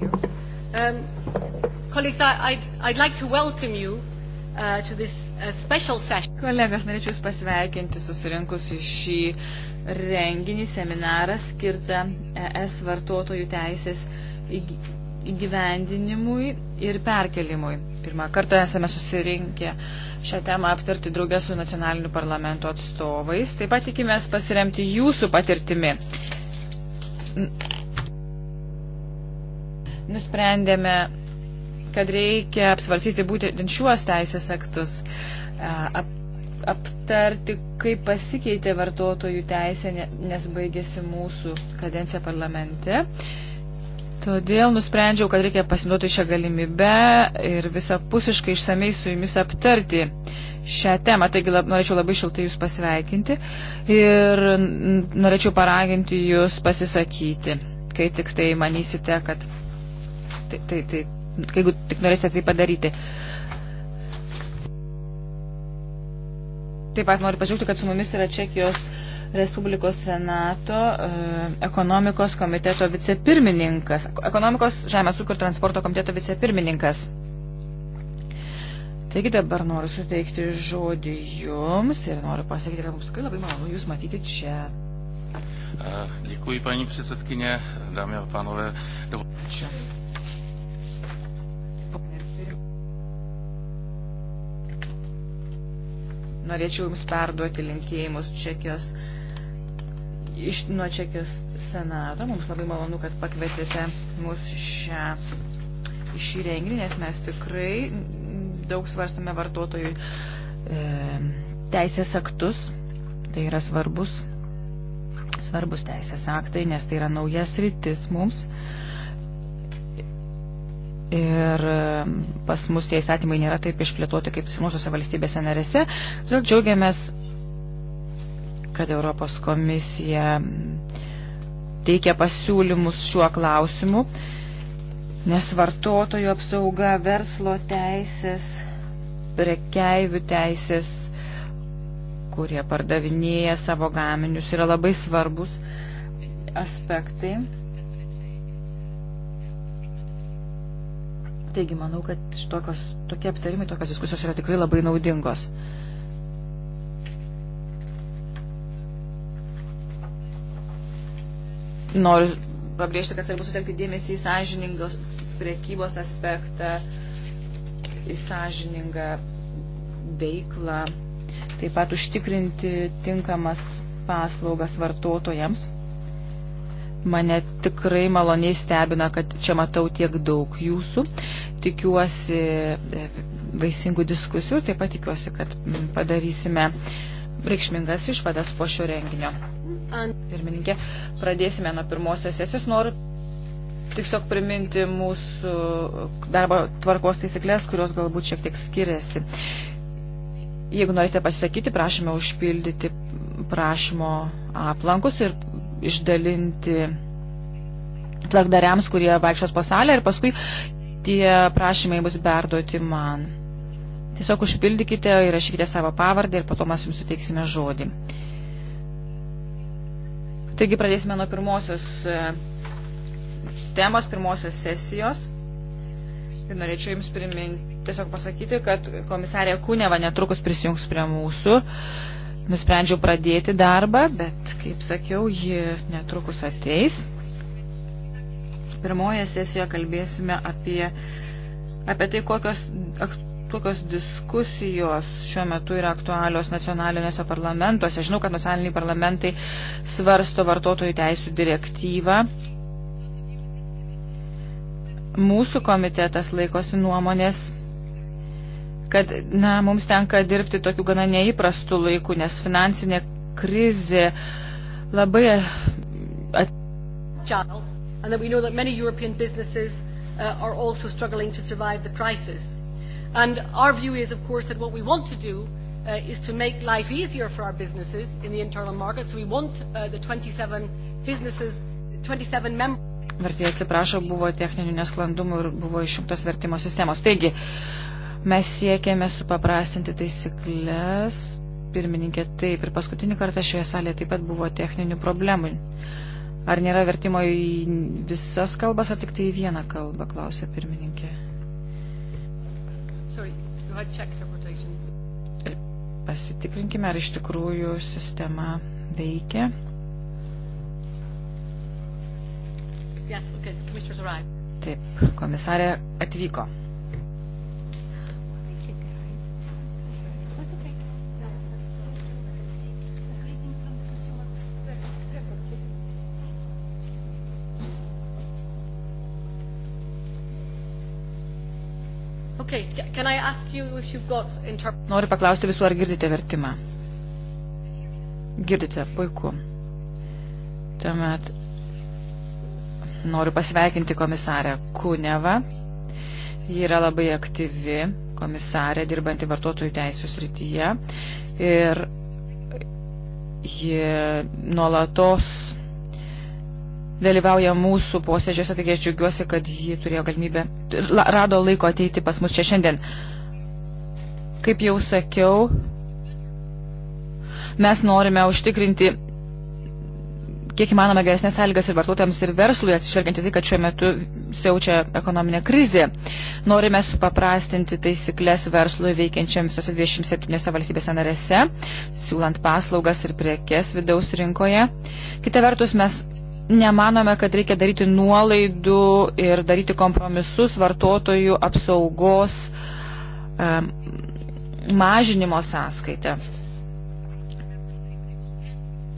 you. Um, colleagues, I, I'd, I'd like to welcome you uh, to this uh, special session. Kolegas, norėčiau Jūs pasveikinti susirinkus į šį renginį, seminarą skirtą e, ES vartotojų teisės įgyvendinimui ir perkelimui. Pirmą kartą esame susirinkę šią temą aptarti draugę su nacionaliniu parlamento atstovais. Taip pat tikimės pasiremti jūsų patirtimi nusprendėme, kad reikia apsvarsyti būtent šiuos teisės aktus, ap, aptarti, kaip pasikeitė vartotojų teisė, nes baigėsi mūsų kadencija parlamente. Todėl nusprendžiau, kad reikia pasinaudoti šią galimybę ir visapusiškai išsamei su jumis aptarti šią temą. Taigi lab, norėčiau labai šiltai Jūs pasveikinti ir norėčiau paraginti Jūs pasisakyti, kai tik tai manysite, kad Tai, tai, tai, jeigu tik norėsite tai padaryti. Taip pat noriu pažiūrėti, kad su mumis yra Čekijos Respublikos Senato e, ekonomikos komiteto vicepirmininkas. Ekonomikos žemės ūkio ir transporto komiteto vicepirmininkas. Taigi dabar noriu suteikti žodį jums ir noriu pasakyti, kad mums tikrai labai malonu jūs matyti čia. E, děkuji, paní předsedkyně, dámy a pánové. Ačiū. norėčiau Jums perduoti linkėjimus Čekijos, iš, nuo Čekijos senato. Mums labai malonu, kad pakvietėte mus šią, šį renginį, nes mes tikrai daug svarstame vartotojų e, teisės aktus. Tai yra svarbus, svarbus teisės aktai, nes tai yra naujas rytis mums. E, ir e, pas mus tie įstatymai nėra taip išplėtoti kaip senosiuose valstybėse narėse. Todėl džiaugiamės, kad Europos komisija teikia pasiūlymus šiuo klausimu, nes vartotojų apsauga, verslo teisės, prekeivių teisės, kurie pardavinėja savo gaminius, yra labai svarbus aspektai Taigi manau, kad tokios, tokie aptarimai, tokios diskusijos yra tikrai labai naudingos. Noriu pabrėžti, kad svarbu sutelkti dėmesį į sąžiningos priekybos aspektą, į sąžiningą veiklą, taip pat užtikrinti tinkamas paslaugas vartotojams. Mane tikrai maloniai stebina, kad čia matau tiek daug jūsų. Tikiuosi e, vaisingų diskusijų, taip pat tikiuosi, kad padarysime reikšmingas išvadas po šio renginio. Pirmininkė, pradėsime nuo pirmosios sesijos. Noriu tiesiog priminti mūsų darbo tvarkos taisyklės, kurios galbūt šiek tiek skiriasi. Jeigu norite pasisakyti, prašome užpildyti prašymo aplankus ir išdalinti tvarkdariams, kurie vaikščios po salę ir paskui tie prašymai bus perduoti man. Tiesiog užpildykite, įrašykite savo pavardę ir po to mes jums suteiksime žodį. Taigi pradėsime nuo pirmosios e, temos, pirmosios sesijos. Ir norėčiau Jums priminti, tiesiog pasakyti, kad komisarė Kūneva netrukus prisijungs prie mūsų. Uh, nusprendžiau pradėti darbą, bet, kaip sakiau, ji netrukus ateis. Pirmoje sesijoje kalbėsime apie, apie tai, kokios, kokios diskusijos šiuo metu yra aktualios nacionaliniuose parlamentuose. Žinau, kad nacionaliniai parlamentai svarsto vartotojų teisų direktyvą. Mūsų komitetas laikosi nuomonės kad na, mums tenka dirbti tokiu gana neįprastu laiku, nes finansinė krizė labai at... And that we know that many European businesses uh, are also struggling to survive the crisis. And our view is, of course, that what we want to do uh, is to make life easier for our businesses in the internal market. So we want uh, the 27 businesses, 27 members. Vertėjai atsiprašo, buvo techninių nesklandumų ir buvo išjungtos vertimo sistemos. Taigi, uh, Mes siekėme supaprastinti taisyklės, pirmininkė taip, ir paskutinį kartą šioje salėje taip pat buvo techninių problemų. Ar nėra vertimo į visas kalbas, ar tik tai į vieną kalbą, klausė pirmininkė. Sorry, e, Pasitikrinkime, ar iš tikrųjų sistema veikia. Yes, okay. Taip, komisarė atvyko. Okay. Can I ask you if you've got inter... Noriu paklausti visų, ar girdite vertimą. Girdite, puiku. Tuomet noriu pasveikinti komisarę Kunevą. Ji yra labai aktyvi komisarė, dirbanti vartotojų teisų srityje. Ir ji nuolatos dalyvauja mūsų posėdžiuose, taigi aš džiaugiuosi, kad ji turėjo galimybę, rado laiko ateiti pas mus čia šiandien. Kaip jau sakiau, mes norime užtikrinti kiek įmanoma geresnės sąlygas ir vartotojams ir verslui, atsižvelgiant į tai, kad šiuo metu siaučia ekonominė krizė. Norime supaprastinti taisyklės verslui veikiančiam visose 27 valstybėse narėse, siūlant paslaugas ir prekes vidaus rinkoje. Kita vertus, mes nemanome, kad reikia daryti nuolaidų ir daryti kompromisus vartotojų apsaugos um, mažinimo sąskaitę.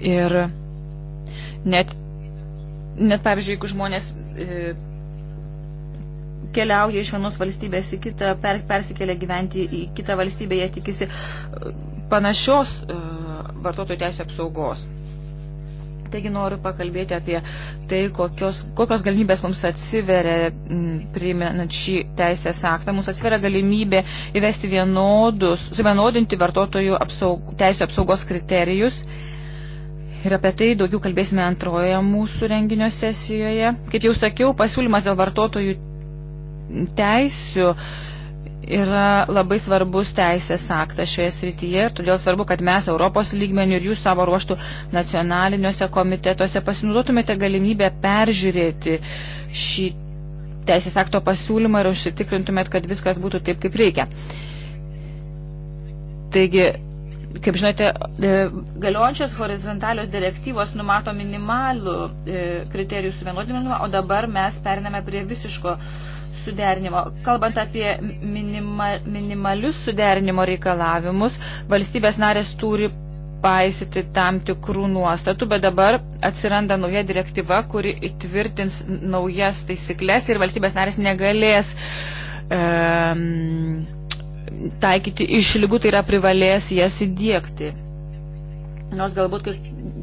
Ir net, net pavyzdžiui, jeigu žmonės e, keliauja iš vienos valstybės į kitą, per, persikelia gyventi į kitą valstybę, jie tikisi e, panašios e, vartotojų teisų apsaugos. Taigi noriu pakalbėti apie tai, kokios, kokios galimybės mums atsiveria priiminant šį teisės aktą. Mums atsiveria galimybė įvesti vienodus, suvienodinti vartotojų apsaug, teisų apsaugos kriterijus. Ir apie tai daugiau kalbėsime antroje mūsų renginio sesijoje. Kaip jau sakiau, pasiūlymas dėl vartotojų teisių yra labai svarbus teisės aktas šioje srityje ir todėl svarbu, kad mes Europos lygmenių ir jūs savo ruoštų nacionaliniuose komitetuose pasinaudotumėte galimybę peržiūrėti šį teisės akto pasiūlymą ir užsitikrintumėt, kad viskas būtų taip, kaip reikia. Taigi, kaip žinote, e, galiojančios horizontalios direktyvos numato minimalų e, kriterijų suvienodinimą, o dabar mes periname prie visiško suderinimo. Kalbant apie minima, minimalius suderinimo reikalavimus, valstybės narės turi paisyti tam tikrų nuostatų, bet dabar atsiranda nauja direktyva, kuri įtvirtins naujas taisyklės ir valstybės narės negalės um, taikyti išlygų, tai yra privalės jas įdėkti. Nors galbūt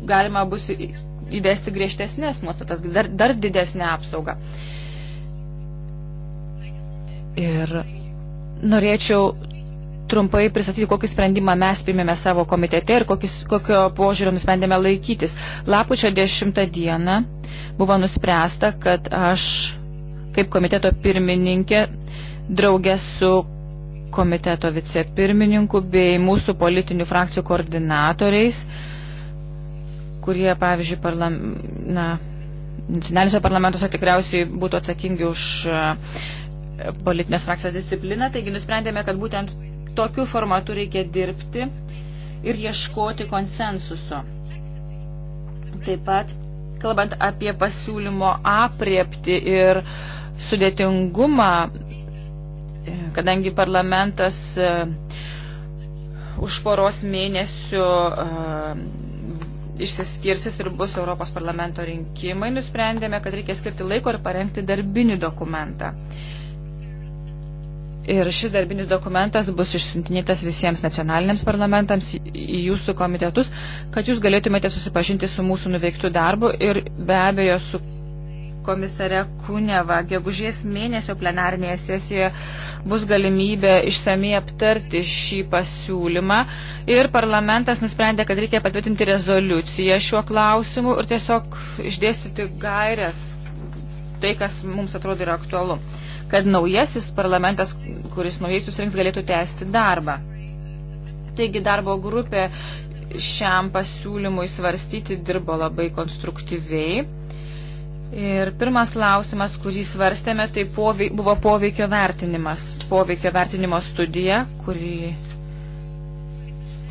galima bus įvesti griežtesnės nuostatas, dar, dar didesnę apsaugą. Uh, Ir norėčiau trumpai pristatyti, kokį sprendimą mes primėme savo komitete ir kokis, kokio požiūrio nusprendėme laikytis. Lapučio 10 dieną buvo nuspręsta, kad aš kaip komiteto pirmininkė draugė su komiteto vicepirmininku bei mūsų politinių frakcijų koordinatoriais, kurie, pavyzdžiui, parlam, na, nacionaliniuose parlamentuose tikriausiai būtų atsakingi už uh, politinės frakcijos discipliną, taigi nusprendėme, kad būtent tokiu formatu reikia dirbti ir ieškoti konsensuso. Taip pat, kalbant apie pasiūlymo apriepti ir sudėtingumą, kadangi parlamentas e, už poros mėnesių e, išsiskirsis ir bus Europos parlamento rinkimai, nusprendėme, kad reikia skirti laiko ir parengti darbinį dokumentą. Ir šis darbinis dokumentas bus išsiuntinėtas visiems nacionaliniams parlamentams į jūsų komitetus, kad jūs galėtumėte susipažinti su mūsų nuveiktų darbu ir be abejo su komisare Kuneva. Gegužės mėnesio plenarinėje sesijoje bus galimybė išsamei aptarti šį pasiūlymą ir parlamentas nusprendė, kad reikia patvirtinti rezoliuciją šiuo klausimu ir tiesiog išdėstyti gairias tai, kas mums atrodo yra aktualu kad naujasis parlamentas, kuris naujai susirinks, galėtų tęsti darbą. Taigi darbo grupė šiam pasiūlymui svarstyti dirbo labai konstruktyviai. Ir pirmas klausimas, kurį svarstėme, tai poveik, buvo poveikio vertinimas. Poveikio vertinimo studija, kurį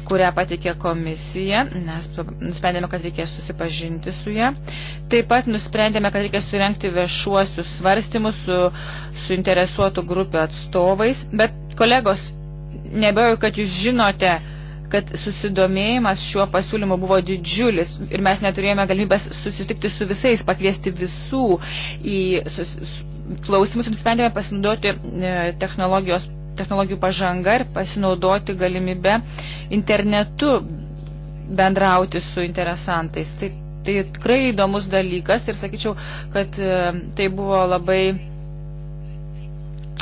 kurią patikė komisija. Mes nusprendėme, kad reikės susipažinti su ją. Taip pat nusprendėme, kad reikės surenkti viešuosius svarstymus su suinteresuotų grupių atstovais. Bet, kolegos, nebejoju, kad jūs žinote, kad susidomėjimas šiuo pasiūlymu buvo didžiulis ir mes neturėjome galimybės susitikti su visais, pakviesti visų į sus, klausimus ir nusprendėme pasinaudoti e, technologijos technologijų pažanga ir pasinaudoti galimybę internetu bendrauti su interesantais. Tai, tai tikrai įdomus dalykas ir sakyčiau, kad e, tai buvo labai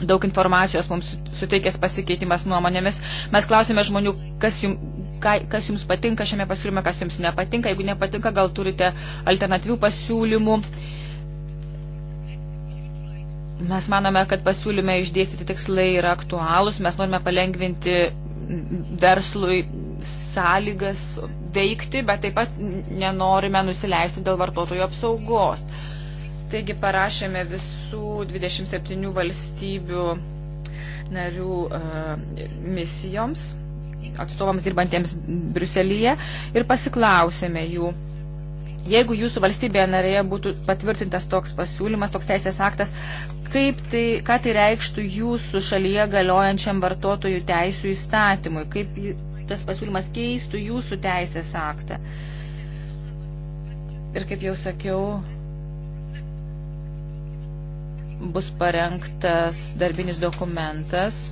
daug informacijos mums suteikęs pasikeitimas nuomonėmis. Mes klausėme žmonių, kas jums, ka, kas jums patinka šiame pasiūlyme, kas jums nepatinka. Jeigu nepatinka, gal turite alternatyvių pasiūlymų. Uh, Mes manome, kad pasiūlyme išdėstyti tikslai yra aktualūs, mes norime palengvinti verslui sąlygas veikti, bet taip pat nenorime nusileisti dėl vartotojų apsaugos. Taigi parašėme visų 27 valstybių narių uh, misijoms, atstovams dirbantiems Briuselyje ir pasiklausėme jų Jeigu jūsų valstybėje narėje būtų patvirtintas toks pasiūlymas, toks teisės aktas, kaip tai, ką tai reikštų jūsų šalyje galiojančiam vartotojų teisų įstatymui, kaip tas pasiūlymas keistų jūsų teisės aktą. Ir kaip jau sakiau, bus parengtas darbinis dokumentas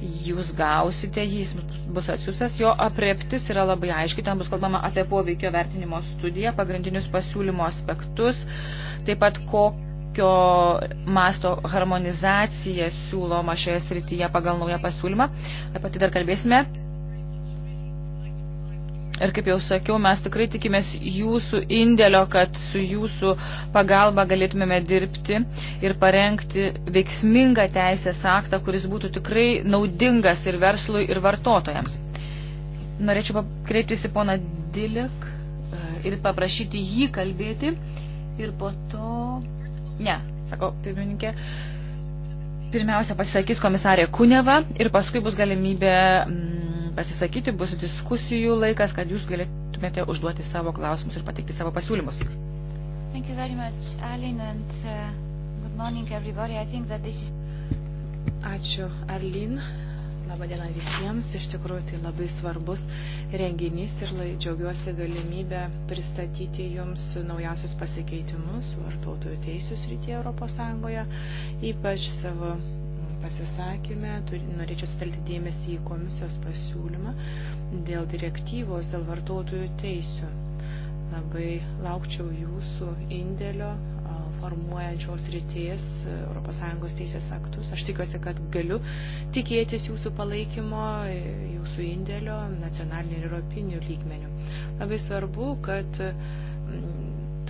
jūs gausite, jis bus atsiūstas, jo apreptis yra labai aiški, ten bus kalbama apie poveikio vertinimo studiją, pagrindinius pasiūlymo aspektus, taip pat kokio masto harmonizacija siūloma šioje srityje pagal naują pasiūlymą, apie tai dar kalbėsime. Ir kaip jau sakiau, mes tikrai tikimės jūsų indėlio, kad su jūsų pagalba galėtumėme dirbti ir parengti veiksmingą teisės aktą, kuris būtų tikrai naudingas ir verslui, ir vartotojams. Norėčiau kreiptis į poną Dilek e, ir paprašyti jį kalbėti ir po to... Ne, sako pirmininkė. Pirmiausia pasisakys komisarė Kuneva ir paskui bus galimybė... Mm, pasisakyti, bus diskusijų laikas, kad jūs galėtumėte užduoti savo klausimus ir pateikti savo pasiūlymus. Thank you very much, Aline, and uh, good morning, everybody. I think that this is... Ačiū, Arlin. Labą dieną visiems. Iš tikrųjų, tai labai svarbus renginys ir lai, džiaugiuosi galimybę pristatyti jums naujausius pasikeitimus vartotojų teisų srityje Europos Sąjungoje, ypač savo pasisakymę norėčiau stelti dėmesį į komisijos pasiūlymą dėl direktyvos dėl vartotojų teisių. Labai laukčiau jūsų indėlio formuojančios ryties ES teisės aktus. Aš tikiuosi, kad galiu tikėtis jūsų palaikymo, e, jūsų indėlio nacionalinių ir europinių lygmenių. Labai svarbu, kad uh,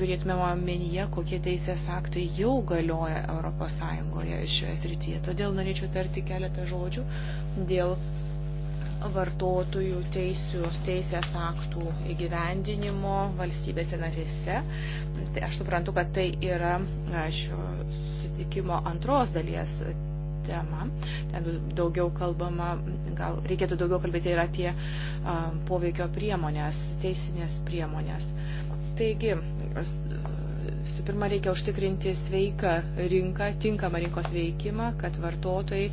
turėtume omenyje, kokie teisės aktai jau galioja Europos Sąjungoje šioje srityje. Todėl norėčiau tarti keletą žodžių dėl vartotojų teisių, teisės aktų įgyvendinimo valstybėse narėse. Tai aš suprantu, kad tai yra šio sutikimo antros dalies tema. Ten daugiau kalbama, gal reikėtų daugiau kalbėti ir apie a, poveikio priemonės, teisinės priemonės. A, Taigi, visų pirma, reikia užtikrinti sveiką rinką, tinkamą rinkos veikimą, kad vartotojai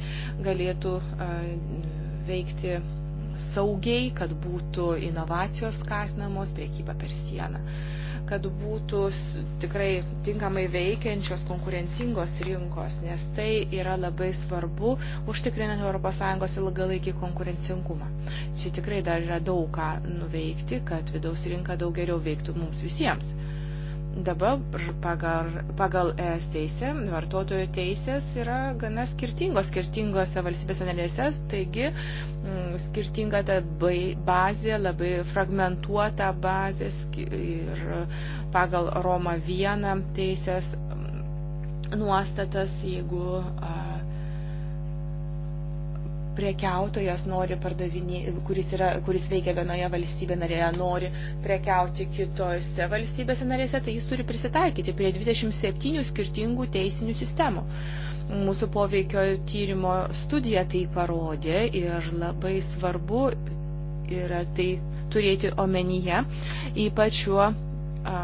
galėtų veikti saugiai, kad būtų inovacijos skatinamos, priekyba per sieną kad būtų tikrai tinkamai veikiančios konkurencingos rinkos, nes tai yra labai svarbu užtikrinant ES ilgalaikį konkurencingumą. Čia tikrai dar yra daug ką nuveikti, kad vidaus rinka daug geriau veiktų mums visiems. Dabar pagal, pagal ES teisę vartotojų teisės yra gana skirtingos skirtingose valstybėse narėse, taigi m, mm, skirtinga ta bazė, labai fragmentuota bazė ir pagal Roma 1 teisės mm, nuostatas, jeigu a, priekiautojas nori pardavinėti, kuris, yra, kuris veikia vienoje valstybėje narėje, nori prekiauti kitose valstybėse narėse, tai jis turi prisitaikyti prie 27 skirtingų teisinių sistemų. Mūsų poveikio tyrimo studija tai parodė ir labai svarbu yra tai turėti omenyje, ypač šiuo a,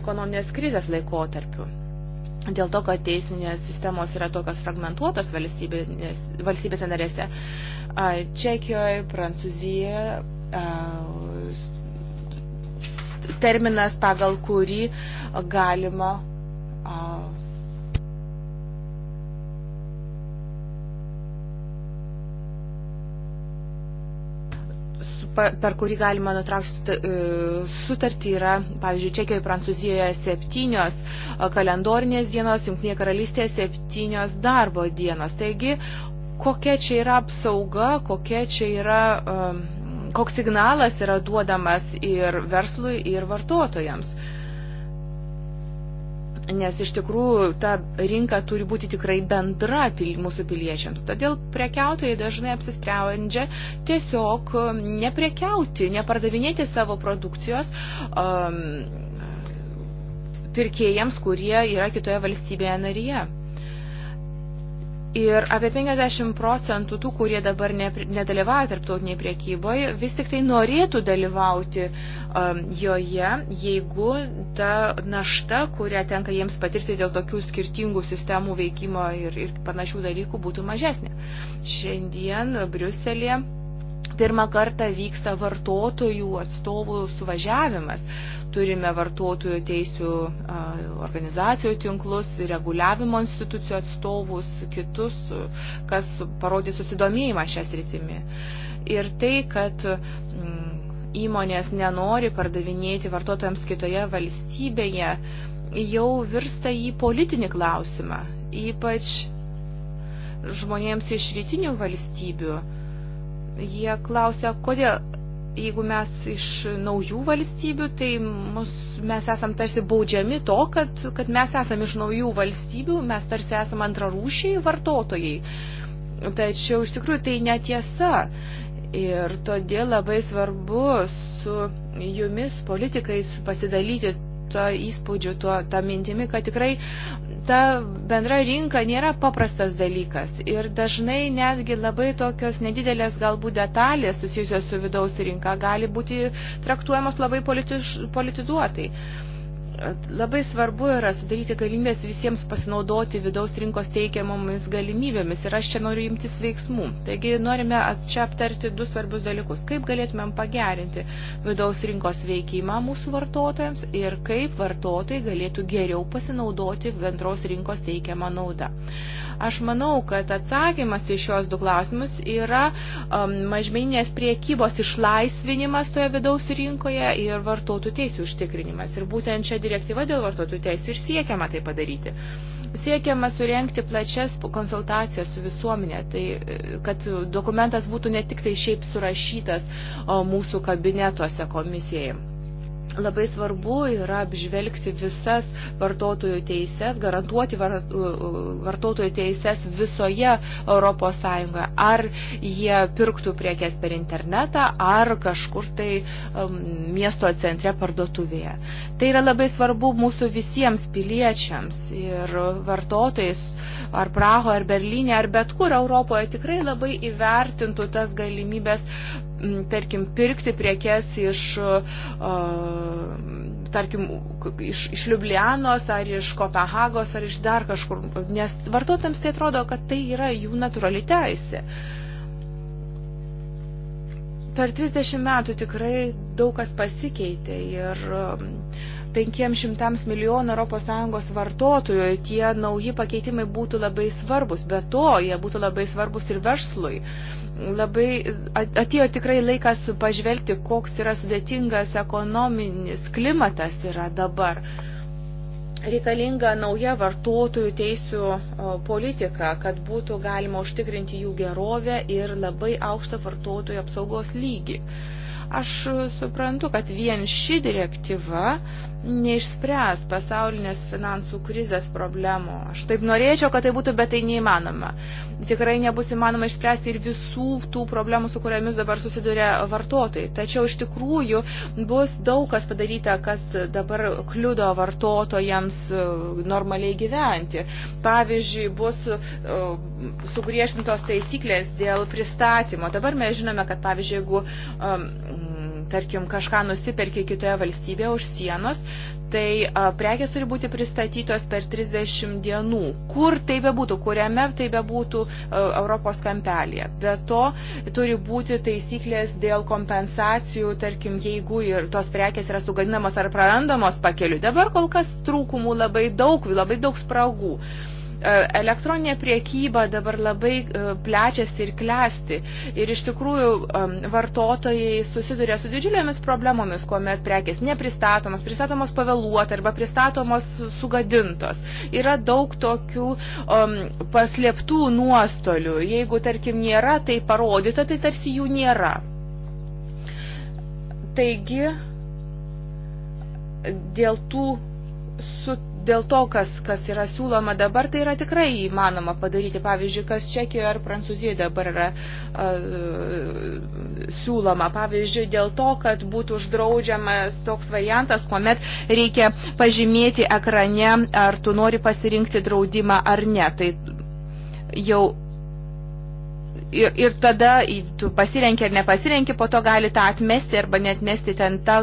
ekonominės krizės laikotarpiu dėl to, kad teisinės sistemos yra tokios fragmentuotos valstybės, valstybėse narėse. Čekijoje, Prancūzijoje terminas, pagal kurį galima per kurį galima nutraukti e, sutartį, yra, pavyzdžiui, Čekijoje, Prancūzijoje septynios e, kalendorinės dienos, Junktinėje karalystėje septynios darbo dienos. Taigi, kokia čia yra apsauga, kokia čia yra, e, koks signalas yra duodamas ir verslui, ir vartotojams nes iš tikrųjų ta rinka turi būti tikrai bendra pil, mūsų piliečiams. Todėl prekiautojai dažnai apsisprendžia tiesiog um, neprekiauti, nepardavinėti savo produkcijos um, pirkėjams, kurie yra kitoje valstybėje narėje. Ir apie 50 procentų tų, kurie dabar ne, nedalyvauja tarptautiniai priekyboje, vis tik tai norėtų dalyvauti um, joje, jeigu ta našta, kurią tenka jiems patirti dėl tokių skirtingų sistemų veikimo ir, ir panašių dalykų, būtų mažesnė. Šiandien Briuselėje Pirmą kartą vyksta vartotojų atstovų suvažiavimas. Turime vartotojų teisų organizacijų tinklus, reguliavimo institucijų atstovus, kitus, kas parodė susidomėjimą šią sritimį. Ir tai, kad mm, įmonės nenori pardavinėti vartotojams kitoje valstybėje, jau virsta į politinį klausimą, ypač žmonėms iš rytinių valstybių Jie klausia, kodėl, jeigu mes iš naujų valstybių, tai mus, mes esam tarsi baudžiami to, kad, kad mes esam iš naujų valstybių, mes tarsi esam antrarūšiai vartotojai. Tačiau iš tikrųjų tai netiesa. Ir todėl labai svarbu su jumis politikais pasidalyti to įspūdžiu, tuo, tą mintimi, kad tikrai ta bendra rinka nėra paprastas dalykas ir dažnai netgi labai tokios nedidelės galbūt detalės susijusios su vidaus rinka gali būti traktuojamos labai politiš, politizuotai. Uh, Labai svarbu yra sudaryti galimybės visiems pasinaudoti vidaus rinkos teikiamomis galimybėmis ir aš čia noriu imtis veiksmų. Taigi norime čia aptarti du svarbius dalykus. Kaip galėtumėm pagerinti vidaus rinkos veikimą mūsų vartotojams ir kaip vartotojai galėtų geriau pasinaudoti bendros rinkos teikiamą naudą. Aš manau, kad atsakymas į šios du klausimus yra um, mažmeninės priekybos išlaisvinimas toje vidaus rinkoje ir vartotojų teisų užtikrinimas. Ir būtent čia direktyva dėl vartotojų teisų ir siekiama tai padaryti siekiama surenkti plačias konsultacijas su visuomenė, tai kad dokumentas būtų ne tik tai šiaip surašytas o, mūsų kabinetuose komisijoje. Labai svarbu yra apžvelgti visas vartotojų teises, garantuoti vartotojų teises visoje Europos Sąjungoje. Ar jie pirktų priekės per internetą, ar kažkur tai um, miesto centre parduotuvėje. Tai yra labai svarbu mūsų visiems piliečiams ir vartotojais ar Praho, ar Berlyne, ar bet kur Europoje tikrai labai įvertintų tas galimybės tarkim, pirkti priekes iš, tarkim, iš, iš Liublianos ar iš Kopehagos ar iš dar kažkur, nes vartotams tai atrodo, kad tai yra jų natūrali teisė per 30 metų tikrai daug kas pasikeitė ir 500 milijonų ES vartotojų tie nauji pakeitimai būtų labai svarbus, bet to jie būtų labai svarbus ir verslui labai atėjo tikrai laikas pažvelgti, koks yra sudėtingas ekonominis klimatas yra dabar. Reikalinga nauja vartotojų teisų politika, kad būtų galima užtikrinti jų gerovę ir labai aukštą vartotojų apsaugos lygį. Aš suprantu, kad vien ši direktyva neišspręs pasaulinės finansų krizės problemų. Aš taip norėčiau, kad tai būtų, bet tai neįmanoma. Tikrai nebus įmanoma išspręsti ir visų tų problemų, su kuriamis dabar susiduria vartotojai. Tačiau iš tikrųjų bus daug kas padaryta, kas dabar kliudo vartotojams e, normaliai gyventi. Pavyzdžiui, bus e, sugriežtintos taisyklės dėl pristatymo. Dabar mes žinome, kad pavyzdžiui, jeigu um, tarkim, kažką nusiperki kitoje valstybėje už sienos, tai prekės turi būti pristatytos per 30 dienų, kur tai bebūtų, kuriame tai bebūtų Europos kampelėje. Be to turi būti taisyklės dėl kompensacijų, tarkim, jeigu ir tos prekės yra sugadinamos ar prarandamos pakeliu. Dabar kol kas trūkumų labai daug, labai daug spragų. E, elektroninė priekyba dabar labai e, plečiasi ir klesti. Ir iš tikrųjų e, vartotojai susiduria su didžiulėmis problemomis, kuomet prekės nepristatomos, pristatomos pavėluotai arba pristatomos sugadintos. Yra daug tokių um, paslėptų nuostolių. Jeigu, tarkim, nėra tai parodyta, tai tarsi jų nėra. Taigi, dėl tų su dėl to, kas, kas yra siūloma dabar, tai yra tikrai įmanoma padaryti. Pavyzdžiui, kas Čekijoje ar Prancūzijoje dabar yra uh, siūloma. Pavyzdžiui, dėl to, kad būtų uždraudžiamas toks variantas, kuomet reikia pažymėti ekrane, ar tu nori pasirinkti draudimą ar ne. Tai jau ir, ir tada tu pasirenki ar nepasirenki, po to gali tą atmesti arba net mesti ten tą,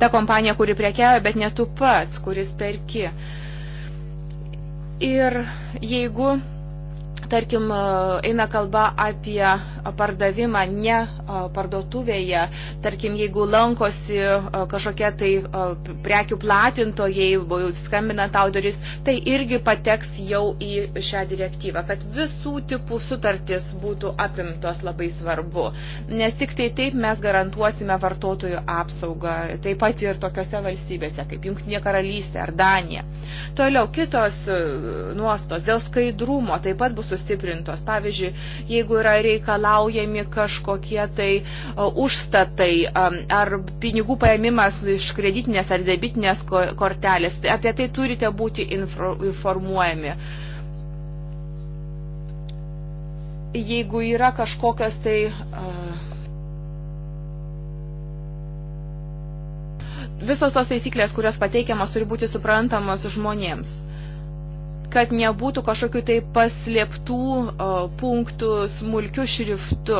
tą kompaniją, kuri prekiavo, bet ne tu pats, kuris perki. Ir jeigu tarkim, e, eina kalba apie pardavimą ne e, parduotuvėje, tarkim, jeigu lankosi e, kažkokie tai prekių platintojai, skambina tau duris, tai irgi pateks jau į šią direktyvą, kad visų tipų sutartis būtų apimtos labai svarbu, nes tik tai taip mes garantuosime vartotojų apsaugą, taip pat ir tokiose valstybėse kaip Junktinė karalystė ar Danija. Toliau kitos nuostos dėl skaidrumo taip pat bus susitikti sustiprintos. Pavyzdžiui, jeigu yra reikalaujami kažkokie tai e, užstatai ar pinigų paėmimas iš kreditinės ar debitinės kortelės, tai apie tai turite būti informuojami jeigu yra kažkokios tai uh, visos tos taisyklės, kurios pateikiamos, turi būti suprantamos žmonėms kad nebūtų kažkokių tai paslėptų punktų smulkių šriftu,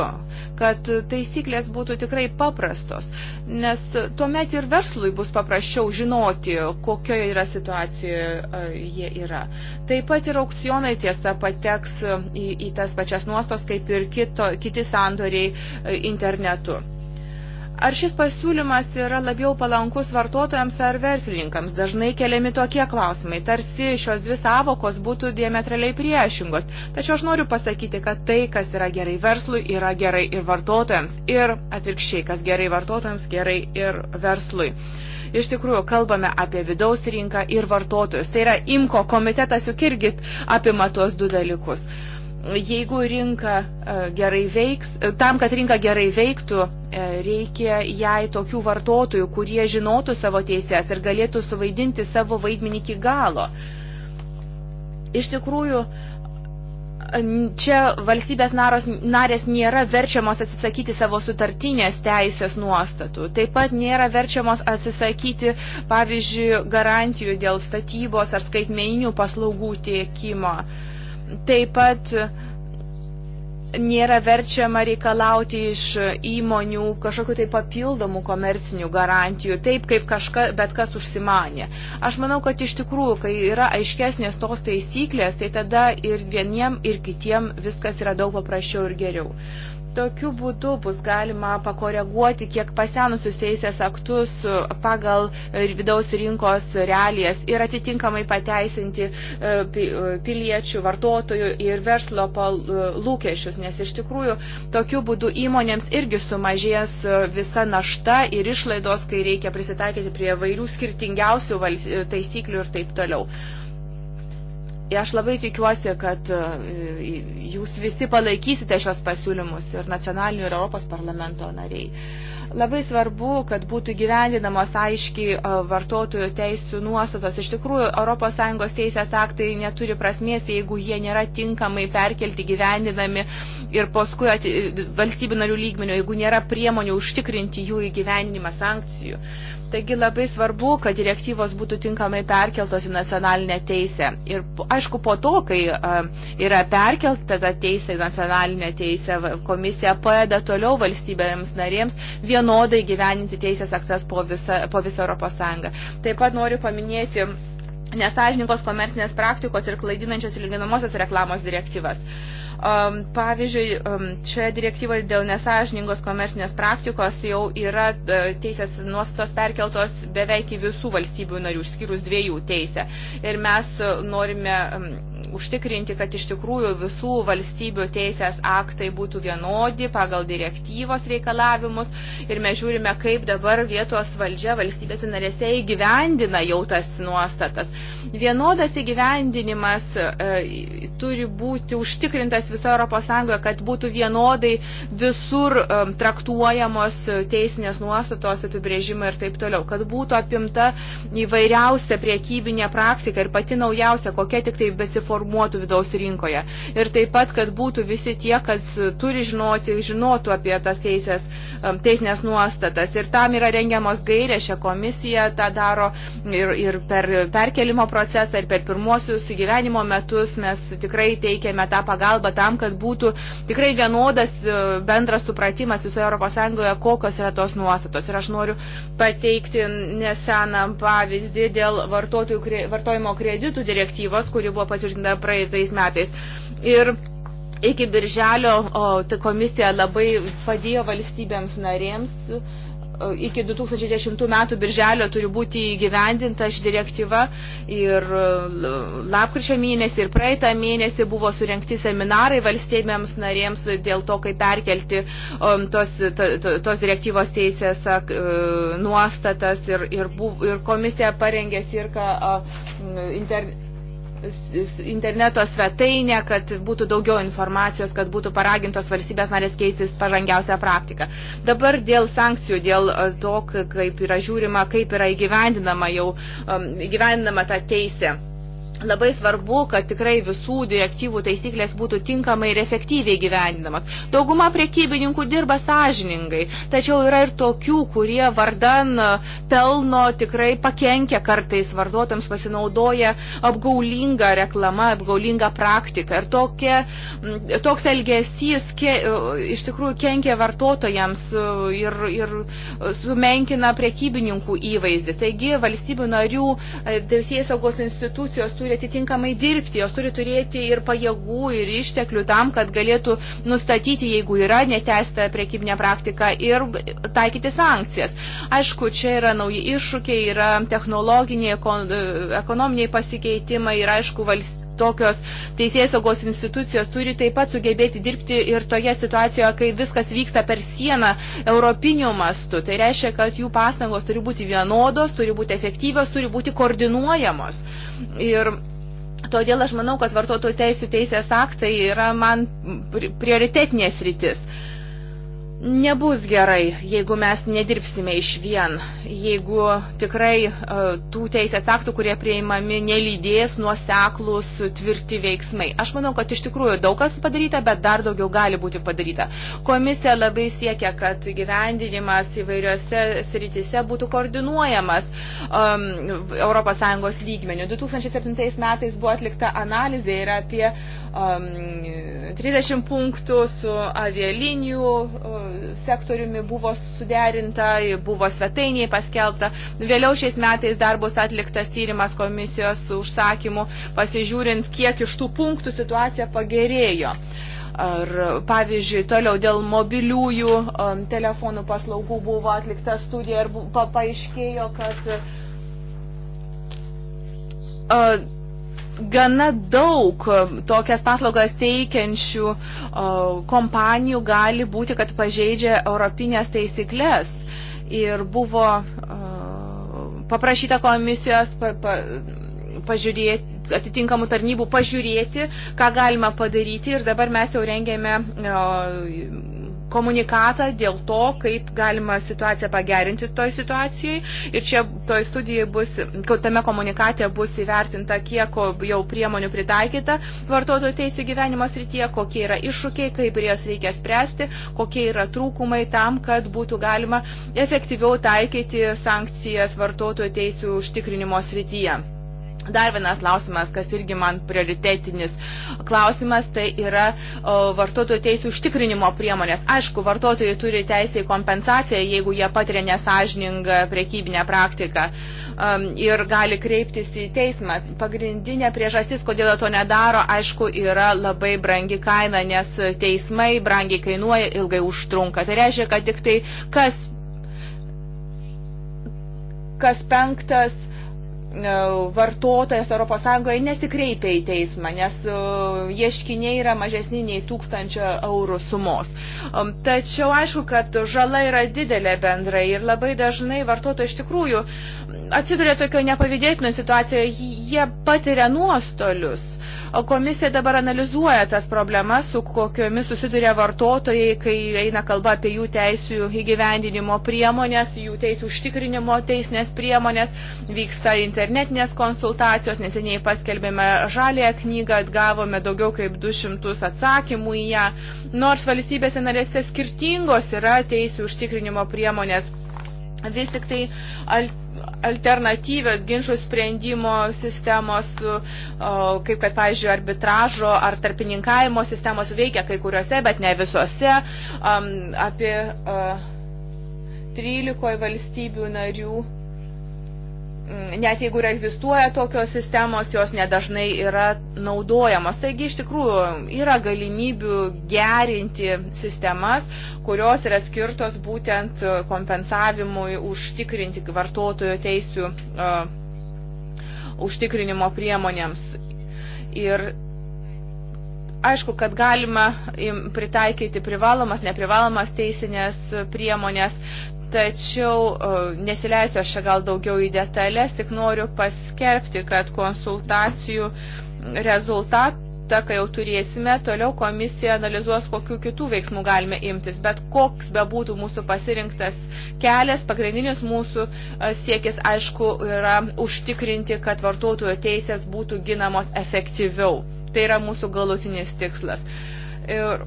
kad taisyklės būtų tikrai paprastos, nes tuomet ir verslui bus paprasčiau žinoti, kokioje yra situacijoje e, jie yra. Taip pat ir aukcionai tiesa pateks į, į tas pačias nuostos, kaip ir kito, kiti sandoriai e, internetu. Ar šis pasiūlymas yra labiau palankus vartotojams ar verslininkams? Dažnai keliami tokie klausimai, tarsi šios dvi savokos būtų diametraliai priešingos. Tačiau aš noriu pasakyti, kad tai, kas yra gerai verslui, yra gerai ir vartotojams. Ir atvirkščiai, kas gerai vartotojams, gerai ir verslui. Iš tikrųjų, kalbame apie vidaus rinką ir vartotojus. Tai yra IMKO komitetas juk irgi apima tuos du dalykus. Uh, jeigu rinka e, gerai veiks, e, tam, kad rinka gerai veiktų, e, reikia jai tokių vartotojų, kurie žinotų savo teisės ir galėtų suvaidinti savo vaidmenį iki galo. Iš tikrųjų, čia valstybės naros, narės nėra verčiamos atsisakyti savo sutartinės teisės nuostatų. Taip pat nėra verčiamos atsisakyti, pavyzdžiui, garantijų dėl statybos ar skaitmeninių paslaugų tiekimo. Uh, Taip pat nėra verčiama reikalauti iš įmonių kažkokiu tai papildomų komercinių garantijų, taip kaip kažka, bet kas užsimanė. Aš manau, kad iš tikrųjų, kai yra aiškesnės tos taisyklės, tai tada ir vieniem, ir kitiem viskas yra daug paprasčiau ir geriau. Tokiu būdu bus galima pakoreguoti kiek pasenusius teisės aktus pagal vidaus rinkos realijas ir atitinkamai pateisinti e, e, piliečių, vartotojų ir verslo e, lūkesčius, nes iš tikrųjų tokiu būdu įmonėms irgi sumažės visa našta ir išlaidos, kai reikia prisitaikyti prie vairių skirtingiausių taisyklių ir taip toliau. Aš labai tikiuosi, kad e, jūs visi palaikysite šios pasiūlymus ir nacionalinių ir Europos parlamento nariai. Labai svarbu, kad būtų gyvendinamos aiškiai e, vartotojų teisų nuostatos. Iš tikrųjų, ES teisės aktai neturi prasmės, jeigu jie nėra tinkamai perkelti gyvendinami ir paskui valstybių narių lygmenio, jeigu nėra priemonių užtikrinti jų įgyvendinimą sankcijų. Uh, Taigi labai svarbu, kad direktyvos būtų tinkamai perkeltos į nacionalinę teisę. Ir aišku, po to, kai yra perkelta ta teisė į nacionalinę teisę, komisija paėda toliau valstybėms narėms vienodai gyveninti teisės aktas po visą, po visą Europos Sąjungą. Taip pat noriu paminėti nesažininkos komercinės praktikos ir klaidinančios lyginamosios reklamos direktyvas. Uh, Pavyzdžiui, šioje direktyvoje dėl nesažiningos komersinės praktikos jau yra e, teisės nuostatos perkeltos beveik į visų valstybių narių, išskyrus dviejų teisę. Ir mes e, norime užtikrinti, kad iš tikrųjų visų valstybių teisės aktai būtų vienodi pagal direktyvos reikalavimus ir mes žiūrime, kaip dabar vietos valdžia valstybėse narėse įgyvendina jau tas nuostatas. Vienodas įgyvendinimas e, turi būti užtikrintas visoje Europos Sąjungoje, kad būtų vienodai visur um, traktuojamos uh, teisinės nuostatos apibrėžimai ir taip toliau, kad būtų apimta įvairiausia priekybinė praktika ir pati naujausia, kokia tik tai besiformuotų vidaus rinkoje. Ir taip pat, kad būtų visi tie, kas turi žinoti, žinotų apie tas teisės, um, teisinės nuostatas. Ir tam yra rengiamos gairės, šią komisiją tą daro ir, ir per perkelimo procesą, ir per pirmuosius gyvenimo metus mes tikrai teikėme tą pagalbą tam, kad būtų tikrai vienodas e, bendras supratimas visoje ES, kokios yra tos nuostatos. Ir aš noriu pateikti neseną pavyzdį dėl vartojimo kreditų direktyvos, kuri buvo patvirtinta praeitais metais. Ir iki birželio o, tai komisija labai padėjo valstybėms narėms E, iki 2010 metų birželio turi būti įgyvendinta ši direktyva ir e, lapkričio mėnesį ir praeitą mėnesį buvo surenkti seminarai valstybėms narėms dėl to, kaip perkelti e, tos, to, tos direktyvos teisės nuostatas ir, ir, buv, ir komisija parengė cirka inter, interneto svetainę, kad būtų daugiau informacijos, kad būtų paragintos valstybės narės keistis pažangiausią praktiką. Dabar dėl sankcijų, dėl e, to, kaip yra žiūrima, kaip yra įgyvendinama jau um, įgyvendinama ta teisė. Labai svarbu, kad tikrai visų direktyvų taisyklės būtų tinkamai ir efektyviai gyvendinamas. Dauguma priekybininkų dirba sąžiningai, tačiau yra ir tokių, kurie vardan e, pelno tikrai pakenkia kartais varduotams, pasinaudoja apgaulingą reklamą, apgaulingą praktiką. Ir tokia, toks elgesys ke, e, iš tikrųjų kenkia vartotojams e, ir, ir sumenkina priekybininkų įvaizdį. Taigi valstybių narių teisės saugos institucijos turi atitinkamai dirbti, jos turi turėti ir pajėgų, ir išteklių tam, kad galėtų nustatyti, jeigu yra netesta priekybinė praktika ir taikyti sankcijas. Aišku, čia yra nauji iššūkiai, yra technologiniai, ekonominiai pasikeitimai ir aišku, valstybė tokios teisėsaugos institucijos turi taip pat sugebėti dirbti ir toje situacijoje, kai viskas vyksta per sieną europiniu mastu. Tai reiškia, kad jų pastangos turi būti vienodos, turi būti efektyvios, turi būti koordinuojamos. Ir Todėl aš manau, kad vartotojų teisų teisės aktai yra man prioritetinės rytis. Uh, nebus gerai, jeigu mes nedirbsime iš vien, jeigu tikrai e, tų teisės aktų, kurie prieimami, nelydės nuoseklus tvirti veiksmai. Aš manau, kad iš tikrųjų daug kas padaryta, bet dar daugiau gali būti padaryta. Komisija labai siekia, kad gyvendinimas įvairiose sritise būtų koordinuojamas um, ES lygmenių. 2007 metais buvo atlikta analizė ir apie um, 30 punktų su avialinijų sektoriumi buvo suderinta, buvo svetainiai paskelbta. Vėliau šiais metais dar bus atliktas tyrimas komisijos užsakymų, pasižiūrint, kiek iš tų punktų situacija pagerėjo. Ar, pavyzdžiui, toliau dėl mobiliųjų um, telefonų paslaugų buvo atlikta studija ir pa paaiškėjo, kad uh, gana daug tokias paslaugas teikiančių o, kompanijų gali būti, kad pažeidžia europinės taisyklės. Ir buvo o, paprašyta komisijos pa, pa, pažiūrėti atitinkamų tarnybų pažiūrėti, ką galima padaryti ir dabar mes jau rengėme o, komunikatą dėl to, kaip galima situaciją pagerinti toj situacijai. Ir čia toj studijai bus, tame komunikate bus įvertinta, kiek jau priemonių pritaikyta vartotojų teisų gyvenimo srityje, kokie yra iššūkiai, kaip ir jas reikia spręsti, kokie yra trūkumai tam, kad būtų galima efektyviau taikyti sankcijas vartotojų teisų užtikrinimo srityje. Dar vienas klausimas, kas irgi man prioritetinis klausimas, tai yra vartotojų teisų užtikrinimo priemonės. Aišku, vartotojai turi teisę į kompensaciją, jeigu jie patiria nesažiningą prekybinę praktiką um, ir gali kreiptis į teismą. Pagrindinė priežastis, kodėl to nedaro, aišku, yra labai brangi kaina, nes teismai brangiai kainuoja, ilgai užtrunka. Tai reiškia, kad tik tai kas, kas penktas E, vartotojas ES nesikreipia į teismą, nes e, ieškiniai yra mažesni nei tūkstančio eurų sumos. E, tačiau aišku, kad žala yra didelė bendrai ir labai dažnai vartotojai iš tikrųjų atsiduria tokio nepavydėtino situacijoje, jie patiria nuostolius. Komisija dabar analizuoja tas problemas, su kokiomis susiduria vartotojai, kai eina kalba apie jų teisų įgyvendinimo priemonės, jų teisų užtikrinimo teisinės priemonės, vyksta internetas internetinės konsultacijos, neseniai paskelbėme žalėją knygą, atgavome daugiau kaip 200 atsakymų į ją, nors valstybėse narėse skirtingos yra teisų užtikrinimo priemonės. Vis tik tai alternatyvios ginčių sprendimo sistemos, kaip kad, pavyzdžiui, arbitražo ar tarpininkavimo sistemos veikia kai kuriuose, bet ne visose. Apie 13 valstybių narių Mm, net jeigu ir egzistuoja tokios sistemos, jos nedažnai yra naudojamos. Taigi iš tikrųjų yra galimybių gerinti sistemas, kurios yra skirtos būtent e, kompensavimui užtikrinti vartotojo teisių uh, užtikrinimo priemonėms. Ir aišku, kad galima pritaikyti privalomas, neprivalomas teisinės priemonės, Tačiau e, nesileisiu aš čia gal daugiau į detalės, tik noriu paskelbti, kad konsultacijų rezultatą, kai jau turėsime, toliau komisija analizuos, kokiu kitų veiksmų galime imtis. Bet koks bebūtų mūsų pasirinktas kelias, pagrindinis mūsų e, siekis, aišku, yra užtikrinti, kad vartotojo teisės būtų ginamos efektyviau. Tai yra mūsų galutinis tikslas. Ir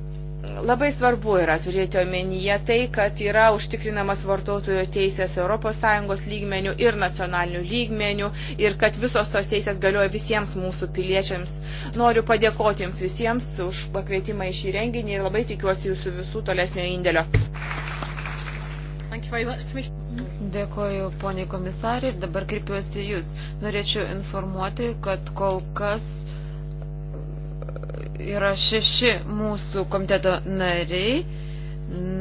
Labai svarbu yra turėti omenyje tai, kad yra užtikrinamas vartotojo teisės ES lygmenių ir nacionalinių lygmenių ir kad visos tos teisės galioja visiems mūsų piliečiams. Noriu padėkoti Jums visiems už pakvietimą į šį renginį ir labai tikiuosi Jūsų visų tolesnio indėlio. Dėkoju, ponė komisarė, ir dabar kreipiuosi Jūs. Norėčiau informuoti, kad kol kas yra šeši mūsų komiteto nariai.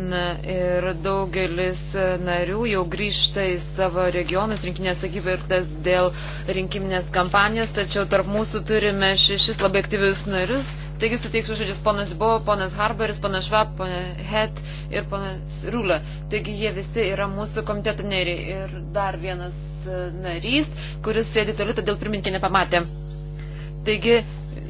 Na, ir daugelis narių jau grįžta į savo regionus rinkinės akivirtas dėl rinkiminės kampanijos, tačiau tarp mūsų turime šešis labai aktyvius narius. Taigi suteiksiu žodžius ponas Bo, ponas Harberis, ponas Švab, ponas Het ir ponas Rūla. Taigi jie visi yra mūsų komiteto nariai. Ir dar vienas narys, kuris sėdi toliau, todėl pirminkė nepamatė. Taigi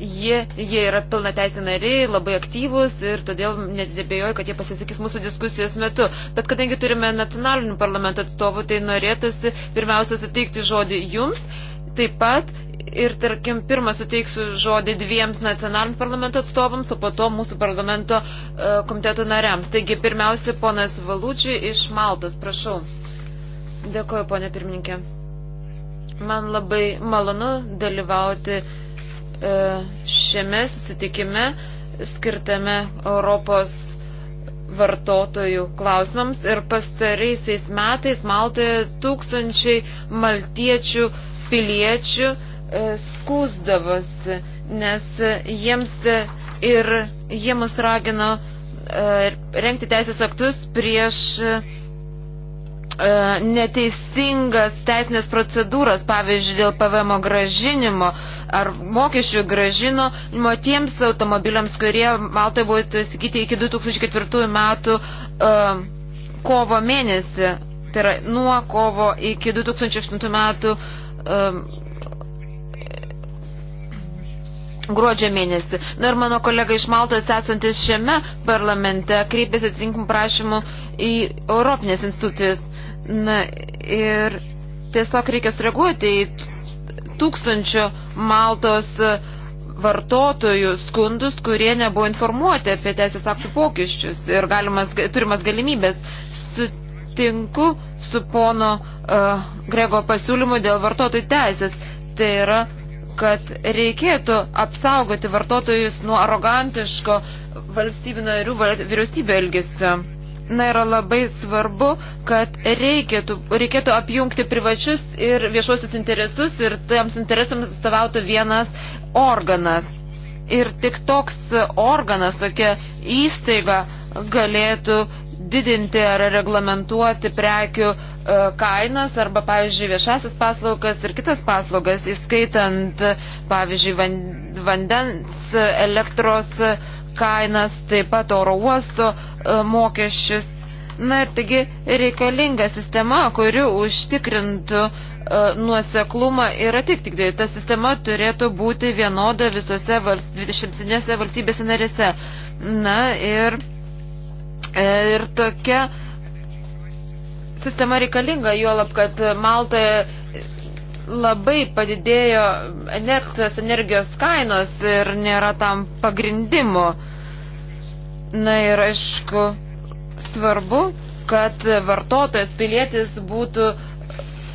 jie, jie yra pilna teisė nariai, labai aktyvus ir todėl nedėbėjoju, kad jie pasisakys mūsų diskusijos metu. Bet kadangi turime nacionalinių parlamento atstovų, tai norėtųsi pirmiausia suteikti žodį jums. Taip pat ir, tarkim, pirmą suteiksiu žodį dviems nacionalinių parlamento atstovams, o po to mūsų parlamento e, komiteto nariams. Taigi, pirmiausia, ponas Valūčiai iš Maltos, prašau. Dėkoju, ponė pirmininkė. Man labai malonu dalyvauti E, šiame susitikime skirtame Europos vartotojų klausimams ir pastaraisiais metais Maltoje tūkstančiai maltiečių piliečių e, skūsdavosi, nes jiems ir jie mus ragino e, rengti teisės aktus prieš E, neteisingas teisinės procedūras, pavyzdžiui, dėl PVM gražinimo ar mokesčių gražino tiems automobiliams, kurie Maltoje buvo įsigyti iki 2004 metų uh, kovo mėnesį, tai yra nuo kovo iki 2008 metų uh, gruodžio mėnesį. Na ir mano kolega iš Maltos esantis šiame parlamente kreipėsi atitinkamų prašymų į Europinės institucijas Na ir tiesiog reikia sureaguoti į tūkstančio Maltos e, vartotojų skundus, kurie nebuvo informuoti apie teisės aktų pokyščius ir galimas, turimas galimybės. Sutinku su pono uh, Grego pasiūlymu dėl vartotojų teisės. Tai yra, kad reikėtų apsaugoti vartotojus nuo arogantiško valstybinio narių vyriausybė elgesio. Na yra labai svarbu, kad reikėtų, reikėtų apjungti privačius ir viešuosius interesus ir tiems interesams atstovautų vienas organas. Ir tik toks organas, tokia įstaiga galėtų didinti ar reglamentuoti prekių e, kainas arba, pavyzdžiui, viešasis paslaugas ir kitas paslaugas, įskaitant, pavyzdžiui, vandens, elektros kainas, taip pat oro uosto e, mokesčius. Na ir taigi reikalinga sistema, kuri užtikrintų e, nuoseklumą ir atitikti. Ta sistema turėtų būti vienoda visose 27 valstybėse narėse. Na ir, e, ir tokia sistema reikalinga, juolab, kad Maltoje labai padidėjo elektros energijos kainos ir nėra tam pagrindimų. Na ir aišku, svarbu, kad vartotojas pilietis būtų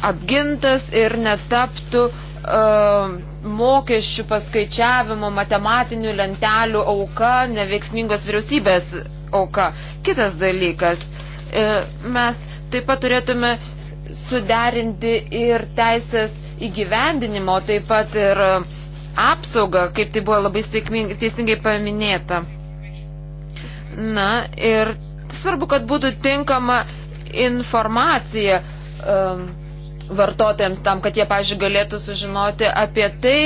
apgintas ir netaptų uh, mokesčių paskaičiavimo matematinių lentelių auka, neveiksmingos vyriausybės auka. Kitas dalykas, uh, mes taip pat turėtume suderinti ir teisės įgyvendinimo, taip pat ir e, apsaugą, kaip tai buvo labai sėkmingai, teisingai paminėta. Na ir svarbu, kad būtų tinkama informacija um, vartotojams tam, kad jie, pažiūrėjau, galėtų sužinoti apie tai,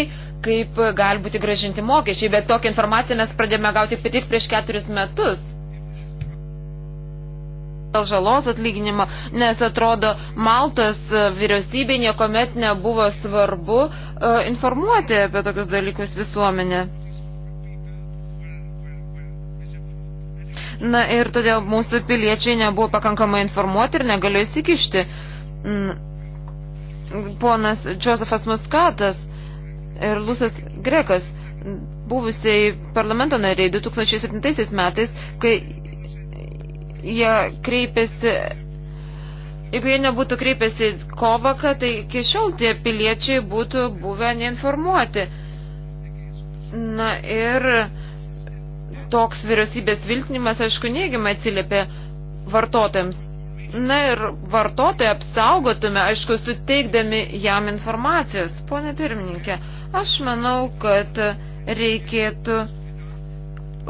kaip gali būti gražinti mokesčiai, bet tokią informaciją mes pradėjome gauti tik prieš keturis metus dėl žalos atlyginimo, nes atrodo Maltos e, vyriausybė niekuomet nebuvo svarbu e, informuoti apie tokius dalykus visuomenę. Na ir todėl mūsų piliečiai nebuvo pakankamai informuoti ir negalėjo įsikišti. Mm, ponas Josefas Muskatas ir Lusas Grekas buvusiai parlamento nariai 2007 metais, kai jie kreipėsi, jeigu jie nebūtų kreipėsi kovaką, tai iki šiol tie piliečiai būtų buvę neinformuoti. Na ir toks vyriausybės viltinimas, aišku, neigiamai atsiliepė vartotojams. Na ir vartotoją apsaugotume, aišku, suteikdami jam informacijos. Pone pirmininkė, aš manau, kad reikėtų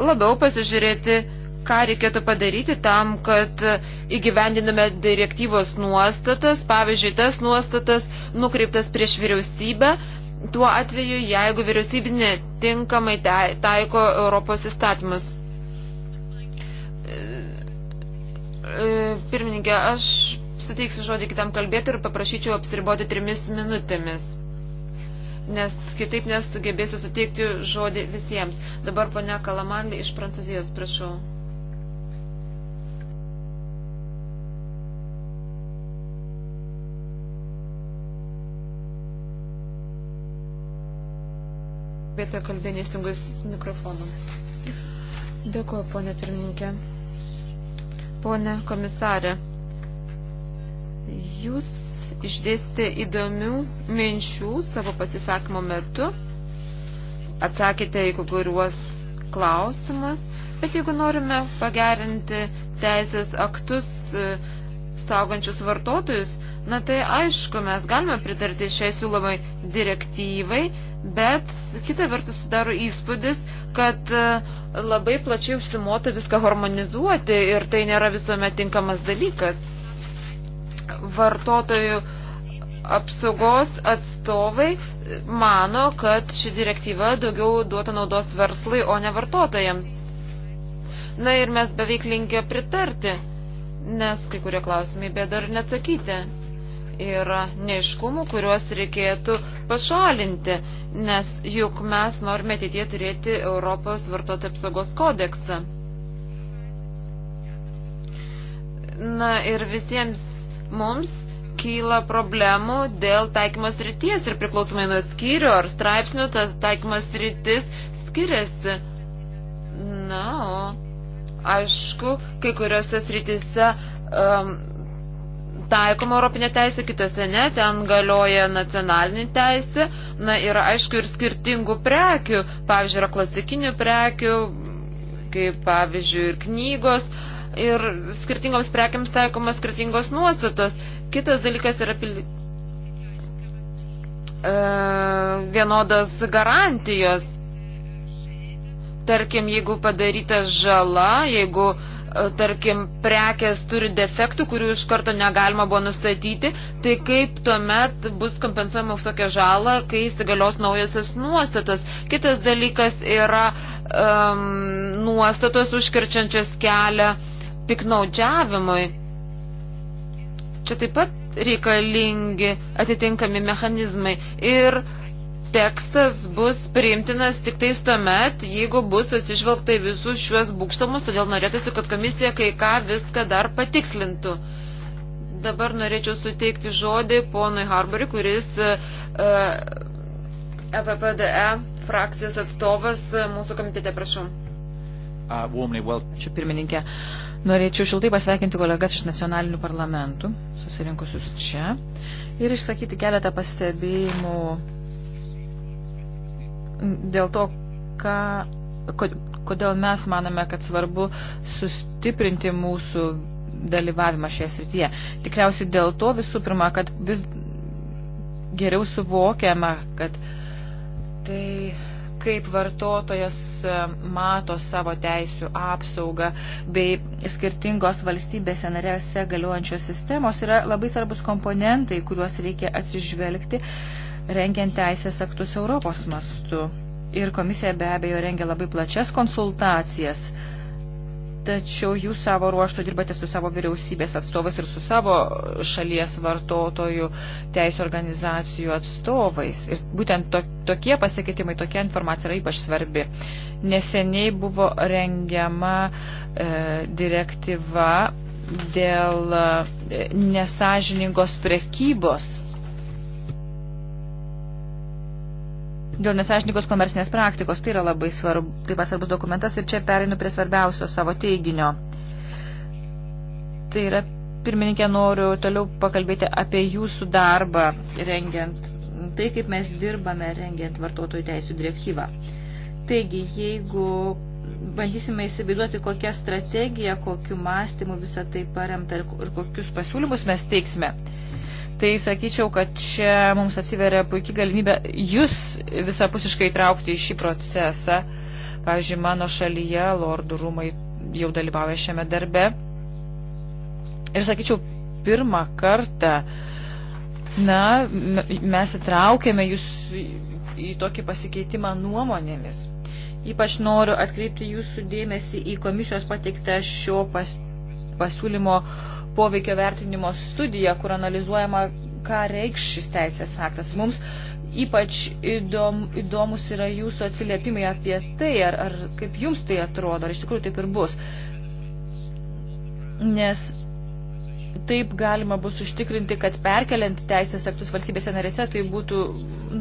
labiau pasižiūrėti ką reikėtų padaryti tam, kad įgyvendiname direktyvos nuostatas, pavyzdžiui, tas nuostatas nukreiptas prieš vyriausybę, tuo atveju, jeigu vyriausybė netinkamai taiko Europos įstatymus. E, pirmininkė, aš suteiksiu žodį kitam kalbėti ir paprašyčiau apsiriboti trimis minutėmis, nes kitaip nesugebėsiu suteikti žodį visiems. Dabar ponia Kalamanli iš Prancūzijos, prašau. kalbėtoja kalbė nesijungus mikrofonu. Dėkuoju, ponė pirmininkė. Pone komisarė, jūs išdėstė įdomių minčių savo pasisakymo metu, atsakėte į kuriuos klausimas, bet jeigu norime pagerinti teisės aktus e, saugančius vartotojus, na tai aišku, mes galime pritarti šiai siūlomai direktyvai, bet kita vertus sudaro įspūdis, kad e, labai plačiai užsimota viską harmonizuoti ir tai nėra visuomet tinkamas dalykas. Vartotojų apsaugos atstovai mano, kad ši direktyva daugiau duota naudos verslui, o ne vartotojams. Na ir mes beveik linkę pritarti, nes kai kurie klausimai bėda ir neatsakyti yra neiškumų, kuriuos reikėtų pašalinti, nes juk mes norime ateitie turėti Europos vartotojų apsaugos kodeksą. Na ir visiems mums kyla problemų dėl taikymos ryties ir priklausomai nuo skyrių ar straipsnių, tas taikymos rytis skiriasi. Na, o aišku, kai kuriuose srityse um, taikoma Europinė teisė, kitose ne, ten galioja nacionalinė teisė. Na, yra aišku ir skirtingų prekių, pavyzdžiui, yra klasikinių prekių, kaip pavyzdžiui, ir knygos, ir skirtingoms prekiams taikomas skirtingos nuostatos. Kitas dalykas yra pil... e, vienodos garantijos. Tarkim, jeigu padaryta žala, jeigu e, tarkim, prekės turi defektų, kurių iš karto negalima buvo nustatyti, tai kaip tuomet bus kompensuojama už tokią žalą, kai įsigalios naujasis nuostatas. Kitas dalykas yra um, nuostatos užkirčiančios kelią piknaudžiavimui. Čia taip pat reikalingi atitinkami mechanizmai. Ir uh, tekstas bus priimtinas tik tais tuomet, jeigu bus atsižvelgta į visus šiuos būkštamus, todėl norėtųsi, kad komisija kai ką viską dar patikslintų. Dabar norėčiau suteikti žodį ponui Harboriui, kuris EPPDE e, e e frakcijos atstovas mūsų komitete, prašau. Ačiū pirmininkė. Norėčiau šiltai pasveikinti kolegas iš nacionalinių parlamentų, susirinkusius čia, ir išsakyti keletą pastebėjimų dėl to, ką, kodėl mes manome, kad svarbu sustiprinti mūsų dalyvavimą šioje srityje. Tikriausiai dėl to visų pirma, kad vis geriau suvokiama, kad tai kaip vartotojas e, mato savo teisių apsaugą bei skirtingos valstybėse narėse galiojančios sistemos yra labai svarbus komponentai, kuriuos reikia atsižvelgti rengiant teisės aktus Europos mastu. Ir komisija be abejo rengia labai plačias konsultacijas, tačiau jūs savo ruoštų dirbate su savo vyriausybės atstovais ir su savo šalies vartotojų teisų organizacijų atstovais. Ir būtent to, tokie pasikeitimai, tokia informacija yra ypač svarbi. Neseniai buvo rengiama e, direktyva dėl e, nesažiningos prekybos dėl nesažininkos komersinės praktikos. Tai yra labai svarbu, taip pat svarbus dokumentas ir čia pereinu prie svarbiausio savo teiginio. Tai yra, pirmininkė, noriu toliau pakalbėti apie jūsų darbą rengiant tai, kaip mes dirbame rengiant vartotojų teisų direktyvą. Taigi, jeigu bandysime įsivaizduoti, kokią strategiją, kokiu mąstymu visą tai paremta ir kokius pasiūlymus mes teiksime, Tai sakyčiau, kad čia mums atsiveria puikiai galimybė jūs visapusiškai traukti į šį procesą. Pavyzdžiui, mano šalyje lordų rūmai jau dalyvauja šiame darbe. Ir sakyčiau, pirmą kartą, na, mes įtraukėme jūs į tokį pasikeitimą nuomonėmis. Ypač noriu atkreipti jūsų dėmesį į komisijos pateiktą šio pas, pasiūlymo poveikio vertinimo studiją, kur analizuojama, ką reikš šis teisės aktas. Mums ypač įdom, įdomus yra jūsų atsiliepimai apie tai, ar, ar kaip jums tai atrodo, ar iš tikrųjų taip ir bus. Nes Taip galima bus užtikrinti, kad perkeliant teisės aktus valstybėse narėse tai būtų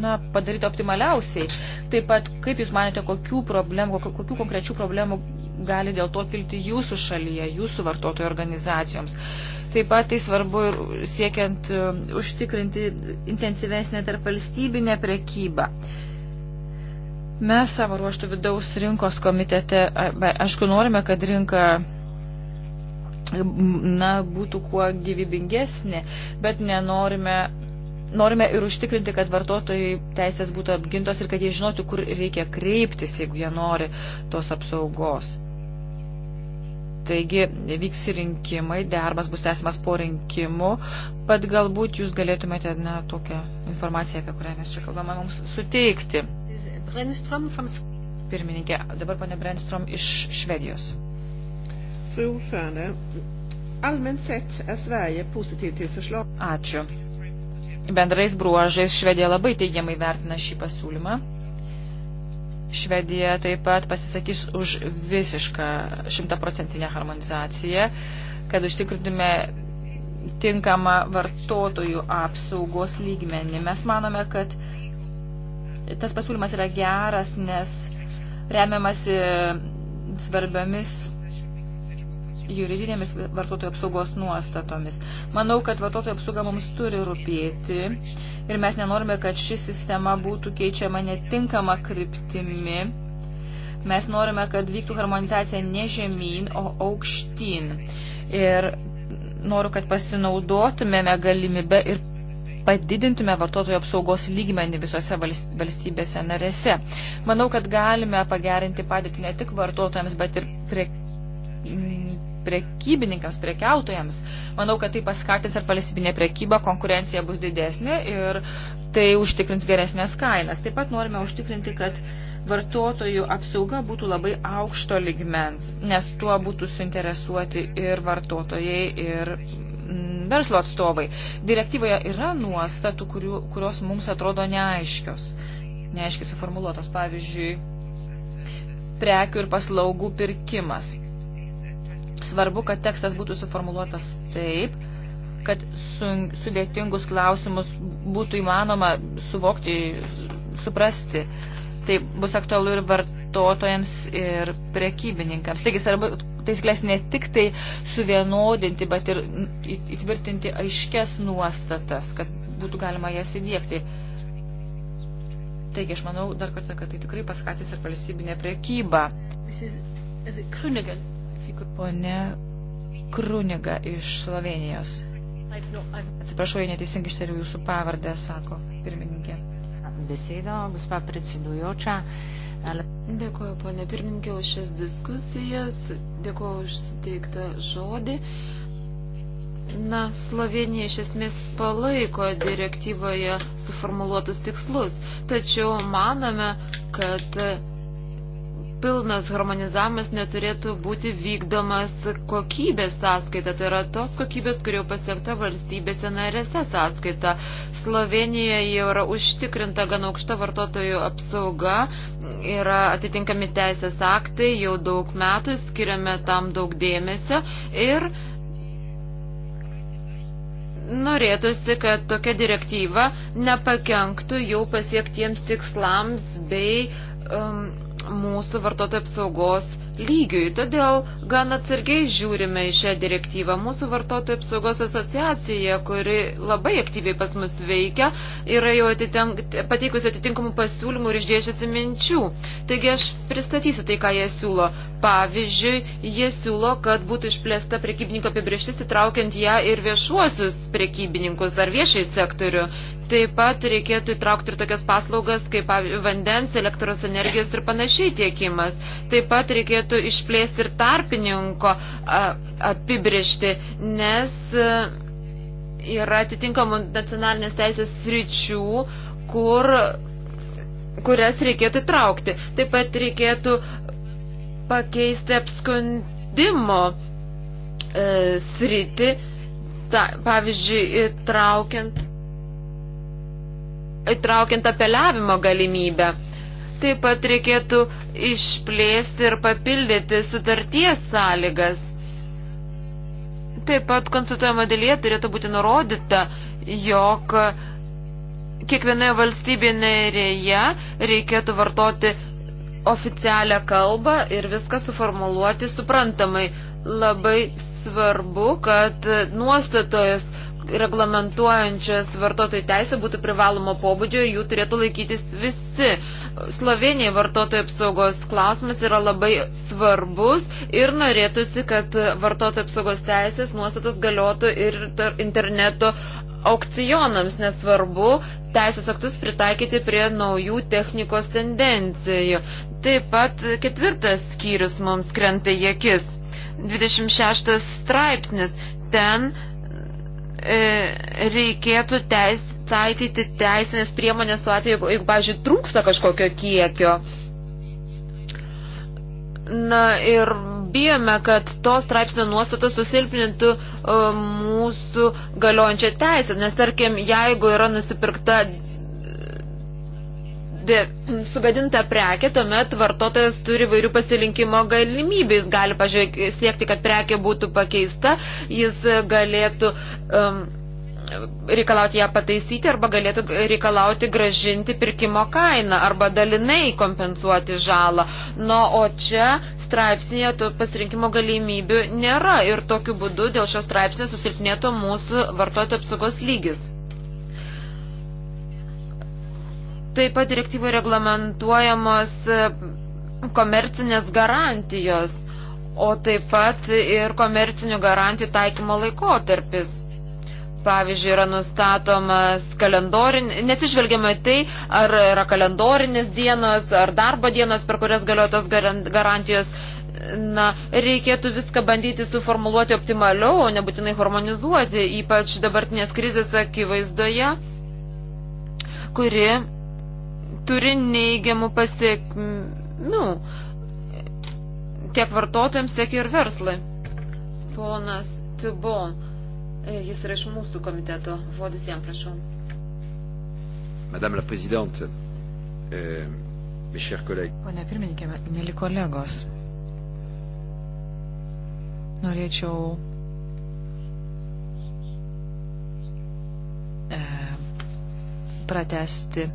na, padaryta optimaliausiai. Taip pat, kaip Jūs manėte, kokių, problemų, kokių konkrečių problemų gali dėl to kilti Jūsų šalyje, Jūsų vartotojų organizacijoms. Taip pat tai svarbu ir siekiant e, užtikrinti intensyvesnę tarp valstybinę prekybą. Mes savo ruoštų vidaus rinkos komitete, aišku, norime, kad rinka na, būtų kuo gyvybingesnė, bet nenorime. Norime ir užtikrinti, kad vartotojai teisės būtų apgintos ir kad jie žinotų, kur reikia kreiptis, jeigu jie nori tos apsaugos. Taigi vyks rinkimai, darbas bus tęsimas po rinkimų, bet galbūt jūs galėtumėte na, tokią informaciją, apie kurią mes čia kalbame, mums suteikti. Pirmininkė, dabar pane Brenstrom iš Švedijos. Fru ordförande, allmänt sett är Sverige positiv till förslag. Ačiū. Bendrais bruožais Švedija labai teigiamai vertina šį pasiūlymą. Švedija taip pat pasisakys už visišką šimtaprocentinę harmonizaciją, kad užtikrintume tinkamą vartotojų apsaugos lygmenį. Mes manome, kad tas pasiūlymas yra geras, nes remiamasi svarbiomis juridinėmis vartotojų apsaugos nuostatomis. Manau, kad vartotojų apsauga mums turi rūpėti ir mes nenorime, kad ši sistema būtų keičiama netinkama kryptimi. Mes norime, kad vyktų harmonizacija ne žemyn, o aukštyn. Ir noriu, kad pasinaudotumėme galimybę ir padidintume vartotojų apsaugos lygmenį visose valstybėse narėse. Manau, kad galime pagerinti padėtį ne tik vartotojams, bet ir prie, prekybininkams, prekiautojams. Manau, kad tai paskatins ar valstybinė prekyba, konkurencija bus didesnė ir tai užtikrins geresnės kainas. Taip pat norime užtikrinti, kad vartotojų apsauga būtų labai aukšto ligmens, nes tuo būtų suinteresuoti ir vartotojai, ir mm, verslo atstovai. Direktyvoje yra nuostatų, kurių, kurios mums atrodo neaiškios, neaiškiai suformuluotos, pavyzdžiui, prekių ir paslaugų pirkimas. Svarbu, kad tekstas būtų suformuluotas taip, kad sudėtingus klausimus būtų įmanoma suvokti, suprasti. Tai bus aktualu ir vartotojams, ir prekybininkams. Taigi svarbu taisyklės ne tik tai suvienodinti, bet ir įtvirtinti aiškias nuostatas, kad būtų galima jas įdėkti. Taigi aš manau dar kartą, kad tai tikrai paskatys ir valstybinė prekyba. This is, is it Krunigan? Pone Kruniga iš Slovenijos. Atsiprašau, jei neteisingai ištariu jūsų pavardę, sako pirmininkė. Besedo, gospa predsedujoča. Dėkuoju, ponė pirmininkė, už šias diskusijas, dėkuoju už suteiktą žodį. Na, Slovenija iš esmės palaiko direktyvoje suformuluotus tikslus, tačiau manome, kad pilnas harmonizavimas neturėtų būti vykdomas kokybės sąskaita, tai yra tos kokybės, kurie jau pasiekta valstybėse narėse sąskaita. Slovenijoje jau yra užtikrinta gan aukšta vartotojų apsauga, yra atitinkami teisės aktai, jau daug metų skiriame tam daug dėmesio ir norėtųsi, kad tokia direktyva nepakenktų jau pasiektiems tikslams bei um, mūsų vartotojų apsaugos lygiui. Todėl gan atsargiai žiūrime į šią direktyvą. Mūsų vartotojų apsaugos asociacija, kuri labai aktyviai pas mus veikia, yra jau atitenk, pateikusi atitinkamų pasiūlymų ir išdėšiasi minčių. Taigi aš pristatysiu tai, ką jie siūlo. Pavyzdžiui, jie siūlo, kad būtų išplėsta prekybininko apibrieštis įtraukiant ją ir viešuosius prekybininkus ar viešai sektorių. Taip pat reikėtų įtraukti ir tokias paslaugas kaip vandens, elektros energijos ir panašiai tiekimas. Taip pat reikėtų išplėsti ir tarpininko apibriežti, nes e, yra atitinkamų nacionalinės teisės sričių, kur, kurias reikėtų įtraukti. Taip pat reikėtų pakeisti apskundimo e, sritį, ta, pavyzdžiui, įtraukiant įtraukiant apeliavimo galimybę. Taip pat reikėtų išplėsti ir papildyti sutarties sąlygas. Taip pat konsultuojama dalyje turėtų būti nurodyta, jog kiekvienoje valstybėje narėje reikėtų vartoti oficialią kalbą ir viską suformuluoti suprantamai. Labai svarbu, kad nuostatojus reglamentuojančias vartotojų teisę būtų privalomo pobūdžio ir jų turėtų laikytis visi. Slovenijai vartotojų apsaugos klausimas yra labai svarbus ir norėtųsi, kad vartotojų apsaugos teisės nuostatos galiotų ir interneto aukcionams, nesvarbu teisės aktus pritaikyti prie naujų technikos tendencijų. Taip pat ketvirtas skyrius mums krenta į akis. 26 straipsnis. Ten E, reikėtų teis, taikyti teisinės priemonės su atveju, jeigu, pavyzdžiui, trūksta kažkokio kiekio. Na ir bijome, kad tos straipsnio nuostatos susilpnintų e, mūsų galiojančią teisę, nes tarkim, jeigu yra nusipirkta sugadinta prekė, tuomet vartotojas turi vairių pasirinkimo galimybių. Jis gali pažiūrėti, siekti, kad prekė būtų pakeista, jis galėtų um, reikalauti ją pataisyti arba galėtų reikalauti gražinti pirkimo kainą arba dalinai kompensuoti žalą. Nu, o čia straipsnėje to pasirinkimo galimybių nėra ir tokiu būdu dėl šio straipsnio susilpnėto mūsų vartotojų apsaugos lygis. Taip pat direktyvoje reglamentuojamos e, komercinės garantijos, o taip pat ir komercinių garantijų taikymo laikotarpis. Pavyzdžiui, yra nustatomas kalendorinis, neatsižvelgiama tai, ar yra kalendorinis dienos, ar darbo dienos, per kurias galioja tos garantijos. Na, reikėtų viską bandyti suformuluoti optimaliau, o nebūtinai harmonizuoti, ypač dabartinės krizės akivaizdoje, kuri turi neigiamų pasiekmių nu, tiek vartotojams, tiek ir verslai. Ponas Tubo, e, jis yra iš mūsų komiteto. Žodis jam, prašau. Madame la Présidente, euh, mes chers collègues. Pone pirmininkė, mėly kolegos, norėčiau e, pratesti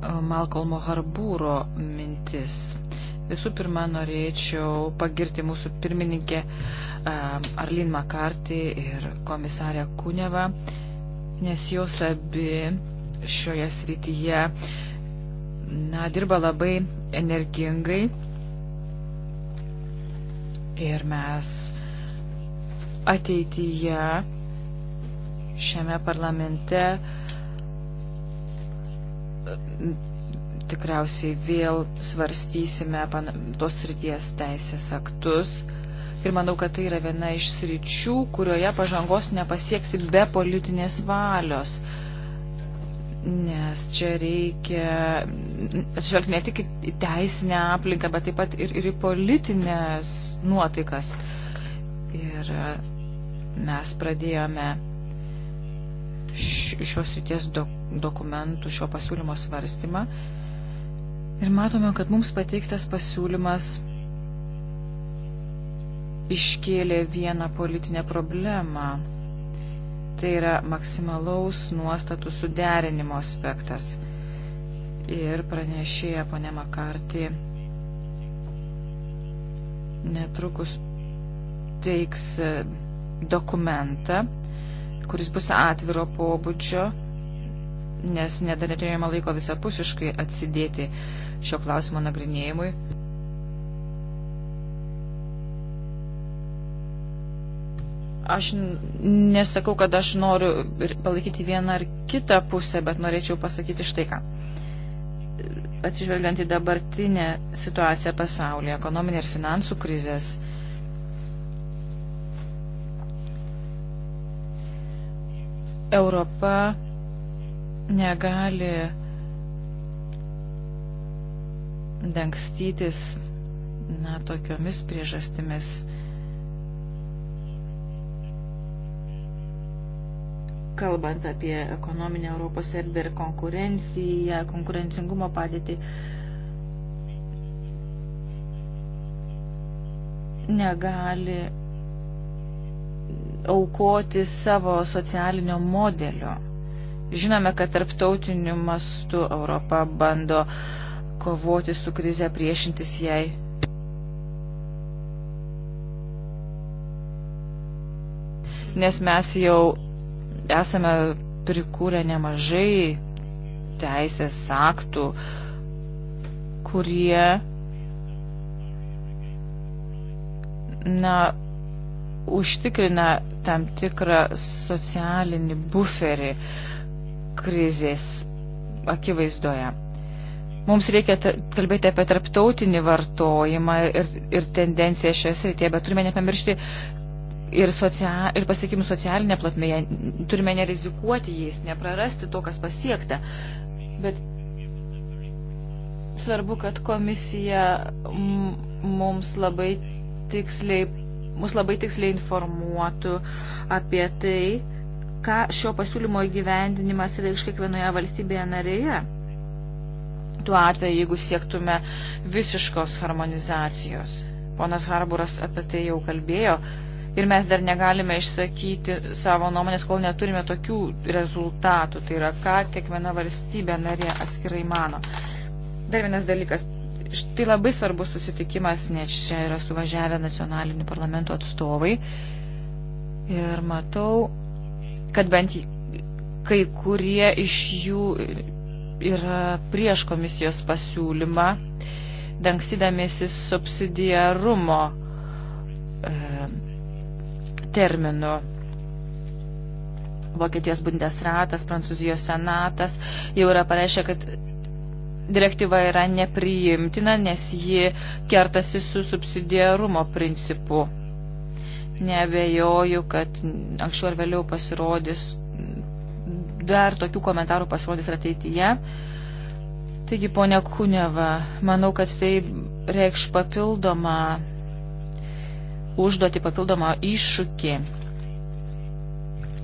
E, Malkolmo Harbūro mintis. Visų pirma, norėčiau pagirti mūsų pirmininkę e, Arlin Makartį ir komisarę Kunevą, nes jos abi šioje srityje na, dirba labai energingai ir mes ateityje šiame parlamente tikriausiai vėl svarstysime tos srities teisės aktus. Ir manau, kad tai yra viena iš sričių, kurioje pažangos nepasieksi be politinės valios. Nes čia reikia atšvelgti ne tik į teisinę aplinką, bet taip pat ir, ir į politinės nuotaikas. Ir e, mes pradėjome šios ryties dokumentus dokumentų šio pasiūlymo svarstymą ir matome, kad mums pateiktas pasiūlymas iškėlė vieną politinę problemą. Tai yra maksimalaus nuostatų suderinimo aspektas. Ir pranešėja ponė Makartį netrukus teiks dokumentą, kuris bus atviro pobūdžio nes neturėjome laiko visapusiškai atsidėti šio klausimo nagrinėjimui. Aš nesakau, kad aš noriu palaikyti vieną ar kitą pusę, bet norėčiau pasakyti štai ką. Atsižvelgiant į dabartinę situaciją pasaulyje, ekonominę ir finansų krizės, Europa negali dangstytis na, tokiomis priežastimis. Kalbant apie ekonominę Europos erdvę ir konkurenciją, konkurencingumo padėtį, negali aukoti savo socialinio modelio. Žinome, kad tarptautiniu mastu Europa bando kovoti su krize, priešintis jai. Nes mes jau esame prikūrę nemažai teisės aktų, kurie na, užtikrina tam tikrą socialinį buferį, krizės akivaizdoje. Mums reikia kalbėti apie tarptautinį vartojimą ir, ir tendenciją šioje srityje, bet turime nepamiršti ir, socia ir pasiekimų socialinė plotmėje. Turime nerizikuoti jais, neprarasti to, kas pasiekta. Bet svarbu, kad komisija mums labai tiksliai, mus labai tiksliai informuotų apie tai, ką šio pasiūlymo įgyvendinimas reikš kiekvienoje valstybėje narėje. Tuo atveju, jeigu siektume visiškos harmonizacijos. Ponas Harburas apie tai jau kalbėjo ir mes dar negalime išsakyti savo nuomonės, kol neturime tokių rezultatų. Tai yra, ką kiekviena valstybė narė atskirai mano. Dar vienas dalykas. Štai labai svarbus susitikimas, nes čia yra suvažiavę nacionalinių parlamentų atstovai. Ir matau, kad bent kai kurie iš jų yra prieš komisijos pasiūlymą, dangstydamėsi subsidiarumo e, terminu. Vokietijos Bundesratas, Prancūzijos senatas jau yra pareiškę, kad direktyva yra nepriimtina, nes ji kertasi su subsidiarumo principu. Nebejoju, kad anksčiau ar vėliau pasirodys, dar tokių komentarų pasirodys ir ateityje. Taigi, ponia Kuneva, manau, kad tai reikš papildomą užduoti, papildomą iššūkį.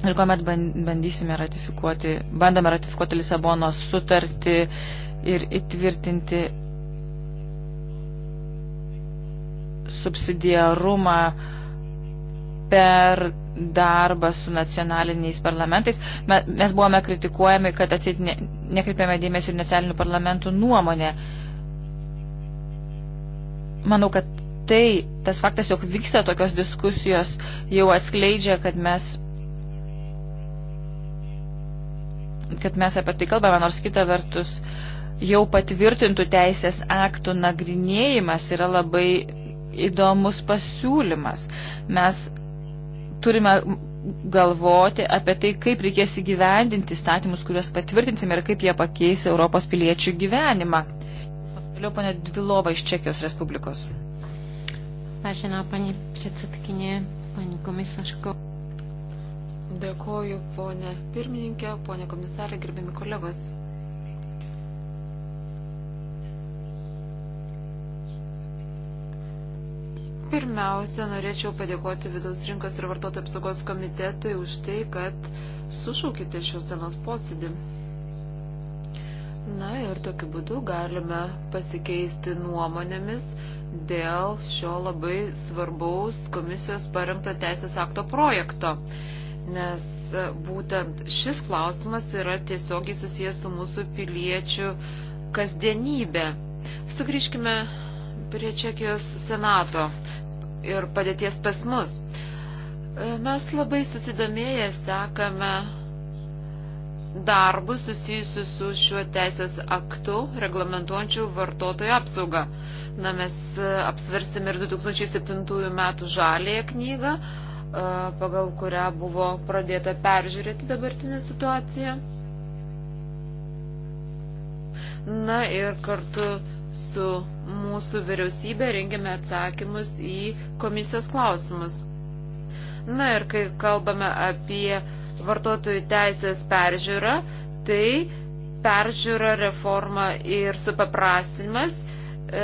Ir kuomet bandysime ratifikuoti, bandome ratifikuoti Lisabonos sutartį ir įtvirtinti subsidiarumą per darbą su nacionaliniais parlamentais. Mes buvome kritikuojami, kad atsit ne, nekreipėme dėmesio ir nacionalinių parlamentų nuomonę. Manau, kad tai, tas faktas, jog vyksta tokios diskusijos, jau atskleidžia, kad mes kad mes apie tai kalbame, nors kita vertus jau patvirtintų teisės aktų nagrinėjimas yra labai įdomus pasiūlymas. Mes turime galvoti apie tai, kaip reikės įgyvendinti statymus, kuriuos patvirtinsime ir kaip jie pakeis Europos piliečių gyvenimą. Toliau pane Dvilova iš Čekijos Respublikos. Vážená paní předsedkyně, paní komisařko. Dėkoju, ponė pirmininkė, ponė komisarė, gerbiami kolegos. Pirmiausia, norėčiau padėkoti Vidaus rinkos ir vartotojų apsaugos komitetui už tai, kad sušaukite šios dienos posėdį. Na ir tokiu būdu galime pasikeisti nuomonėmis dėl šio labai svarbaus komisijos parengto teisės akto projekto, nes būtent šis klausimas yra tiesiogiai susijęs su mūsų piliečių kasdienybė. Sugrįžkime prie Čekijos senato ir padėties pas mus. E, mes labai susidomėję sekame darbus susijusius su šiuo teisės aktu reglamentuojančiu vartotojų apsaugą. Na, mes e, apsvarstėme ir 2007 metų žalėje knygą, e, pagal kurią buvo pradėta peržiūrėti dabartinę situaciją. Na ir kartu su mūsų vyriausybė rengiame atsakymus į komisijos klausimus. Na ir kai kalbame apie vartotojų teisės peržiūrą, tai peržiūra, reforma ir supaprastinimas e,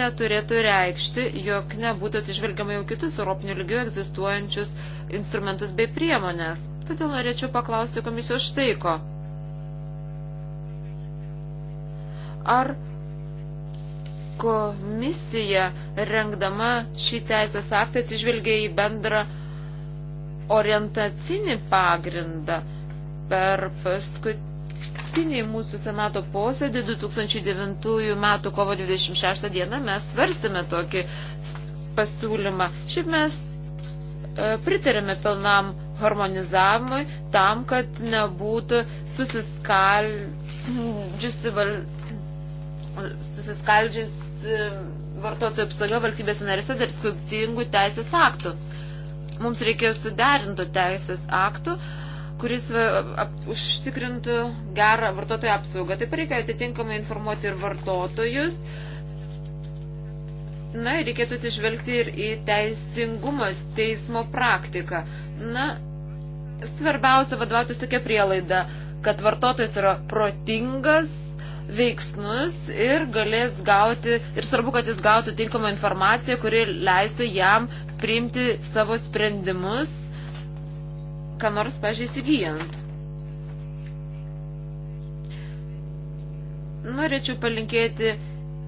neturėtų reikšti, jog nebūtų atsižvelgiama jau kitus europinių lygių egzistuojančius instrumentus bei priemonės. Todėl norėčiau paklausti komisijos štaiko. Ar komisija rengdama šį teisės aktą atsižvelgia į bendrą orientacinį pagrindą per paskutinį mūsų senato posėdį 2009 metų kovo 26 dieną mes svarstėme tokį pasiūlymą. Šiaip mes e, pritarėme pilnam harmonizavimui tam, kad nebūtų susiskaldžiusi val... susiskaldžiusi E, vartotojų apsauga valstybės narėse dar skirtingų teisės aktų. Mums reikėjo suderinto teisės aktų, kuris e, užtikrintų gerą vartotojų apsaugą. Taip reikia atitinkamai informuoti ir vartotojus. Na, reikėtų atsižvelgti ir į teisingumo teismo praktiką. Na, svarbiausia vadovautis tokia prielaida, kad vartotojas yra protingas, veiksnus ir galės gauti, ir svarbu, kad jis gautų tinkamą informaciją, kuri leistų jam priimti savo sprendimus, ką nors, pažiūrėjau, įsigijant. Norėčiau palinkėti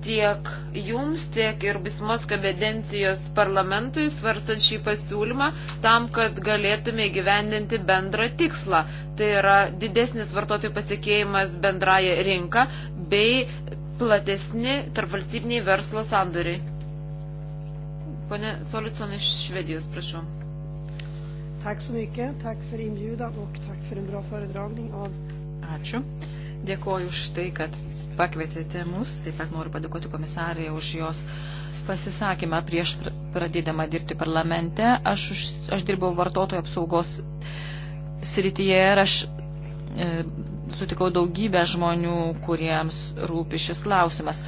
tiek jums, tiek ir bismos kabedencijos parlamentui svarstant šį pasiūlymą tam, kad galėtume gyvendinti bendrą tikslą. Tai yra didesnis vartotojų pasikeimas bendraja rinka bei platesni tarpvalstybiniai verslo sandoriai. Pone Solicon iš Švedijos, prašau. Tack så mycket. Tack för inbjudan och tack för en bra föredragning av... Ačiū. Dėkuoju už tai, kad pakvietėte mus. Taip pat noriu padėkoti komisarai už jos pasisakymą prieš pradėdama dirbti parlamente. Aš, už, aš dirbau vartotojų apsaugos srityje ir aš e, sutikau daugybę žmonių, kuriems rūpi šis klausimas.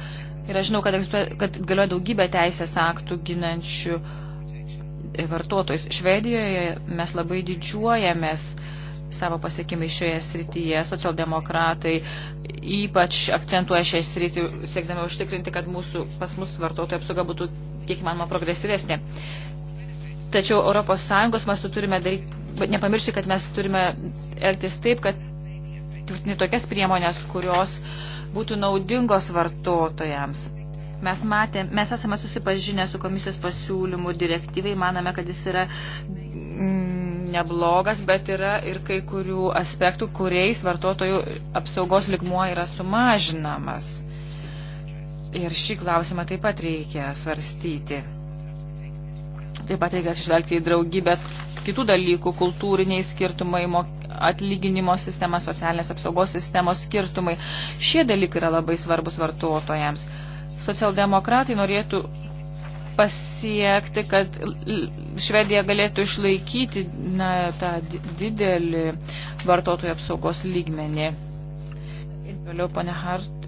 Ir aš žinau, kad, kad galioja daugybė teisės aktų ginančių e, vartotojus. Švedijoje mes labai didžiuojamės e, savo pasiekimai šioje srityje. Socialdemokratai ypač akcentuoja šią sritį, siekdami užtikrinti, kad mūsų, pas mus vartotojų apsauga būtų kiek manoma progresyvesnė. Tačiau ES mes turime daryti, nepamiršti, kad mes turime elgtis taip, kad tvirtinti tokias priemonės, kurios būtų naudingos vartotojams. Mes, matėm, mes esame susipažinę su komisijos pasiūlymų direktyvai, manome, kad jis yra mm, neblogas, bet yra ir kai kurių aspektų, kuriais vartotojų apsaugos ligmuo yra sumažinamas. Ir šį klausimą taip pat reikia svarstyti. Taip pat reikia atsižvelgti į draugybę kitų dalykų, kultūriniai skirtumai, atlyginimo sistema, socialinės apsaugos sistemos skirtumai. Šie dalykai yra labai svarbus vartotojams. Socialdemokratai norėtų pasiekti, kad Švedija galėtų išlaikyti na, tą didelį vartotojų apsaugos lygmenį. Vėliau, pane Hart,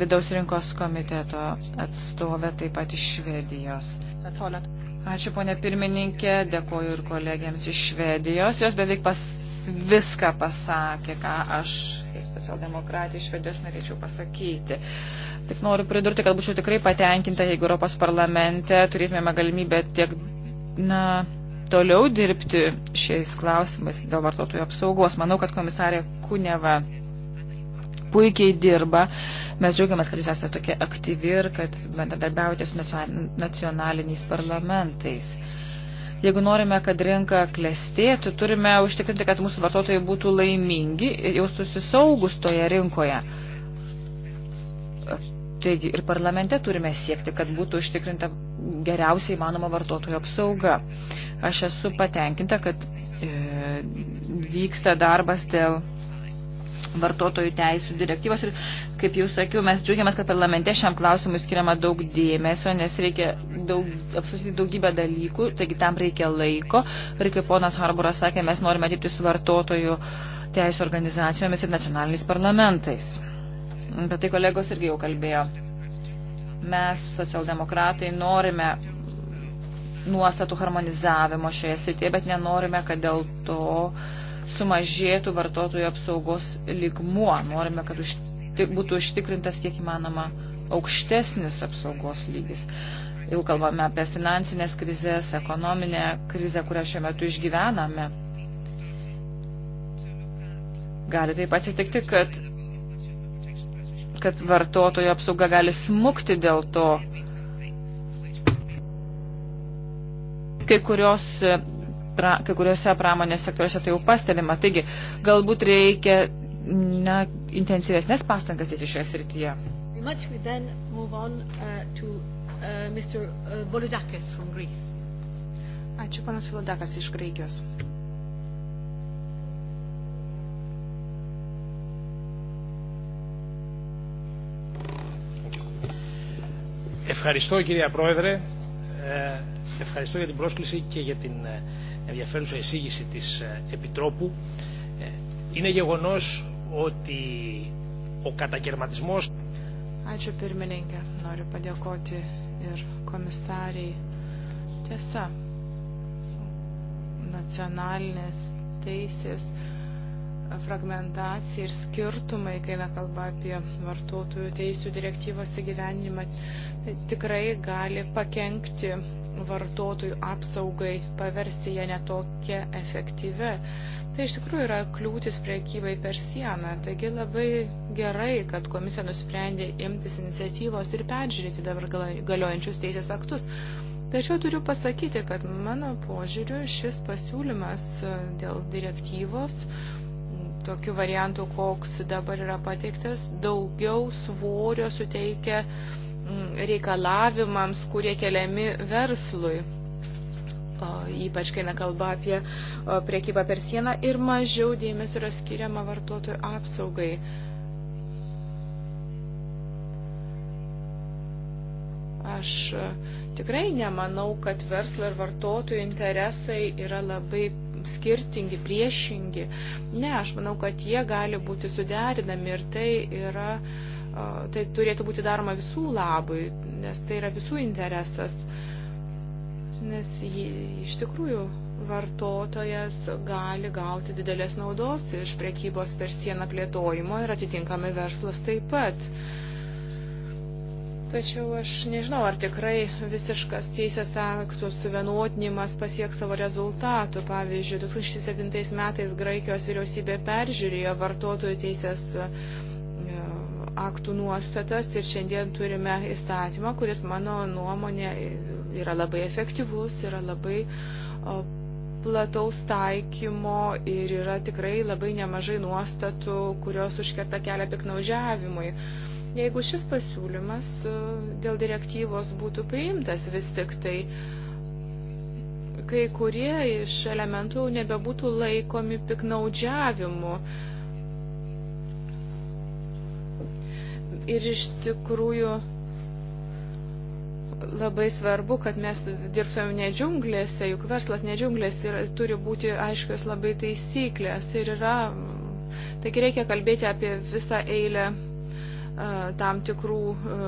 vidaus rinkos komiteto atstovė taip pat iš Švedijos. Ačiū, ponė pirmininkė, dėkoju ir kolegiams iš Švedijos. Jos beveik pas, viską pasakė, ką aš socialdemokratė iš Švedijos norėčiau pasakyti. Tik noriu pridurti, kad būčiau tikrai patenkinta, jeigu Europos parlamente turėtume galimybę tiek na, toliau dirbti šiais klausimais dėl vartotojų apsaugos. Manau, kad komisarė Kuneva puikiai dirba. Mes džiaugiamės, kad jūs esate tokia aktyvi ir kad bendradarbiaujate su nacionaliniais parlamentais. Jeigu norime, kad rinka klestėtų, turime užtikrinti, kad mūsų vartotojai būtų laimingi ir jaustųsi saugus toje rinkoje. Taigi ir parlamente turime siekti, kad būtų užtikrinta geriausiai įmanoma vartotojo apsauga. Aš esu patenkinta, kad e, vyksta darbas dėl vartotojų teisų direktyvos ir Kaip jau sakiau, mes džiaugiamės, kad parlamente šiam klausimui skiriama daug dėmesio, nes reikia daug, apsvarstyti daugybę dalykų, taigi tam reikia laiko. Ir kaip ponas Harboras sakė, mes norime dirbti su vartotojų teisų organizacijomis ir nacionaliniais parlamentais. Apie tai kolegos irgi jau kalbėjo. Mes, socialdemokratai, norime nuostatų harmonizavimo šioje srityje, bet nenorime, kad dėl to sumažėtų vartotojų apsaugos ligmuo. Norime, kad už užtik, būtų užtikrintas kiek įmanoma aukštesnis apsaugos lygis. Jau kalbame apie finansinės krizės, ekonominę krizę, kurią šiuo metu išgyvename. Gali taip atsitikti, kad, kad vartotojo apsauga gali smukti dėl to. Kai, kurios, pra, kai kuriuose pramonės sektoriuose tai jau pastebima. Taigi, galbūt reikia na, intensyvesnės pastangas dėti šioje srityje. Much we then move on uh, to uh, Mr. Uh, Volodakis from Greece. Ačiū, panas Volodakis iš Graikijos. Ευχαριστώ κυρία Πρόεδρε, ε, ευχαριστώ για την πρόσκληση και για την ενδιαφέρουσα εισήγηση της Επιτρόπου. Είναι γεγονός ότι ο κατακαιρματισμός... Ačiū pirmininkė, noriu padėkoti ir komisariai. Tiesa, nacionalinės teisės fragmentacija ir skirtumai, kai na kalba apie vartotojų teisų direktyvos įgyvenimą, tai tikrai gali pakenkti vartotojų apsaugai, paversti ją netokią efektyvę. Tai iš tikrųjų yra kliūtis priekybai per sieną. Taigi labai gerai, kad komisija nusprendė imtis iniciatyvos ir peržiūrėti dabar galiojančius teisės aktus. Tačiau turiu pasakyti, kad mano požiūriu šis pasiūlymas e, dėl direktyvos, tokiu variantu, koks dabar yra pateiktas, daugiau svorio suteikia mm, reikalavimams, kurie keliami verslui ypač kai nekalba apie priekybą per sieną ir mažiau dėmesio yra skiriama vartotojų apsaugai. Aš tikrai nemanau, kad verslo ir vartotojų interesai yra labai skirtingi, priešingi. Ne, aš manau, kad jie gali būti suderinami ir tai yra, tai turėtų būti daroma visų labui, nes tai yra visų interesas. Uh, nes jį, iš tikrųjų vartotojas gali gauti didelės naudos iš prekybos per sieną plėtojimo ir atitinkamai verslas taip pat. Tačiau aš nežinau, ar tikrai visiškas teisės aktų suvienodinimas pasieks savo rezultatų. Pavyzdžiui, 2007 metais Graikijos vyriausybė peržiūrėjo vartotojų teisės e, aktų nuostatas ir šiandien turime įstatymą, kuris mano nuomonė yra labai efektyvus, yra labai plataus taikymo ir yra tikrai labai nemažai nuostatų, kurios užkerta kelią piknaužiavimui. Jeigu šis pasiūlymas e, dėl direktyvos būtų priimtas vis tik tai, kai kurie iš elementų nebebūtų laikomi piknaudžiavimu Ir iš tikrųjų labai svarbu, kad mes dirbtumėm ne džiunglėse, juk verslas ne džiunglėse ir turi būti aiškios labai taisyklės. Ir yra, taigi reikia kalbėti apie visą eilę e, tam tikrų e,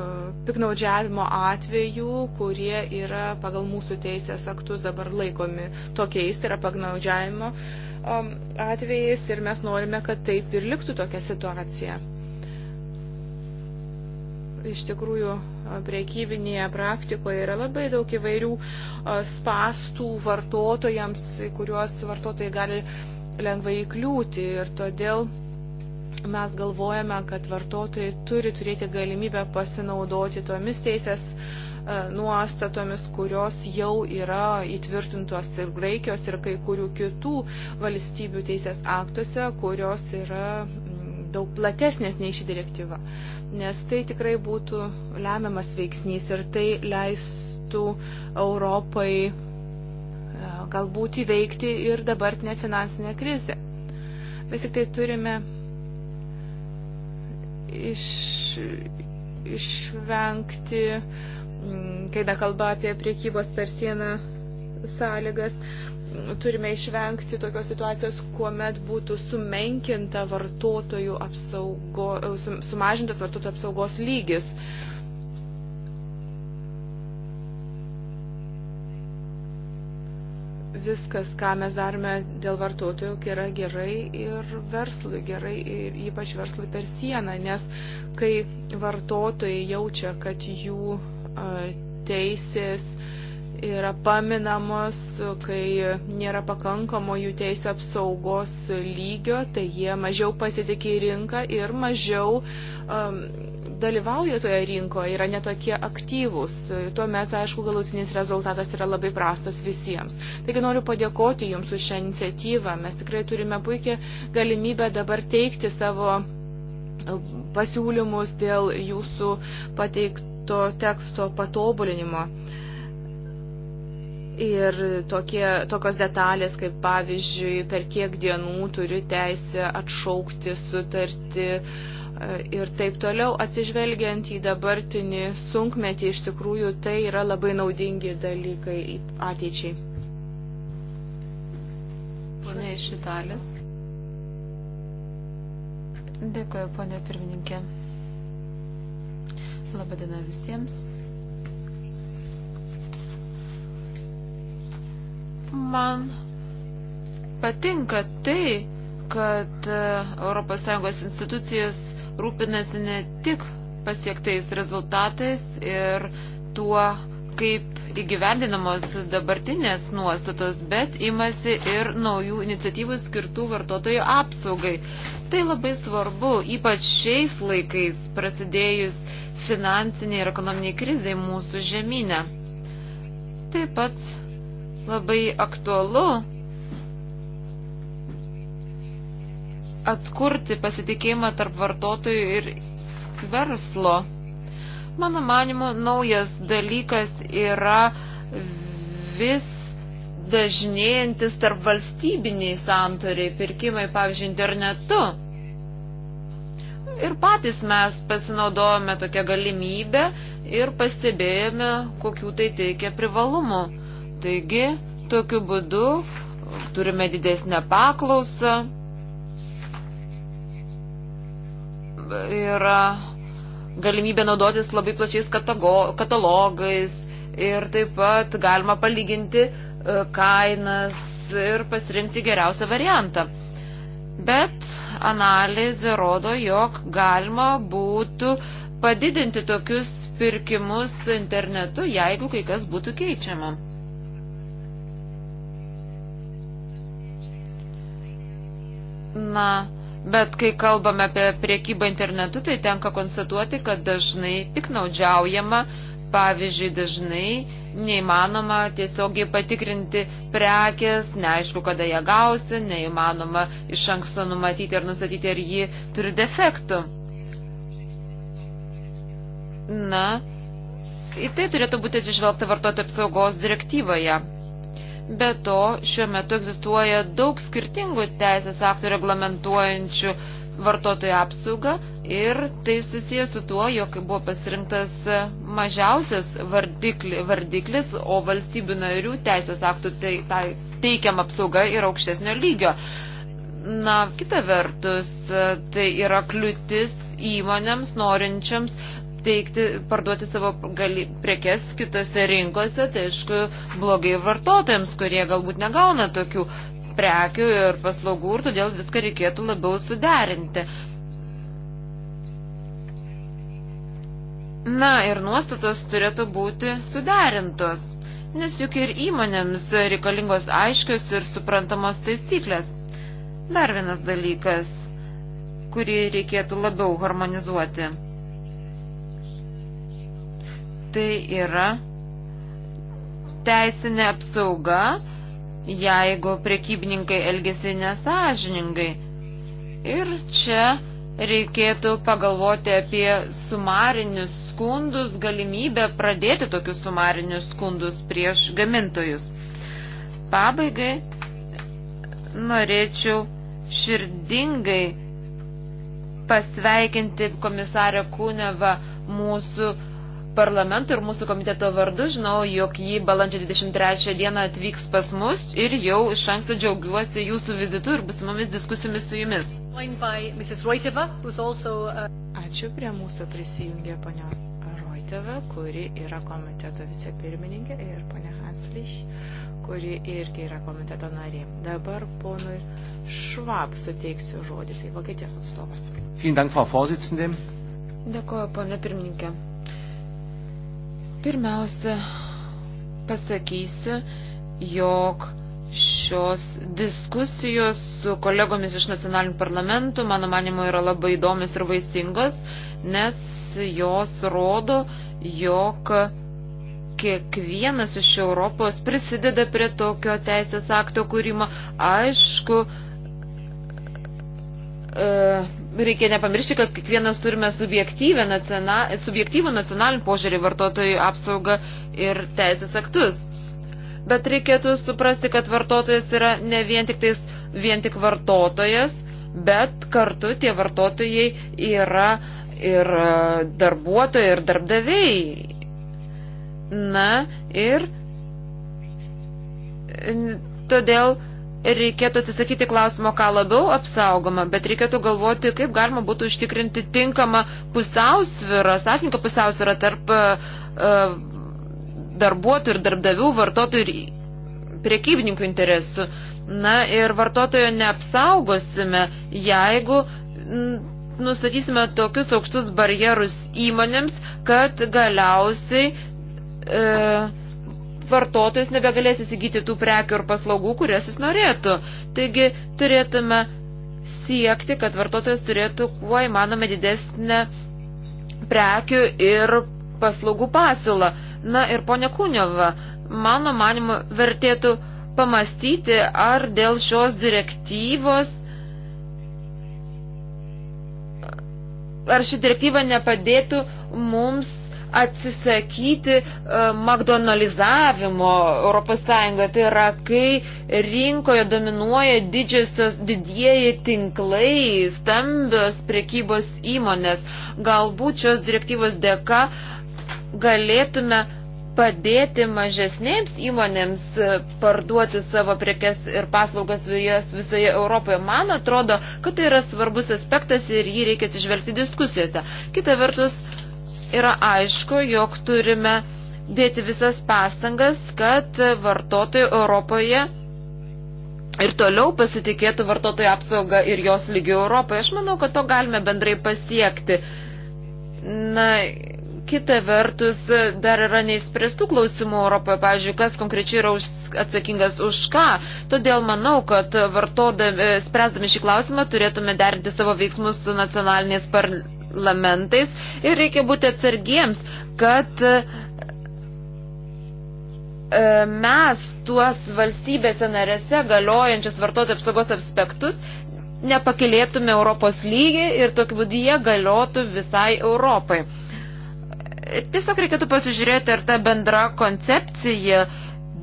piknaudžiavimo atvejų, kurie yra pagal mūsų teisės aktus dabar laikomi tokiais, tai yra piknaudžiavimo atvejais ir mes norime, kad taip ir liktų tokia situacija iš tikrųjų priekybinėje praktikoje yra labai daug įvairių spastų vartotojams, kuriuos vartotojai gali lengvai įkliūti ir todėl mes galvojame, kad vartotojai turi turėti galimybę pasinaudoti tomis teisės nuostatomis, kurios jau yra įtvirtintos ir Graikijos, ir kai kurių kitų valstybių teisės aktuose, kurios yra daug platesnės nei ši direktyva, nes tai tikrai būtų lemiamas veiksnys ir tai leistų Europai e, galbūt įveikti ir dabartinę finansinę krizę. Vis tik tai turime iš, išvengti, kai nekalba apie priekybos per sieną sąlygas, turime išvengti tokios situacijos, kuomet būtų sumenkinta vartotojų apsaugo, sumažintas vartotojų apsaugos lygis. Viskas, ką mes darome dėl vartotojų, yra gerai ir verslui, gerai ir ypač verslui per sieną, nes kai vartotojai jaučia, kad jų teisės uh, yra paminamos, kai nėra pakankamo jų teisų apsaugos lygio, tai jie mažiau pasitikė rinką ir mažiau um, dalyvauja toje rinkoje, yra netokie aktyvūs. Tuomet, aišku, galutinis rezultatas yra labai prastas visiems. Taigi noriu padėkoti Jums už šią iniciatyvą. Mes tikrai turime puikią galimybę dabar teikti savo uh, pasiūlymus dėl Jūsų pateiktų to teksto patobulinimo. Ir tokie, tokios detalės, kaip pavyzdžiui, per kiek dienų turi teisę atšaukti sutartį e, ir taip toliau, atsižvelgiant į dabartinį sunkmetį, iš tikrųjų tai yra labai naudingi dalykai ateičiai. Pone iš Italės. Dėkuoju, ponė pirmininkė. Labadiena visiems. Man patinka tai, kad ES institucijos rūpinasi ne tik pasiektais rezultatais ir tuo, kaip įgyvendinamos dabartinės nuostatos, bet imasi ir naujų iniciatyvų skirtų vartotojų apsaugai. Tai labai svarbu, ypač šiais laikais prasidėjus finansiniai ir ekonominiai krizai mūsų žemynę. Taip pat labai aktualu atkurti pasitikėjimą tarp vartotojų ir verslo. Mano manimu, naujas dalykas yra vis dažnėjantis tarp valstybiniai santoriai, pirkimai, pavyzdžiui, internetu. Ir patys mes pasinaudojame tokią galimybę ir pastebėjome, kokių tai teikia privalumų. Taigi, tokiu būdu turime didesnę paklausą. Yra galimybė naudotis labai plačiais katalogais ir taip pat galima palyginti kainas ir pasirinkti geriausią variantą. Bet analizė rodo, jog galima būtų padidinti tokius pirkimus internetu, jeigu kai kas būtų keičiama. Na, bet kai kalbame apie priekybą internetu, tai tenka konstatuoti, kad dažnai piknaudžiaujama, pavyzdžiui, dažnai neįmanoma tiesiogiai patikrinti prekės, neaišku, kada ją gausi, neįmanoma iš anksto numatyti ar nustatyti, ar ji turi defektų. Na, į tai turėtų būti atsižvelgta vartotojų apsaugos direktyvoje. Be to, šiuo metu egzistuoja daug skirtingų teisės aktų reglamentuojančių vartotojų apsaugą ir tai susijęs su tuo, jog buvo pasirinktas mažiausias vardikli, vardiklis, o valstybių narių teisės aktų tai, tai, teikiam apsauga yra aukštesnio lygio. Na, kita vertus, tai yra kliūtis įmonėms norinčiams teikti, parduoti savo gali, prekes kitose rinkose, tai aišku, blogai vartotojams, kurie galbūt negauna tokių prekių ir paslaugų ir todėl viską reikėtų labiau suderinti. Na ir nuostatos turėtų būti suderintos, nes juk ir įmonėms reikalingos aiškios ir suprantamos taisyklės. Dar vienas dalykas, kurį reikėtų labiau harmonizuoti tai yra teisinė apsauga, jeigu prekybininkai elgesi nesažiningai. Ir čia reikėtų pagalvoti apie sumarinius skundus, galimybę pradėti tokius sumarinius skundus prieš gamintojus. Pabaigai norėčiau širdingai pasveikinti komisarę Kūnevą mūsų parlamento ir mūsų komiteto vardu. Žinau, jog jį balandžio 23 dieną atvyks pas mus ir jau iš anksto džiaugiuosi jūsų vizitu ir busimomis diskusijomis su jumis. Uh, Ačiū prie mūsų prisijungė ponia Roiteva, kuri yra komiteto vicepirmininkė ir ponia Hansliš, kuri irgi yra komiteto narė. Dabar ponui Švab suteiksiu žodį, tai Vokietijos atstovas. Dėkuoju, ponė pirmininkė. Pirmiausia, pasakysiu, jog šios diskusijos su kolegomis iš nacionalinių parlamentų, mano manimo, yra labai įdomios ir vaisingos, nes jos rodo, jog kiekvienas iš Europos prisideda prie tokio teisės akto kūrimo. Aišku, e, reikia nepamiršti, kad kiekvienas turime subjektyvų nacionalinį požiūrį vartotojų apsaugą ir teisės aktus. Bet reikėtų suprasti, kad vartotojas yra ne vien tik, tais, vien tik vartotojas, bet kartu tie vartotojai yra ir e, darbuotojai, ir darbdaviai. Na ir todėl reikėtų atsisakyti klausimo, ką labiau apsaugoma, bet reikėtų galvoti, kaip galima būtų užtikrinti tinkamą pusiausvyrą, sąžininką pusiausvyrą tarp uh, darbuotojų ir darbdavių, vartotojų ir priekybininkų interesų. Na ir vartotojo neapsaugosime, jeigu nustatysime tokius aukštus barjerus įmonėms, kad galiausiai e, uh, vartotojas nebegalės įsigyti tų prekių ir paslaugų, kurias jis norėtų. Taigi turėtume siekti, kad vartotojas turėtų kuo įmanome didesnę prekių ir paslaugų pasiūlą. Na ir ponia Kūniova, mano manimu, vertėtų pamastyti, ar dėl šios direktyvos, ar ši direktyva nepadėtų mums atsisakyti e, McDonaldizavimo Europos Sąjungoje. Tai yra, kai rinkoje dominuoja didžiosios didieji tinklai, stambios prekybos įmonės. Galbūt šios direktyvos dėka galėtume padėti mažesnėms įmonėms e, parduoti savo prekes ir paslaugas visoje Europoje. Man atrodo, kad tai yra svarbus aspektas ir jį reikia atsižvelgti diskusijose. Kita vertus, yra aišku, jog turime dėti visas pastangas, kad vartotojai Europoje ir toliau pasitikėtų vartotojų apsaugą ir jos lygių Europoje. Aš manau, kad to galime bendrai pasiekti. Na, kita vertus, dar yra neįspręstų klausimų Europoje, pavyzdžiui, kas konkrečiai yra už, atsakingas už ką. Todėl manau, kad vartodami, spręsdami šį klausimą turėtume derinti savo veiksmus su nacionaliniais par, reglamentais ir reikia būti atsargiems, kad e, mes tuos valstybėse narėse galiojančius vartotojų apsaugos aspektus nepakilėtume Europos lygį ir tokiu būdu jie galiotų visai Europai. Tiesiog reikėtų pasižiūrėti, ar ta bendra koncepcija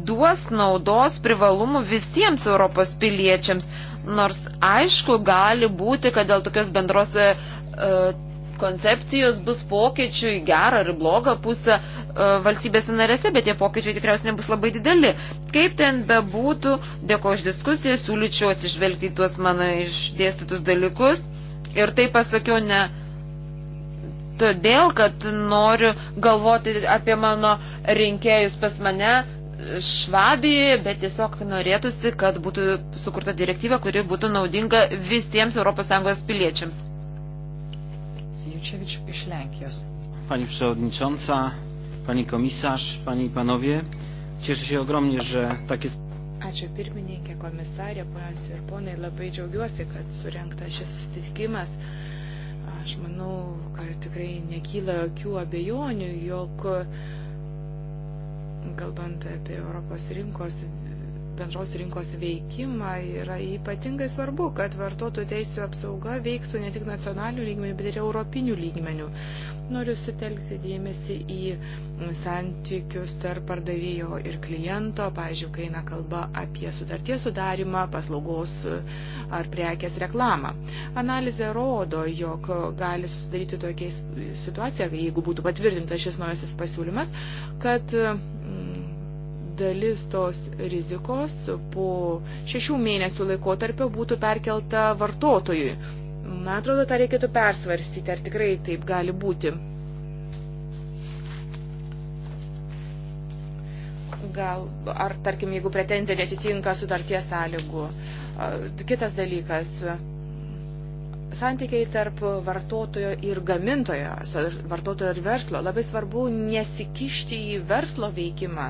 duos naudos privalumų visiems Europos piliečiams. Nors aišku, gali būti, kad dėl tokios bendros uh, koncepcijos bus pokyčių į gerą ar į blogą pusę e, valstybėse narėse, bet tie pokyčiai tikriausiai nebus labai dideli. Kaip ten bebūtų, dėkoju už diskusiją, siūlyčiau atsižvelgti į tuos mano išdėstytus dalykus. Ir tai pasakiau ne todėl, kad noriu galvoti apie mano rinkėjus pas mane Švabijoje, bet tiesiog norėtųsi, kad būtų sukurta direktyva, kuri būtų naudinga visiems ES piliečiams. Jučevič iš Lenkijos. Pani Przewodnicząca, Pani Komisarz, Pani i Panowie, cieszę się ogromnie, że takie... Ačiū pirmininkė, komisarė, ponios ir ponai, labai džiaugiuosi, kad surinkta šis susitikimas. Aš manau, kad tikrai nekyla jokių abejonių, jog kalbant apie Europos rinkos bendros rinkos veikimą, yra ypatingai svarbu, kad vartotojų teisų apsauga veiktų ne tik nacionalinių lygmenių, bet ir europinių lygmenių. Noriu sutelkti dėmesį į santykius tarp pardavėjo ir kliento, pavyzdžiui, kai eina kalba apie sutarties sudarimą, paslaugos e, ar prekės reklamą. Analizė rodo, jog gali susidaryti tokia situacija, jeigu būtų patvirtintas šis naujasis pasiūlymas, kad mm, dalis tos rizikos po šešių mėnesių laikotarpio būtų perkelta vartotojui. Man atrodo, tą reikėtų persvarstyti, ar tikrai taip gali būti. Gal, ar tarkim, jeigu pretenzija netitinka sutarties sąlygų. Kitas dalykas, santykiai tarp vartotojo ir gamintojo, vartotojo ir verslo. Labai svarbu nesikišti į verslo veikimą.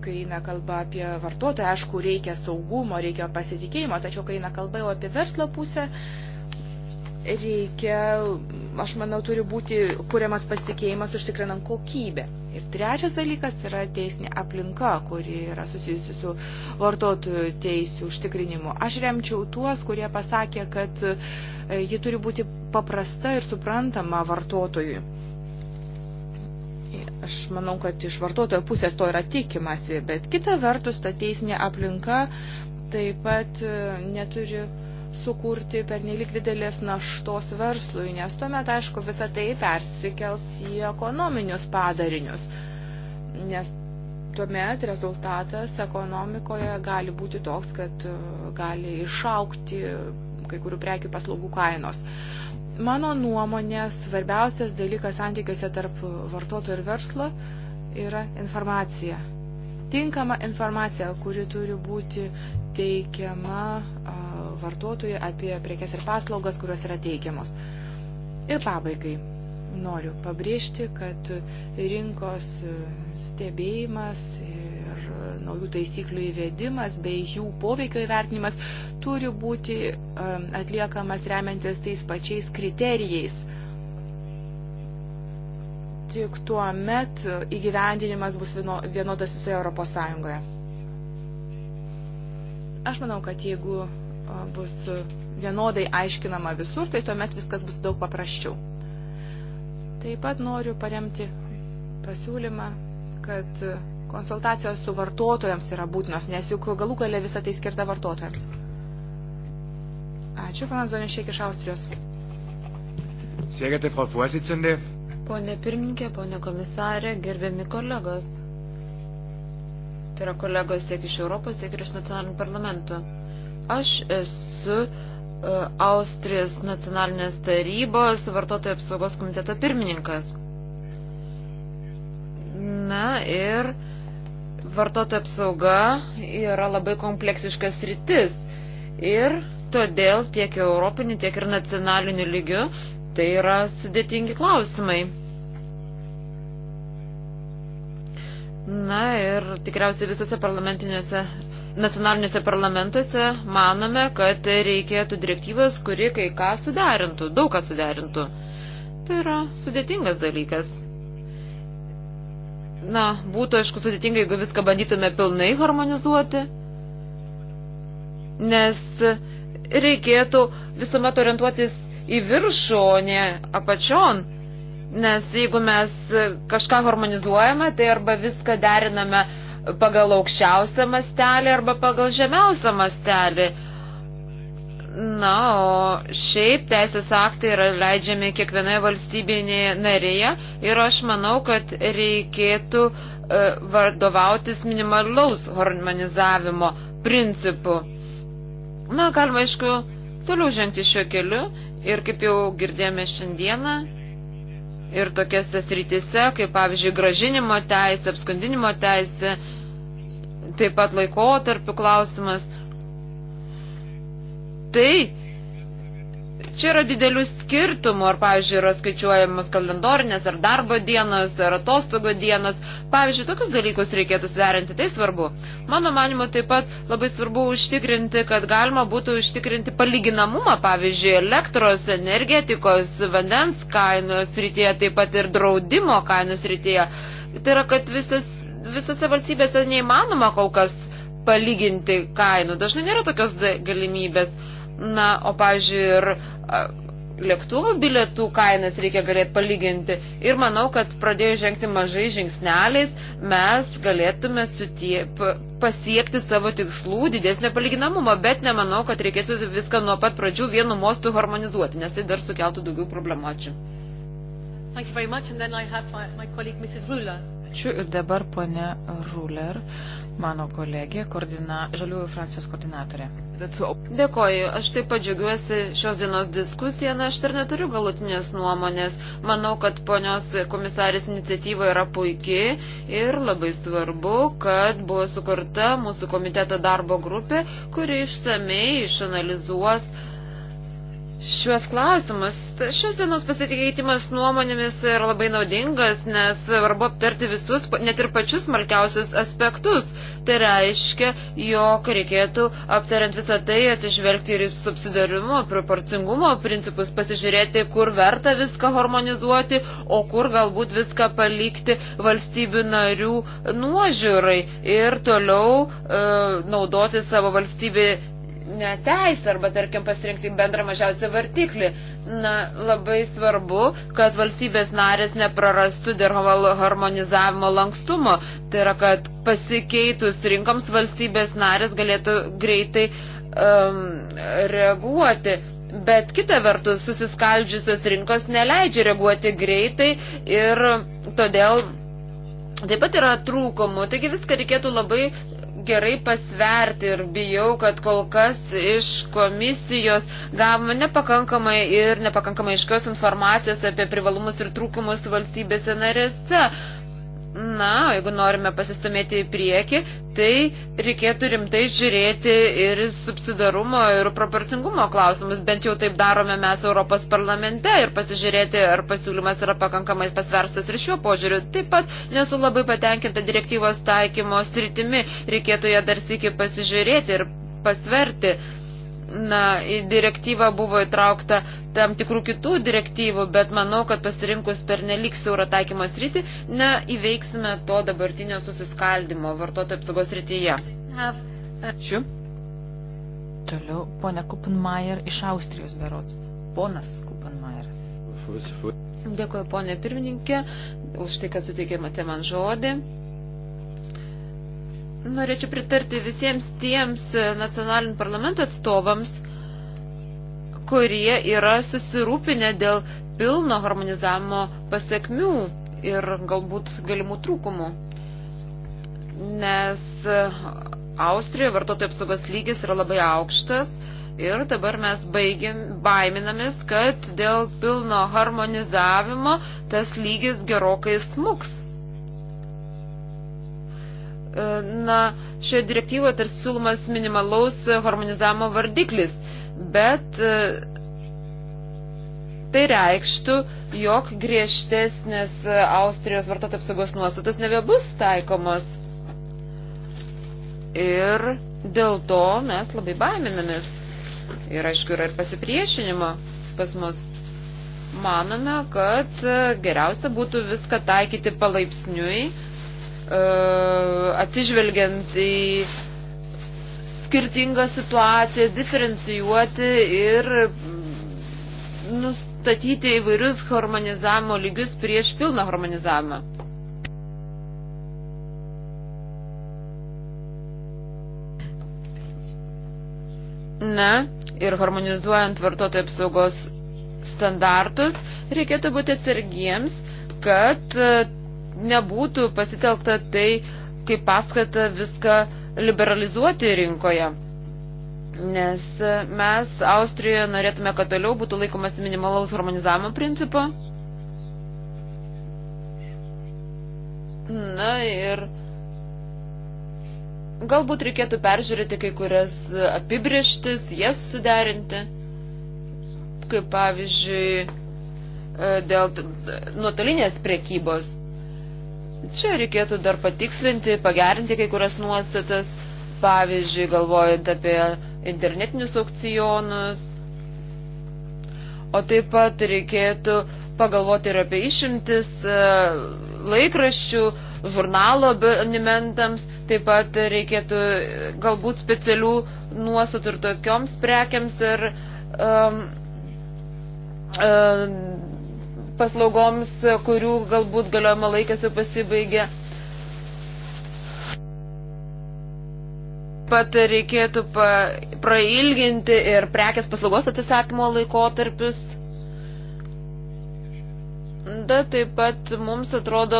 kai eina kalba apie vartotoją, aišku, reikia saugumo, reikia pasitikėjimo, tačiau kai eina kalba jau apie verslo pusę, reikia, aš manau, turi būti kuriamas pasitikėjimas užtikrinant kokybę. Ir trečias dalykas yra teisinė aplinka, kuri yra susijusi su vartotojų teisų užtikrinimu. Aš remčiau tuos, kurie pasakė, kad e, ji turi būti paprasta ir suprantama vartotojui Aš manau, kad iš vartotojo pusės to yra tikimasi, bet kita vertus, ta teisinė aplinka taip pat e, neturi sukurti pernelik didelės naštos verslui, nes tuomet, aišku, visą tai persikels į ekonominius padarinius, nes tuomet rezultatas ekonomikoje gali būti toks, kad e, gali išaukti kai kurių prekių paslaugų kainos. Mano nuomonė svarbiausias dalykas santykiuose tarp vartotojų ir verslo yra informacija. Tinkama informacija, kuri turi būti teikiama vartotojui apie prekes ir paslaugas, kurios yra teikiamos. Ir pabaigai noriu pabrėžti, kad rinkos stebėjimas ir E, naujų taisyklių įvedimas bei jų poveikio įvertinimas turi būti e, atliekamas remiantis tais pačiais kriterijais tik tuo met įgyvendinimas bus vienodas visoje Europos Sąjungoje. Aš manau, kad jeigu e, bus vienodai aiškinama visur, tai tuomet viskas bus daug paprasčiau. Taip pat noriu paremti pasiūlymą, kad konsultacijos su vartotojams yra būtinos, nes juk galų gale visą tai skirta vartotojams. Ačiū, panas Zonišėk iš Austrijos. Sėgate, Frau Vorsitzende. Pone pirmininkė, pone komisarė, gerbiami kolegos. Tai yra kolegos tiek iš Europos, tiek ir iš nacionalinių parlamentų. Aš esu e, Austrijos nacionalinės tarybos vartotojų apsaugos komiteto pirmininkas. Na ir vartotojų apsauga yra labai kompleksiškas rytis ir todėl tiek europiniu, tiek ir nacionaliniu lygiu tai yra sudėtingi klausimai. Na ir tikriausiai visose parlamentiniuose nacionaliniuose parlamentuose manome, kad reikėtų direktyvos, kuri kai ką suderintų, daug ką suderintų. Tai yra sudėtingas dalykas. Na, būtų, aišku, sudėtinga, jeigu viską bandytume pilnai harmonizuoti, nes reikėtų visuomet orientuotis į viršų, o ne apačion. Nes jeigu mes kažką harmonizuojame, tai arba viską deriname pagal aukščiausią mastelį arba pagal žemiausią mastelį. Na, o šiaip teisės aktai yra leidžiami kiekvienoje valstybinėje narėje ir aš manau, kad reikėtų uh, vadovautis minimalaus harmonizavimo principu. Na, galima, aišku, toliau žengti šiuo keliu ir kaip jau girdėjome šiandieną, ir tokiose srityse, kaip pavyzdžiui, gražinimo teisė, apskandinimo teisė, taip pat laikotarpių klausimas – tai čia yra didelių skirtumų, ar, pavyzdžiui, yra skaičiuojamos kalendorinės, ar darbo dienos, ar atostogo dienos. Pavyzdžiui, tokius dalykus reikėtų sverinti, tai svarbu. Mano manimu, taip pat labai svarbu užtikrinti, kad galima būtų užtikrinti palyginamumą, pavyzdžiui, elektros, energetikos, vandens kainos rytyje, taip pat ir draudimo kainos rytyje. Tai yra, kad visas, visose valstybėse neįmanoma kol kas palyginti kainų. Dažnai nėra tokios galimybės. Na, o pavyzdžiui, ir lėktuvų bilietų kainas reikia galėti palyginti. Ir manau, kad pradėjus žengti mažai žingsneliais, mes galėtume sutie, pasiekti savo tikslų didesnio palyginamumo, bet nemanau, kad reikėtų viską nuo pat pradžių vienu mostu harmonizuoti, nes tai dar sukeltų daugiau problemų. Ačiū. Thank you very much, and then I have my, my colleague Mrs. Ruler. Ačiū ir dabar ponė Ruler mano kolegė, koordina, žaliųjų frakcijos koordinatorė. Dėkoju, aš taip pat džiaugiuosi šios dienos diskusiją, na aš dar neturiu galutinės nuomonės. Manau, kad ponios komisarės iniciatyva yra puikiai ir labai svarbu, kad buvo sukurta mūsų komiteto darbo grupė, kuri išsamei išanalizuos šiuos klausimus. Šios dienos pasikeitimas nuomonėmis yra labai naudingas, nes svarbu aptarti visus, net ir pačius smulkiausius aspektus. Tai reiškia, jog reikėtų aptariant visą tai atsižvelgti ir subsidarimo, proporcingumo principus, pasižiūrėti, kur verta viską harmonizuoti, o kur galbūt viską palikti valstybių narių nuožiūrai ir toliau e, naudoti savo valstybį teisę arba, tarkim, pasirinkti bendrą mažiausią vartiklį. Na, labai svarbu, kad valstybės narės neprarastų dirvalo harmonizavimo lankstumo. Tai yra, kad pasikeitus rinkoms valstybės narės galėtų greitai um, reaguoti. Bet kita vertus, susiskaldžiusios rinkos neleidžia reaguoti greitai ir todėl taip pat yra trūkumų. Taigi viską reikėtų labai gerai pasverti ir bijau, kad kol kas iš komisijos gavome nepakankamai ir nepakankamai iškios informacijos apie privalumus ir trūkumus valstybėse narėse. Na, jeigu norime pasistumėti į priekį, tai reikėtų rimtai žiūrėti ir subsidarumo ir proporcingumo klausimus, bent jau taip darome mes Europos parlamente ir pasižiūrėti, ar pasiūlymas yra pakankamai pasverstas ir šiuo požiūriu. Taip pat nesu labai patenkinta direktyvos taikymo sritimi, reikėtų ją dar sėki pasižiūrėti ir pasverti na, į direktyvą buvo įtraukta tam tikrų kitų direktyvų, bet manau, kad pasirinkus per nelik siaurą taikymo sritį, neįveiksime to dabartinio susiskaldimo vartotojų apsaugos srityje. Ačiū. Toliau, ponia Kupenmaier iš Austrijos berots. Ponas Kupenmaier. Dėkuoju, ponė pirmininkė, už tai, kad suteikėmate man žodį. Norėčiau pritarti visiems tiems nacionalinių parlamento atstovams, kurie yra susirūpinę dėl pilno harmonizavimo pasiekmių ir galbūt galimų trūkumų. Nes Austrijoje vartotojų apsaugos lygis yra labai aukštas ir dabar mes baigin, baiminamės, kad dėl pilno harmonizavimo tas lygis gerokai smuks. E, na, šioje direktyvoje tarsi siūlomas minimalaus harmonizavimo vardiklis, bet e, tai reikštų, jog griežtesnės Austrijos vartotojų apsaugos nuostatos nebebus taikomos. Ir dėl to mes labai baiminamės. Ir aišku, yra ir pasipriešinimo pas mus. Manome, kad e, geriausia būtų viską taikyti palaipsniui E, atsižvelgiant į skirtingą situaciją, diferencijuoti ir nustatyti įvairius harmonizavimo lygius prieš pilną harmonizavimą. Na, ir harmonizuojant vartotojų apsaugos standartus, reikėtų būti atsargiems, kad nebūtų pasitelkta tai kaip paskata viską liberalizuoti rinkoje. Nes e, mes Austrijoje norėtume, kad toliau būtų laikomas minimalaus harmonizavimo principo. Na ir galbūt reikėtų peržiūrėti kai kurias apibrieštis, jas suderinti, kaip pavyzdžiui e, dėl nuotolinės prekybos. Čia reikėtų dar patikslinti, pagerinti kai kurias nuostatas, pavyzdžiui, galvojant apie internetinius aukcionus. O taip pat reikėtų pagalvoti ir apie išimtis e, laikraščių, žurnalo abonementams, taip pat reikėtų e, galbūt specialių nuostatų ir tokioms prekiams ir um, um, paslaugoms, kurių galbūt galiojimo laikas jau pasibaigė. Pat reikėtų pa, prailginti ir prekės paslaugos atsisakymo laikotarpius. Da, taip pat mums atrodo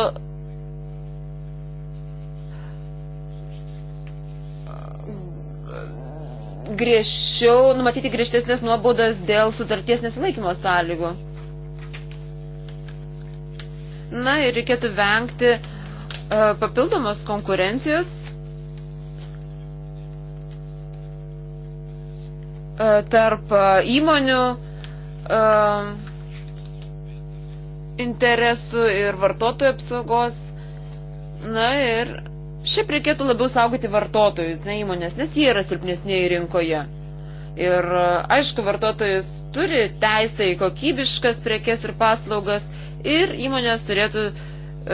griežčiau, numatyti griežtesnės nuobaudas dėl sutarties nesilaikymo sąlygų. Na ir reikėtų vengti e, papildomos konkurencijos e, tarp e, įmonių interesų ir vartotojų apsaugos. Na ir šiaip reikėtų labiau saugoti vartotojus, ne įmonės, nes jie yra silpnesnėje rinkoje. Ir aišku, vartotojus turi teisę į kokybiškas prekes ir paslaugas, ir įmonės turėtų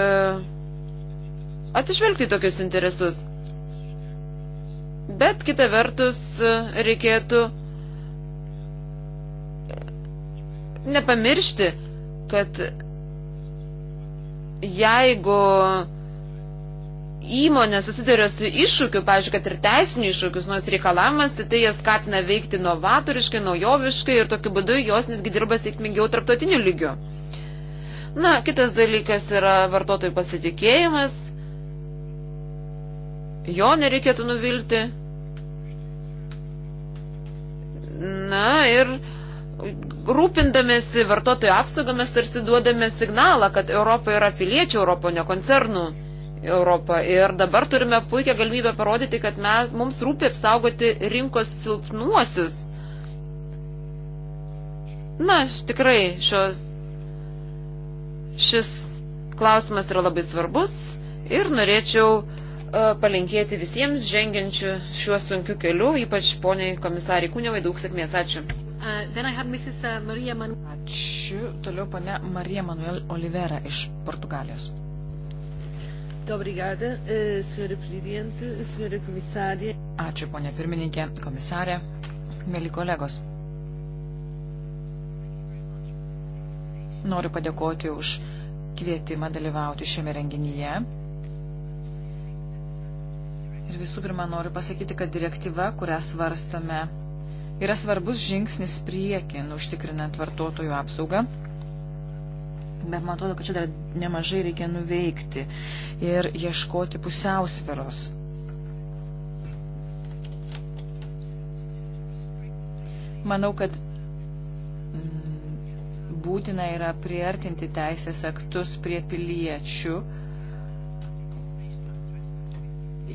e, atsižvelgti tokius interesus. Bet kita vertus e, reikėtų nepamiršti, kad jeigu įmonė susiduria su iššūkiu, pavyzdžiui, kad ir teisinių iššūkius, nors reikalavimas, tai, tai jie skatina veikti novatoriškai, naujoviškai ir tokiu būdu jos netgi dirba sėkmingiau tarptautiniu lygiu. Na, kitas dalykas yra vartotojų pasitikėjimas. Jo nereikėtų nuvilti. Na ir rūpindamėsi vartotojų apsaugą mes tarsi duodame signalą, kad Europa yra piliečių Europo, ne koncernų Europa. Ir dabar turime puikią galimybę parodyti, kad mes, mums rūpi apsaugoti rinkos silpnuosius. Na, tikrai šios Šis klausimas yra labai svarbus ir norėčiau e, palinkėti visiems žengiančių šiuo sunkiu keliu, ypač poniai komisariai Kūnevai, daug sėkmės. Ačiū. Uh, uh Ačiū. Toliau ponia Marija Manuel Olivera iš Portugalijos. Obrigada, eh, senhora presidente, senhora comissária. Ačiū, ponia pirmininkė, komisarė, mėly kolegos. Noriu padėkoti už kvietimą dalyvauti šiame renginyje. Ir visų pirma, noriu pasakyti, kad direktyva, kurią svarstome, yra svarbus žingsnis priekin, užtikrinant vartotojų apsaugą. Bet man atrodo, kad čia dar nemažai reikia nuveikti ir ieškoti pusiausviros. Manau, kad būtina yra priartinti teisės aktus prie piliečių.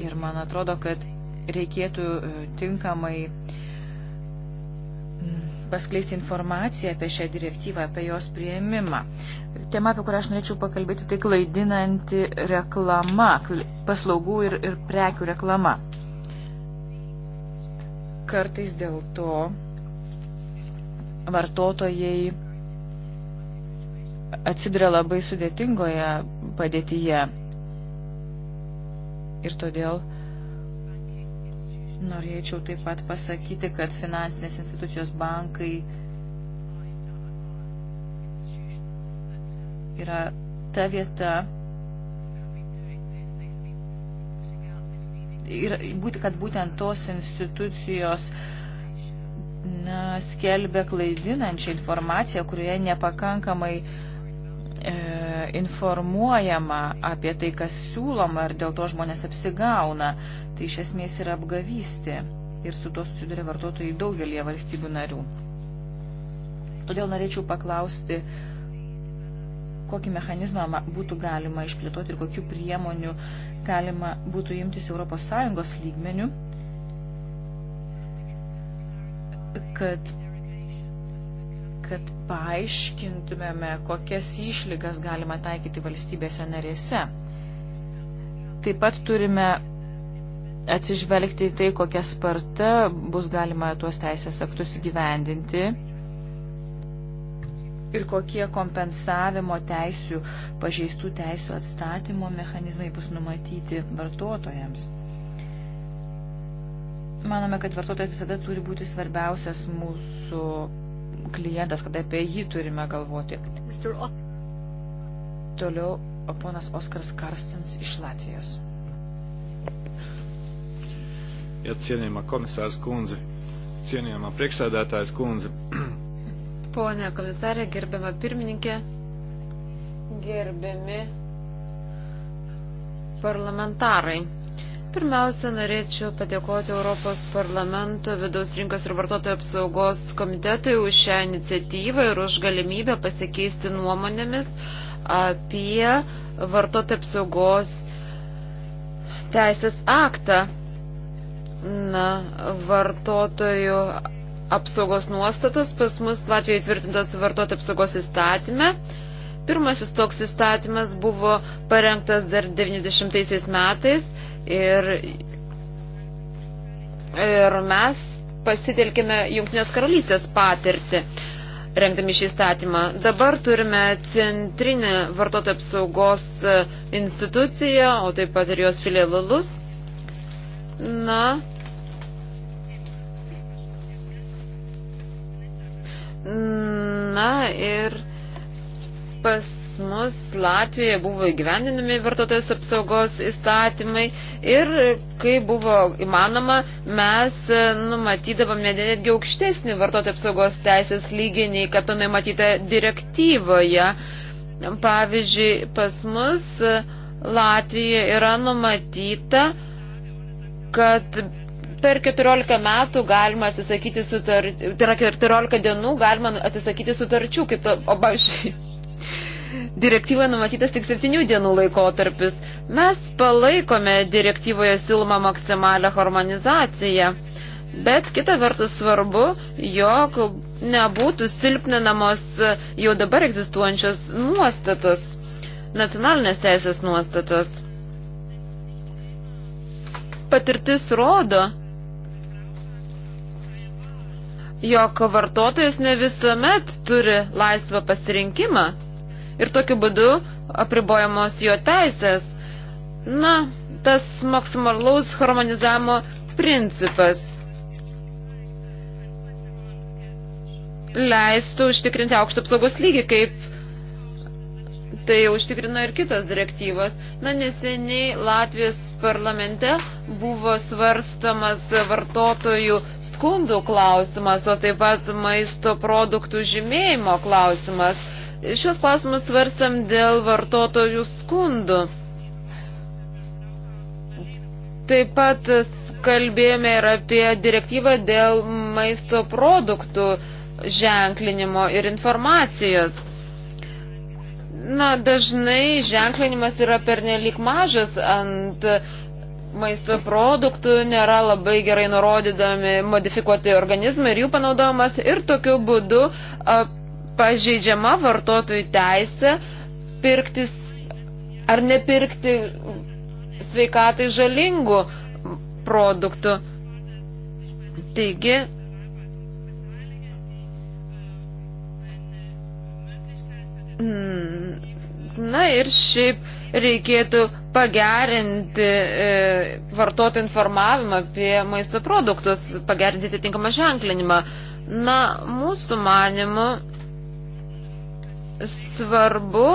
Ir man atrodo, kad reikėtų e, tinkamai mm, paskleisti informaciją apie šią direktyvą, apie jos prieimimą. Tema, apie kurią aš norėčiau pakalbėti, tai klaidinanti reklama, paslaugų ir, ir prekių reklama. Kartais dėl to vartotojai atsiduria labai sudėtingoje padėtyje. Ir todėl norėčiau taip pat pasakyti, kad finansinės institucijos bankai yra ta vieta, ir būti, kad būtent tos institucijos na, skelbia klaidinančią informaciją, kurioje nepakankamai uh, informuojama apie tai, kas siūloma ir dėl to žmonės apsigauna. Tai iš esmės yra apgavystė ir su to susiduria vartotojai daugelie valstybių narių. Todėl norėčiau paklausti, kokį mechanizmą būtų galima išplėtoti ir kokiu priemonių galima būtų imtis ES lygmenių, kad kad paaiškintumėme, kokias išlygas galima taikyti valstybėse narėse. Taip pat turime atsižvelgti į tai, kokia sparta bus galima tuos teisės aktus įgyvendinti ir kokie kompensavimo teisių, pažeistų teisių atstatymo mechanizmai bus numatyti vartotojams. Manome, kad vartotojas visada turi būti svarbiausias mūsų klientas, kad apie jį turime galvoti. Toliau ponas Oskars Karstins iš Latvijos. Ja, cienījama komisārs kundze, cienījama priekšsēdētājs kundze. Pone komisārė, gerbiama pirmininkė, gerbiami parlamentarai. Pirmiausia, norėčiau padėkoti Europos parlamento vidaus rinkos ir vartotojų apsaugos komitetui už šią iniciatyvą ir už galimybę pasikeisti nuomonėmis apie vartotojų apsaugos teisės aktą. Na, vartotojų apsaugos nuostatos pas mus Latvijoje įtvirtintos vartotojų apsaugos įstatymę. Pirmasis toks įstatymas buvo parengtas dar 90 metais Ir, ir mes pasitelkime Junktinės karalystės patirtį rengdami šį statymą. Dabar turime centrinę vartotojų apsaugos instituciją, o taip pat ir jos filialus. Na, na ir pas mus Latvijoje buvo įgyvendinami vartotojos apsaugos įstatymai ir kai buvo įmanoma, mes e, numatydavom netgi aukštesnį vartotojų apsaugos teisės lygį nei kad to numatyta direktyvoje. Pavyzdžiui, pas mus e, Latvijoje yra numatyta, kad per 14 metų galima atsisakyti sutarčių, tai yra 14 dienų galima atsisakyti sutarčių, kaip to, o pavyzdžiui, direktyvoje numatytas tik 7 dienų laikotarpis. Mes palaikome direktyvoje siūlomą maksimalią harmonizaciją, bet kita vertus svarbu, jog nebūtų silpninamos jau dabar egzistuojančios nuostatos, nacionalinės teisės nuostatos. Patirtis rodo, jog vartotojas ne visuomet turi laisvą pasirinkimą ir tokiu būdu apribojamos jo teisės. Na, tas maksimalaus harmonizavimo principas leistų užtikrinti aukštą apsaugos lygį, kaip tai užtikrino ir kitos direktyvos. Na, neseniai Latvijos parlamente buvo svarstamas vartotojų skundų klausimas, o taip pat maisto produktų žymėjimo klausimas. Šios klausimus svarstam dėl vartotojų skundų. Taip pat kalbėjome ir apie direktyvą dėl maisto produktų ženklinimo ir informacijos. Na, dažnai ženklinimas yra pernelyg mažas ant maisto produktų, nėra labai gerai nurodydami modifikuoti organizmą ir jų panaudojimas ir tokiu būdu ap, pažeidžiama vartotojų teisė pirktis ar nepirkti sveikatai žalingų produktų. Taigi, na ir šiaip reikėtų pagerinti e, vartotojų informavimą apie maisto produktus, pagerinti atitinkamą ženklinimą. Na, mūsų manimu, svarbu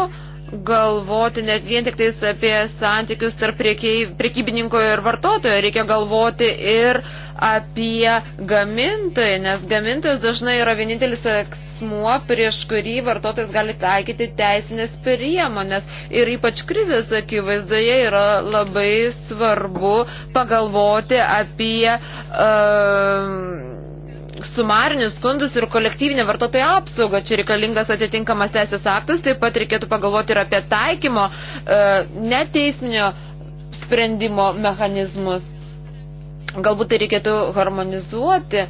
galvoti net vien tik tais apie santykius tarp priekybininko ir vartotojo. Reikia galvoti ir apie gamintoją, nes gamintojas dažnai yra vienintelis asmuo, prieš kurį vartotojas gali taikyti teisinės priemonės. Ir ypač krizės akivaizdoje yra labai svarbu pagalvoti apie um, sumarinius skundus ir kolektyvinę vartotojų apsaugą. Čia reikalingas atitinkamas teisės aktas, taip pat reikėtų pagalvoti ir apie taikymo e, neteisminio sprendimo mechanizmus. Galbūt tai reikėtų harmonizuoti.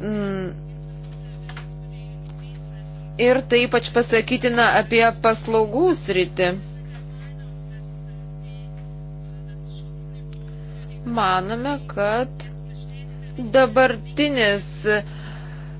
Mm. Ir tai ypač pasakytina apie paslaugų sritį. Manome, kad Dabartinis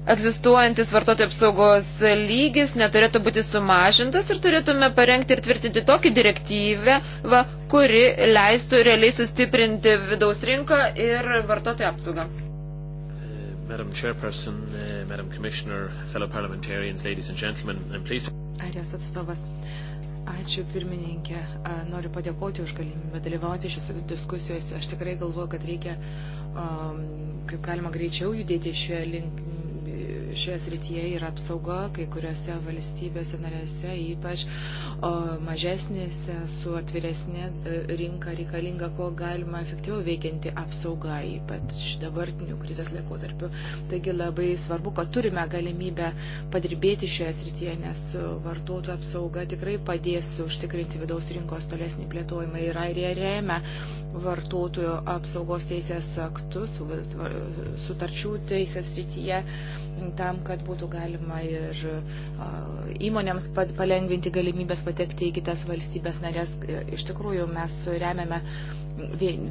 egzistuojantis vartotojų apsaugos lygis neturėtų būti sumažintas ir turėtume parengti ir tvirtinti tokį direktyvę, va, kuri leistų realiai sustiprinti vidaus rinką ir vartotojų apsaugą. Uh, Madam Chairperson, uh, Madam Commissioner, fellow parliamentarians, ladies and gentlemen, I'm pleased to... Arijos atstovas. Uh, Ačiū pirmininkė. Noriu padėkoti už galimybę dalyvauti šiuose diskusijose. Aš tikrai galvoju, kad reikia um, kaip galima greičiau judėti šioje link, šioje srityje yra apsauga kai kuriuose valstybėse narėse, ypač o, mažesnėse su atviresnė e, rinka reikalinga, kuo galima efektyviau veikianti apsauga, ypač dabartinių krizės laikotarpių. Taigi labai svarbu, kad turime galimybę padirbėti šioje srityje, nes vartotojų apsauga tikrai padės užtikrinti vidaus rinkos tolesnį plėtojimą ir airija remia vartotojų apsaugos teisės aktus sutarčių teisės rytyje tam, kad būtų galima ir įmonėms palengvinti galimybės patekti į kitas valstybės narės. Iš tikrųjų, mes remiame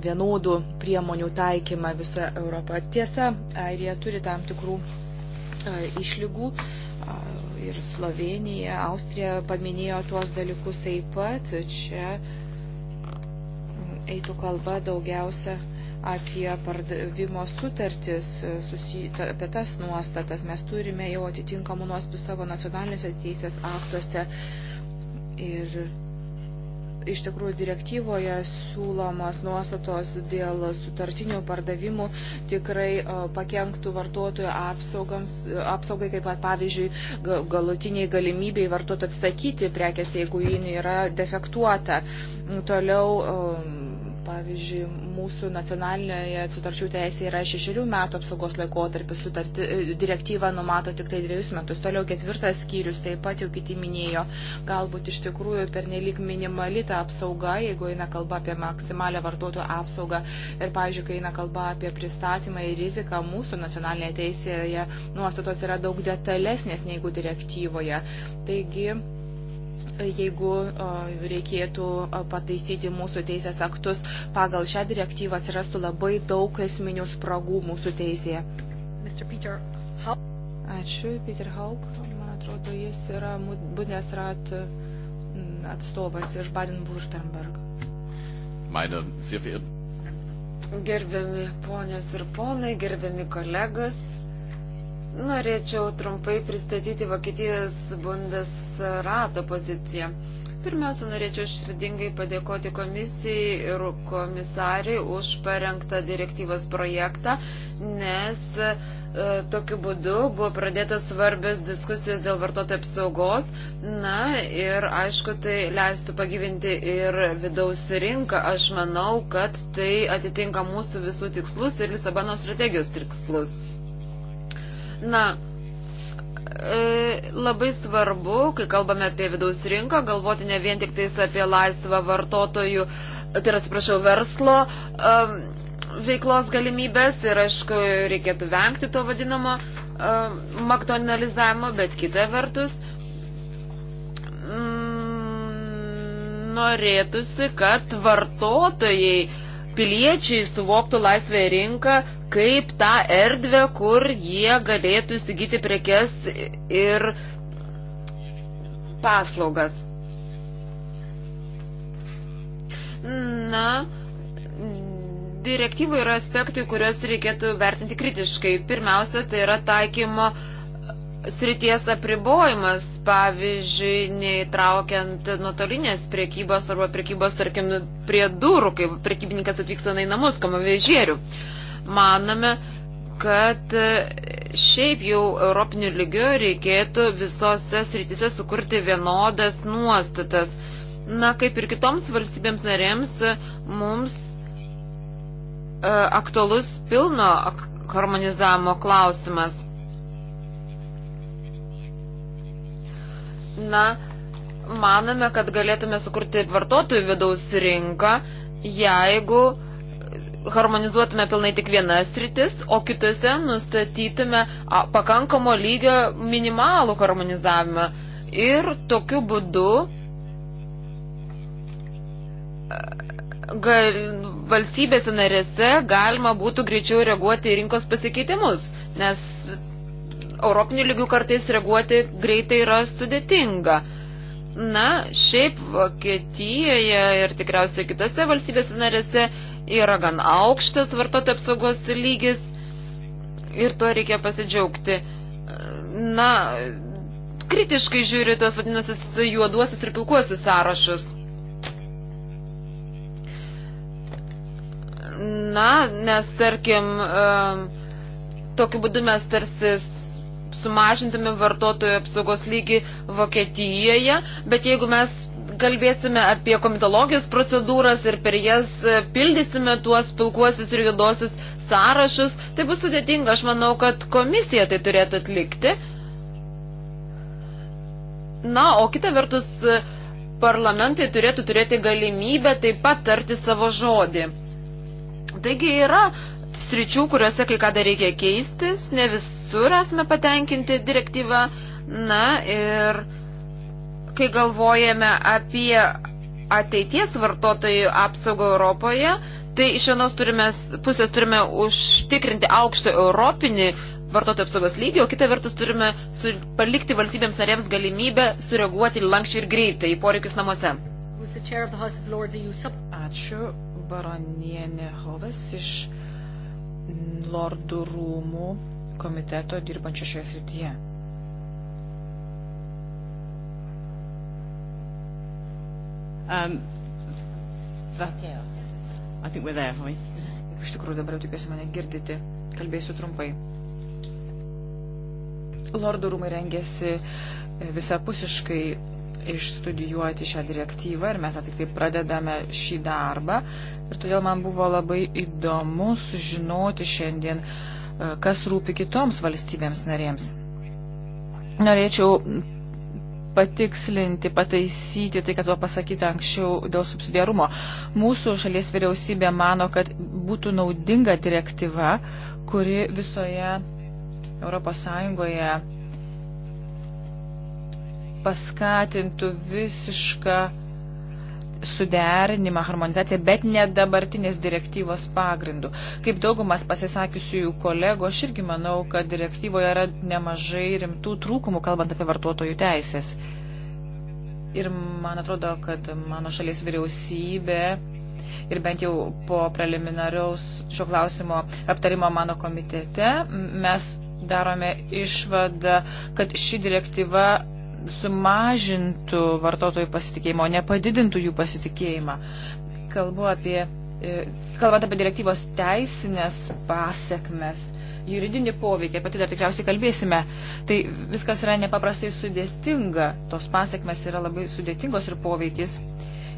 vienodų priemonių taikymą visą Europą. Tiesa, Airija turi tam tikrų išlygų ir Slovenija, Austrija paminėjo tuos dalykus taip pat. Čia eitų kalba daugiausia apie pardavimo sutartis, e, susijita, apie tas nuostatas. Mes turime jau atitinkamų nuostatų savo nacionaliniuose teisės aktuose. Ir iš tikrųjų direktyvoje siūlomas nuostatos dėl sutartinių pardavimų tikrai e, pakenktų vartotojų e, apsaugai, kaip pat pavyzdžiui galutiniai galimybei vartotojų atsakyti prekės, jeigu ji yra defektuota. Toliau Pavyzdžiui, mūsų nacionalinėje sutarčių teisėje yra šešerių metų apsaugos laikotarpis, sutarti, e, direktyva numato tik tai dviejus metus. Toliau ketvirtas skyrius taip pat jau kiti minėjo, galbūt iš tikrųjų pernelik minimali ta apsauga, jeigu eina kalba apie maksimalę vartotojų apsaugą ir, pavyzdžiui, kai eina kalba apie pristatymą į riziką, mūsų nacionalinėje teisėje nuostatos yra daug detalesnės negu direktyvoje. Taigi, jeigu reikėtų pataisyti mūsų teisės aktus pagal šią direktyvą, atsirastų labai daug esminių spragų mūsų teisėje. Ačiū, Peter Haug. Man atrodo, jis yra Bundesrat mm, atstovas iš Baden-Württemberg. Meine sehr verehrten. Gerbiami ponios ir ponai, gerbiami kolegos. Norėčiau trumpai pristatyti Vokietijos Bundesrato poziciją. Pirmiausia, norėčiau širdingai padėkoti komisijai ir komisariai už parengtą direktyvos projektą, nes e, tokiu būdu buvo pradėtas svarbios diskusijos dėl vartotojų apsaugos. Na ir aišku, tai leistų pagyvinti ir vidaus rinką. Aš manau, kad tai atitinka mūsų visų tikslus ir Lisabono strategijos tikslus. Na, e, labai svarbu, kai kalbame apie vidaus rinką, galvoti ne vien tik tais apie laisvą vartotojų, tai yra, atsiprašau, verslo um, veiklos galimybės ir, aišku, reikėtų vengti to vadinamo um, maktonalizavimo, bet kita vertus mm, norėtųsi, kad vartotojai piliečiai suvoktų laisvę rinką kaip tą erdvę, kur jie galėtų įsigyti prekes ir paslaugas. Na, direktyvų yra aspektų, kuriuos reikėtų vertinti kritiškai. Pirmiausia, tai yra taikymo srities apribojimas, pavyzdžiui, neįtraukiant nuotolinės priekybos arba priekybos, tarkim, prie durų, kai priekybininkas atvyksta į namus, kama vežėrių. Uh, manome, kad e, šiaip jau europinių lygių reikėtų visose srityse sukurti vienodas nuostatas. Na, kaip ir kitoms valstybėms narėms, mums e, aktualus pilno harmonizavimo klausimas. Na, manome, kad galėtume sukurti vartotojų vidaus rinką, jeigu e, harmonizuotume pilnai tik vienas rytis, o kitose nustatytume pakankamo lygio minimalų harmonizavimą. Ir tokiu būdu gal, valstybėse narėse galima būtų greičiau reaguoti į rinkos pasikeitimus, nes europinių lygių kartais reaguoti greitai yra sudėtinga. Na, šiaip Vokietijoje ir tikriausiai kitose valstybėse narėse yra gan aukštas vartotojų apsaugos lygis ir tuo reikia pasidžiaugti. Na, kritiškai žiūri tuos vadinosius juoduosius ir pilkuosius sąrašus. Na, nes tarkim, tokiu būdu mes tarsi sumažintume vartotojų apsaugos lygį Vokietijoje, bet jeigu mes kalbėsime apie komitologijos procedūras ir per jas e, pildysime tuos pilkuosius ir juodosius sąrašus. Tai bus sudėtinga, aš manau, kad komisija tai turėtų atlikti. Na, o kita vertus, e, parlamentai turėtų turėti galimybę taip pat tarti savo žodį. Taigi yra sričių, kuriuose kai kada reikia keistis, ne visur esame patenkinti direktyvą. Na ir kai galvojame apie ateities vartotojų apsaugą Europoje, tai iš vienos turime, pusės turime užtikrinti aukštą europinį vartotojų apsaugos lygį, o kitą vertus turime su, palikti valstybėms narėms galimybę sureaguoti lankščiai ir greitai į poreikius namuose. E Ačiū, baronienė Hoves iš Lordų rūmų komiteto dirbančio šioje srityje. Um, va, I think we're there, are we? Iš tikrųjų dabar jau tikiuosi mane girdite. Kalbėsiu trumpai. Lordų rūmai rengėsi e, visapusiškai išstudijuoti šią direktyvą ir mes tik tai pradedame šį darbą. Ir todėl man buvo labai įdomu sužinoti šiandien, e, kas rūpi kitoms valstybėms narėms. Norėčiau patikslinti, pataisyti tai, kas buvo pasakyta anksčiau dėl subsidiarumo. Mūsų šalies vyriausybė mano, kad būtų naudinga direktyva, kuri visoje Europos Sąjungoje paskatintų visišką suderinimą, harmonizaciją, bet ne dabartinės direktyvos pagrindų. Kaip daugumas pasisakiusiųjų kolegų, aš irgi manau, kad direktyvoje yra nemažai rimtų trūkumų, kalbant apie vartotojų teisės. Ir man atrodo, kad mano šalies vyriausybė ir bent jau po preliminariaus šio klausimo aptarimo mano komitete mes darome išvadą, kad ši direktyva sumažintų vartotojų pasitikėjimo, nepadidintų jų pasitikėjimą. Kalbu apie, e, kalbant apie direktyvos teisinės pasiekmes, juridinį poveikį, apie tai dar tikriausiai kalbėsime, tai viskas yra nepaprastai sudėtinga, tos pasiekmes yra labai sudėtingos ir poveikis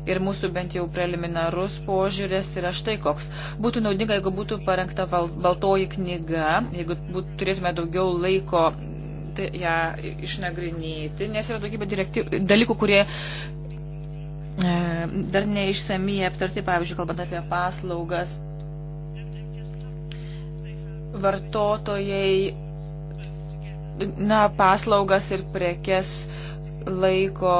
ir mūsų bent jau preliminarus požiūrės yra štai koks. Būtų naudinga, jeigu būtų parengta baltoji knyga, jeigu būt, turėtume daugiau laiko paprašyti ją išnagrinėti, nes yra daugybė direktyv, dalykų, kurie e, dar neišsamyje aptarti, pavyzdžiui, kalbant apie paslaugas. Vartotojai na, paslaugas ir prekes laiko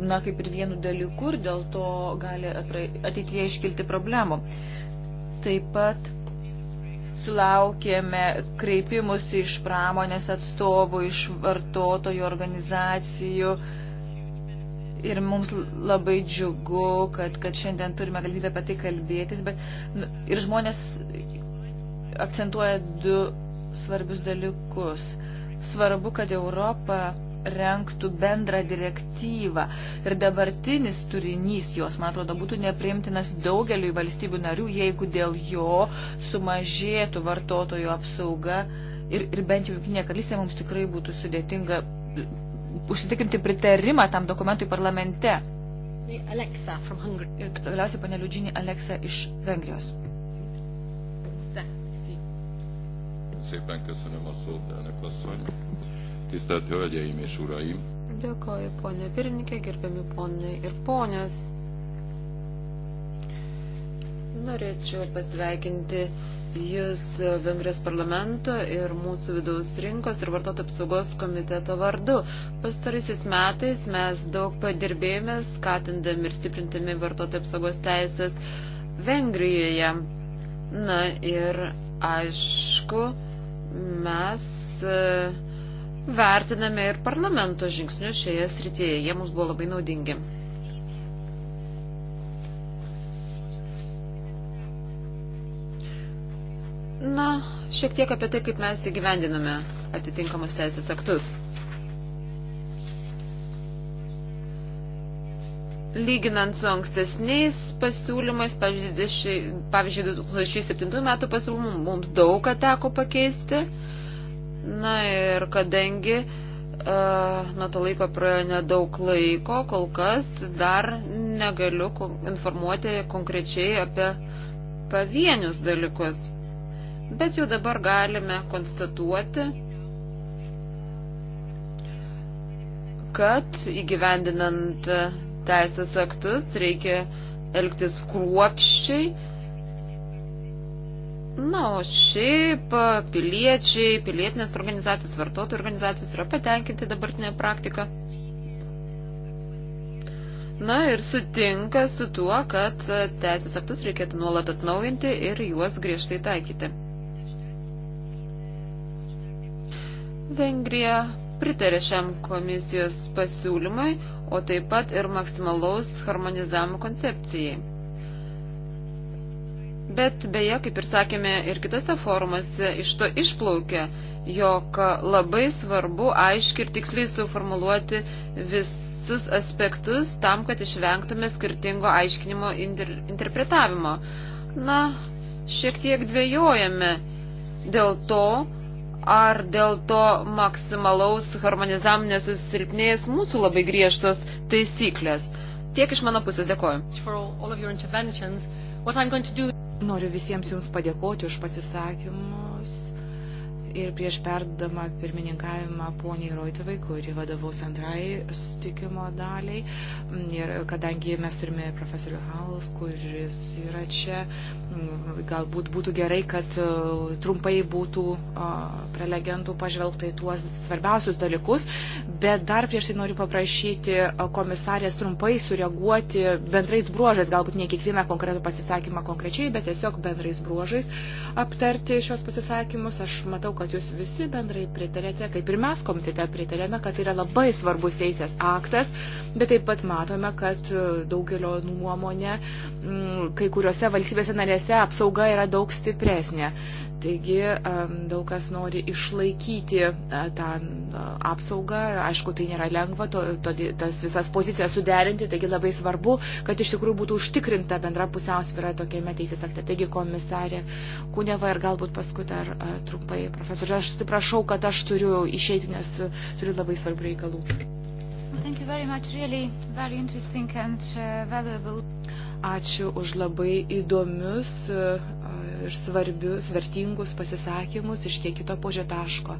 na, kaip ir vienu dalyku ir dėl to gali ateityje iškilti problemų. Taip pat Sulaukėme kreipimus iš pramonės atstovų, iš vartotojų organizacijų. Ir mums labai džiugu, kad, kad šiandien turime galimybę apie tai kalbėtis. Bet, nu, ir žmonės akcentuoja du svarbius dalykus. Svarbu, kad Europa renktų bendrą direktyvą. Ir dabartinis turinys jos, man atrodo, būtų nepriimtinas daugeliui valstybių narių, jeigu dėl jo sumažėtų vartotojų apsauga. Ir, ir bent jau Junktinė karalystė mums tikrai būtų sudėtinga uh, užsitikrinti pritarimą tam dokumentui parlamente. Alexa from Hungary. Ir galiausiai panė Liudžinį Alexa iš Vengrijos. Szépen köszönöm a szót, elnök asszony tisztelt Hölgyeim és Uraim! Dėkoju, ponė pirmininkė, gerbiami ponai ir ponios. Norėčiau pasveikinti Jūs Vengrijos parlamento ir mūsų vidaus rinkos ir vartotojų apsaugos komiteto vardu. Pastarysis metais mes daug padirbėjome, skatindami ir stiprintami vartotojų apsaugos teisės Vengrijoje. Na ir aišku, mes. Uh, vertiname ir parlamento žingsnius šioje srityje. Jie mums buvo labai naudingi. Na, šiek tiek apie tai, kaip mes įgyvendiname atitinkamus teisės aktus. Lyginant su ankstesniais pasiūlymais, pavyzdžiui, 2007 metų pasiūlymų mums daug ką teko pakeisti Na ir kadangi uh, nuo to laiko praėjo nedaug laiko, kol kas dar negaliu informuoti konkrečiai apie pavienius dalykus. Bet jau dabar galime konstatuoti, kad įgyvendinant teisės aktus reikia elgtis kruopščiai Na, o šiaip piliečiai, pilietinės organizacijos, vartotojų organizacijos yra patenkinti dabartinę praktiką. Na ir sutinka su tuo, kad teisės aktus reikėtų nuolat atnaujinti ir juos griežtai taikyti. Vengrija pritarė šiam komisijos pasiūlymui, o taip pat ir maksimalaus harmonizavimo koncepcijai. Bet beje, kaip ir sakėme ir kitose forumuose, iš to išplaukia, jog labai svarbu aiškiai ir tiksliai suformuluoti visus aspektus tam, kad išvengtume skirtingo aiškinimo inter interpretavimo. Na, šiek tiek dvėjojame dėl to, ar dėl to maksimalaus harmonizam nesusilpnėjęs mūsų labai griežtos taisyklės. Tiek iš mano pusės dėkoju. Noriu visiems Jums padėkoti už pasisakymus ir prieš perdama pirmininkavimą poniai Roitovai, kuri vadovaus antrai sutikimo daliai. Mm, ir kadangi mes turime profesorių Haus, kuris yra čia, mm, galbūt būtų gerai, kad e, trumpai būtų prelegentų pažvelgta į tuos svarbiausius dalykus. Bet dar prieš tai noriu paprašyti komisarės trumpai sureaguoti bendrais bruožais, galbūt ne kiekvieną konkretų pasisakymą konkrečiai, bet tiesiog bendrais bruožais aptarti šios pasisakymus. Aš matau, kad jūs visi bendrai pritarėte, kaip ir mes komitete pritarėme, kad tai yra labai svarbus teisės aktas, bet taip pat matome, kad e, daugelio nuomonė kai kuriuose valstybėse narėse apsauga yra daug stipresnė. Taigi daug kas nori išlaikyti e, tą e, apsaugą. Aišku, tai nėra lengva, to, to, tas visas pozicijas suderinti, taigi labai svarbu, kad iš tikrųjų būtų užtikrinta bendra pusiausvyrą tokiame teisės akte. Taigi, komisarė Kūneva ir galbūt paskui dar e, trumpai, profesorė, aš atsiprašau, kad aš turiu išeiti, nes turiu labai svarbių reikalų. Thank you very much, really very interesting and uh, valuable. Ačiū už labai įdomius uh, svarbius, vertingus pasisakymus iš kiek kito požio taško.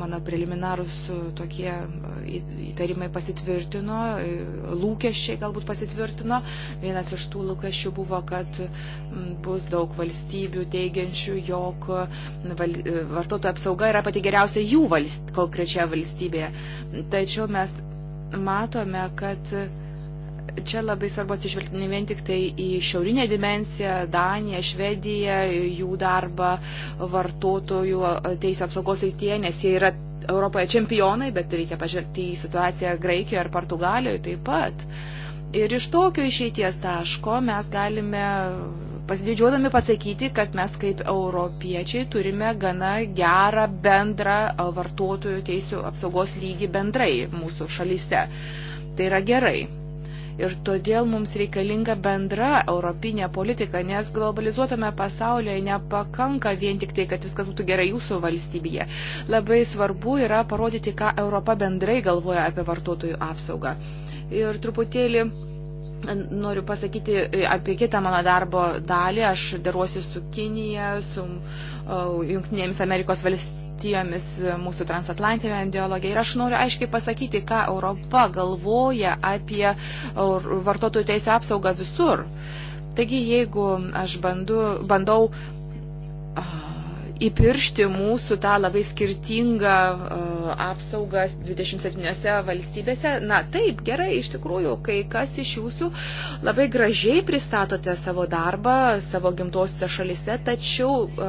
Mano preliminarus tokie įtarimai pasitvirtino, lūkesčiai galbūt pasitvirtino. Vienas iš tų lūkesčių buvo, kad bus daug valstybių teigiančių, jog e, vartotojų apsauga yra pati geriausia jų valst, konkrečia valstybėje. Tačiau mes matome, kad čia labai svarbu atsižvelgti ne vien tik tai į šiaurinę dimensiją, Daniją, Švediją, jų darbą vartotojų teisų apsaugos rytie, nes jie yra Europoje čempionai, bet reikia pažvelgti į situaciją Graikijoje ar Portugalijoje taip pat. Ir iš tokio išeities taško mes galime pasididžiuodami pasakyti, kad mes kaip europiečiai turime gana gerą bendrą vartotojų teisų apsaugos lygį bendrai mūsų šalyse. Tai yra gerai. Ir todėl mums reikalinga bendra europinė politika, nes globalizuotame pasaulyje nepakanka vien tik tai, kad viskas būtų gerai jūsų valstybėje. Labai svarbu yra parodyti, ką Europa bendrai galvoja apie vartotojų apsaugą. Ir truputėlį noriu pasakyti apie kitą mano darbo dalį. Aš deruosiu su Kinija, su e, Junktinėmis Amerikos valstybėmis partijomis e, mūsų transatlantinėme dialoge. Ir aš noriu aiškiai pasakyti, ką Europa galvoja apie vartotojų teisų apsaugą visur. Taigi, jeigu aš bandu, bandau. Uh, įpiršti mūsų tą labai skirtingą e, apsaugą 27 valstybėse. Na taip, gerai, iš tikrųjų, kai kas iš jūsų labai gražiai pristatote savo darbą savo gimtosiuose šalise, tačiau e,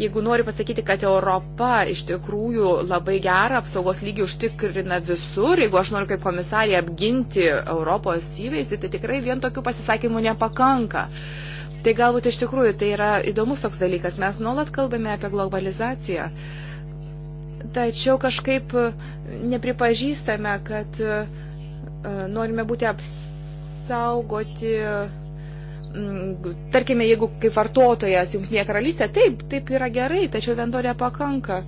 jeigu noriu pasakyti, kad Europa iš tikrųjų labai gerą apsaugos lygį užtikrina visur, jeigu aš noriu kaip komisarė apginti Europos įvaizdį, tai tikrai vien tokių pasisakymų nepakanka. Uh, Tai galbūt iš tikrųjų tai yra įdomus toks dalykas. Mes nuolat kalbame apie globalizaciją, tačiau kažkaip nepripažįstame, kad e, norime būti apsaugoti. Tarkime, jeigu kaip vartotojas Junktinėje karalystė, taip, taip yra gerai, tačiau vien to nepakanka.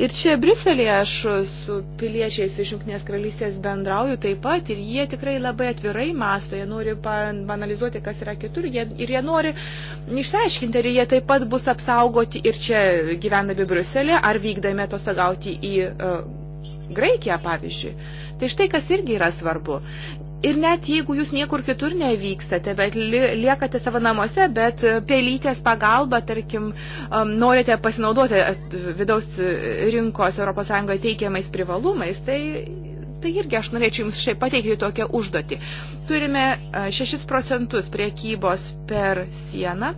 Ir čia Briuselėje aš su piliečiais iš Junktinės karalystės bendrauju taip pat ir jie tikrai labai atvirai masto, jie nori analizuoti, kas yra kitur jie, ir jie nori išsiaiškinti, ar jie taip pat bus apsaugoti ir čia gyvenami Briuselėje, ar vykdami atostogauti į uh, Graikiją, pavyzdžiui. Tai štai kas irgi yra svarbu. Ir net jeigu jūs niekur kitur nevykstate, bet liekate savo namuose, bet e, pelytės pagalba, tarkim, norite pasinaudoti vidaus e, rinkos ES teikiamais privalumais, tai, tai irgi aš norėčiau jums šiaip pateikti tokią užduotį. Turime 6 e, procentus priekybos per sieną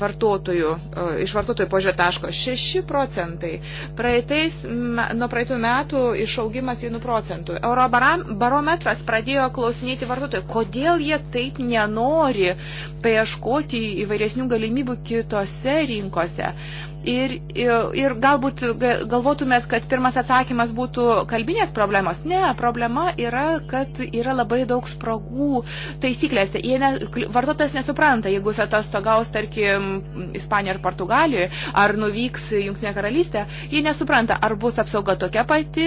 vartotojų, e, iš vartotojų požiūrė taško 6 procentai. Praeitais, nuo praeitų metų išaugimas 1 procentų. Eurobarometras pradėjo klausinėti vartotojų, kodėl jie taip nenori paieškoti įvairesnių galimybių kitose rinkose ir, ir, ir galbūt galvotumėt, kad pirmas atsakymas būtų kalbinės problemos. Ne, problema yra, kad yra labai daug spragų taisyklėse. Jie ne, vartotojas nesupranta, jeigu jis atostogaus, tarkim, Ispanijoje ar Portugalijoje, ar nuvyks Junktinė karalystė, jie nesupranta, ar bus apsauga tokia pati,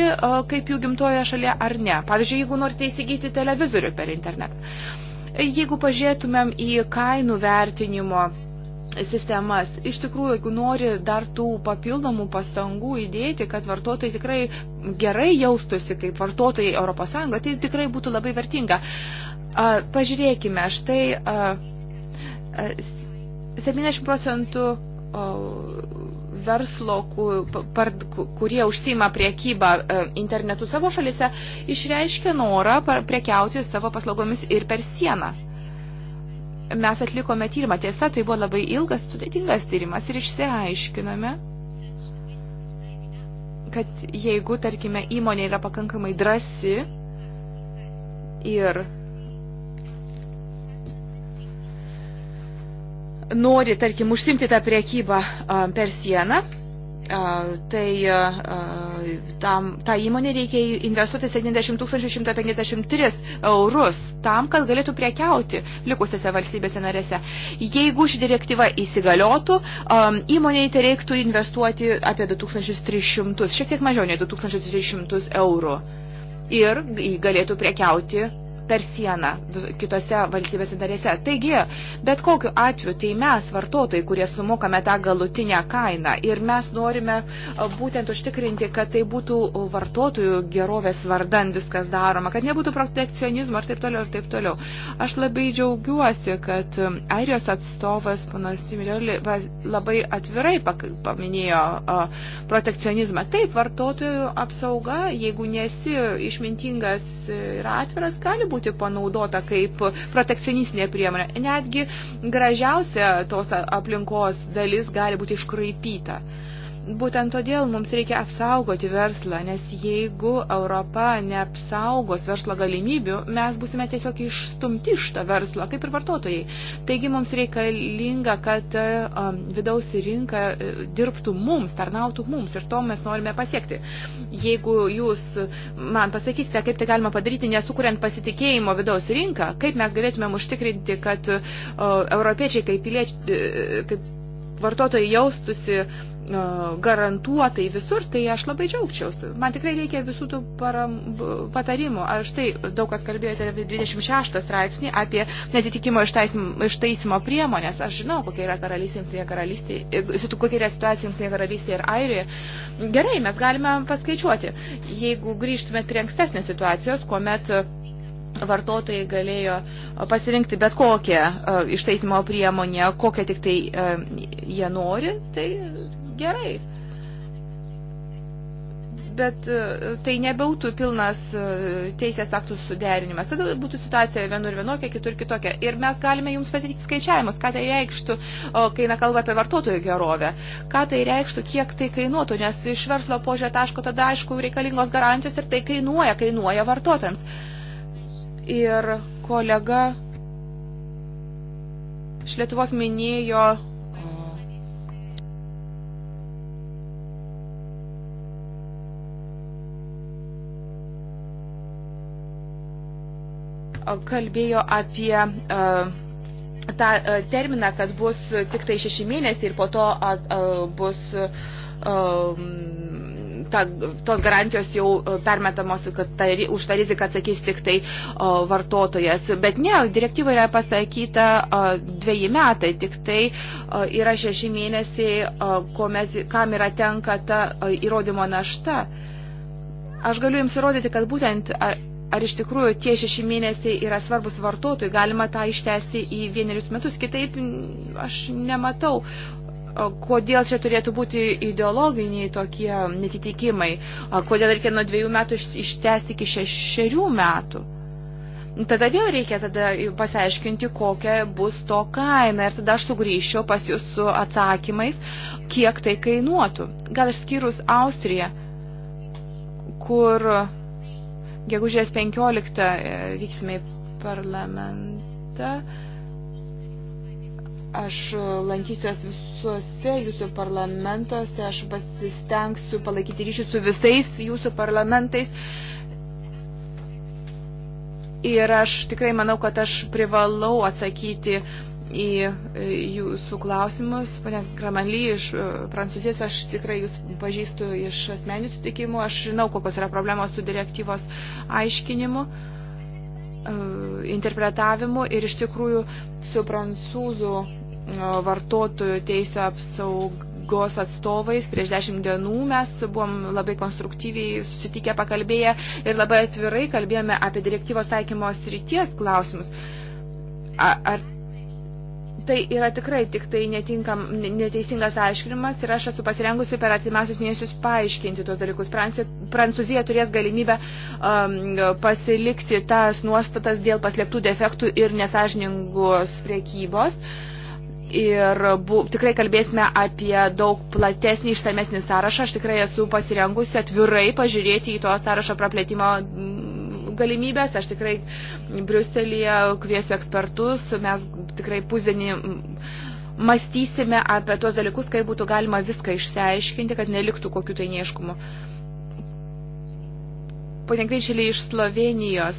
kaip jų gimtojoje šalyje, ar ne. Pavyzdžiui, jeigu norite įsigyti televizorių per internetą. Jeigu pažiūrėtumėm į kainų vertinimo sistemas. Iš tikrųjų, jeigu nori dar tų papildomų pastangų įdėti, kad vartotojai tikrai gerai jaustųsi kaip vartotojai ES, tai tikrai būtų labai vertinga. Pažiūrėkime, štai 70 procentų verslo, kurie užsima priekybą e, internetu savo šalise, išreiškia norą prekiauti savo paslaugomis ir per sieną mes atlikome tyrimą. Tiesa, tai buvo labai ilgas, sudėtingas tyrimas ir išsiaiškinome, kad jeigu, tarkime, įmonė yra pakankamai drasi ir nori, tarkim, užsimti tą priekybą per sieną, tai tam, tą tai įmonę reikia investuoti 70 153 eurus tam, kad galėtų prekiauti likusiose valstybėse narėse. Jeigu ši direktyva įsigaliotų, įmonėje tai reiktų investuoti apie 2300, šiek tiek mažiau nei 2300 eurų ir galėtų prekiauti per sieną kitose valstybėse darėse. Taigi, bet kokiu atveju, tai mes, vartotojai, kurie sumokame tą galutinę kainą ir mes norime būtent užtikrinti, kad tai būtų vartotojų gerovės vardan viskas daroma, kad nebūtų protekcionizmo ir taip toliau ir taip toliau. Aš labai džiaugiuosi, kad Airijos atstovas, panas Similioli, labai atvirai paminėjo protekcionizmą. Taip, vartotojų apsauga, jeigu nesi išmintingas ir atviras, gali būti būti panaudota kaip protekcionistinė priemonė. Netgi gražiausia tos aplinkos dalis gali būti iškraipyta. Būtent todėl mums reikia apsaugoti verslą, nes jeigu Europa neapsaugos verslo galimybių, mes busime tiesiog išstumti iš to verslo, kaip ir vartotojai. Taigi mums reikalinga, kad vidaus rinka e, dirbtų mums, tarnautų mums ir to mes norime pasiekti. Jeigu jūs man pasakysite, kaip tai galima padaryti, nesukuriant pasitikėjimo vidaus rinką, kaip mes galėtumėm užtikrinti, kad europiečiai kaip piliečiai, e, kaip vartotojai jaustusi e, garantuotai visur, tai aš labai džiaugčiausi. Man tikrai reikia visų tų param, patarimų. Aš tai daug kas kalbėjote apie 26 straipsnį, apie netitikimo ištaisimo priemonės. Aš žinau, kokia yra karalystė, jungtinė karalystė, e, kokia yra situacija jungtinė karalystė ir Airijoje. Gerai, mes galime paskaičiuoti. Jeigu grįžtumėt prie ankstesnės situacijos, kuomet vartotojai galėjo pasirinkti bet kokią išteisimo priemonę, kokią tik tai jie nori, tai gerai. Bet tai nebūtų pilnas teisės aktų suderinimas. Tada būtų situacija vienur vienokia, kitur kitokia. Ir mes galime jums pateikti skaičiavimus, ką tai reikštų, kai eina kalba apie vartotojų gerovę. Ką tai reikštų, kiek tai kainuotų, nes iš verslo požiūrė taško tada aišku reikalingos garantijos ir tai kainuoja, kainuoja vartotojams. Uh, ir kolega iš Lietuvos minėjo kalbėjo apie uh, tą uh, terminą, kad bus tik tai šeši mėnesiai ir po to uh, bus um, ta, tos garantijos jau e, permetamos, kad ta, už tą riziką atsakys tik tai o, e, vartotojas. Bet ne, direktyva yra pasakyta o, e, dviejį metai, tik tai o, yra šeši mėnesiai, o, mes, kam yra tenka ta o, įrodymo našta. Aš galiu jums įrodyti, kad būtent ar, ar iš tikrųjų tie šeši mėnesiai yra svarbus vartotojui, galima tą ištesti į vienerius metus, kitaip aš nematau kodėl čia turėtų būti ideologiniai tokie netitikimai, kodėl reikia nuo dviejų metų ištesti iki šešerių metų. Tada vėl reikia tada pasiaiškinti, kokia bus to kaina ir tada aš sugrįžčiau pas jūs su atsakymais, kiek tai kainuotų. Gal išskyrus Austriją, kur gegužės 15 e, vyksime į parlamentą, aš lankysiuos visų visuose jūsų parlamentuose. Aš pasistengsiu palaikyti ryšį su visais jūsų parlamentais. Ir aš tikrai manau, kad aš privalau atsakyti į jūsų klausimus. Pane Kramanly iš e, Prancūzijos, aš tikrai jūs pažįstu iš asmenių sutikimų. Aš žinau, kokios yra problemos su direktyvos aiškinimu e, interpretavimu ir iš tikrųjų su prancūzų vartotojų teisų apsaugos atstovais. Prieš dešimt dienų mes buvom labai konstruktyviai susitikę pakalbėję ir labai atvirai kalbėjome apie direktyvos taikymo srities klausimus. Ar tai yra tikrai tik tai netinkam, neteisingas aiškinimas ir aš esu pasirengusi per artimiausius mėnesius paaiškinti tuos dalykus. Prancūzija turės galimybę um, pasilikti tas nuostatas dėl paslėptų defektų ir nesažiningos priekybos. Uh, ir bu, tikrai kalbėsime apie daug platesnį, išsamesnį sąrašą. Aš tikrai esu pasirengusi atvirai pažiūrėti į to sąrašo praplėtimo mm, galimybės. Aš tikrai Briuselėje kviesiu ekspertus, mes tikrai pusdienį mm, mąstysime apie tuos dalykus, kaip būtų galima viską išsiaiškinti, kad neliktų kokių tai neiškumų. Pone Greičelė iš Slovenijos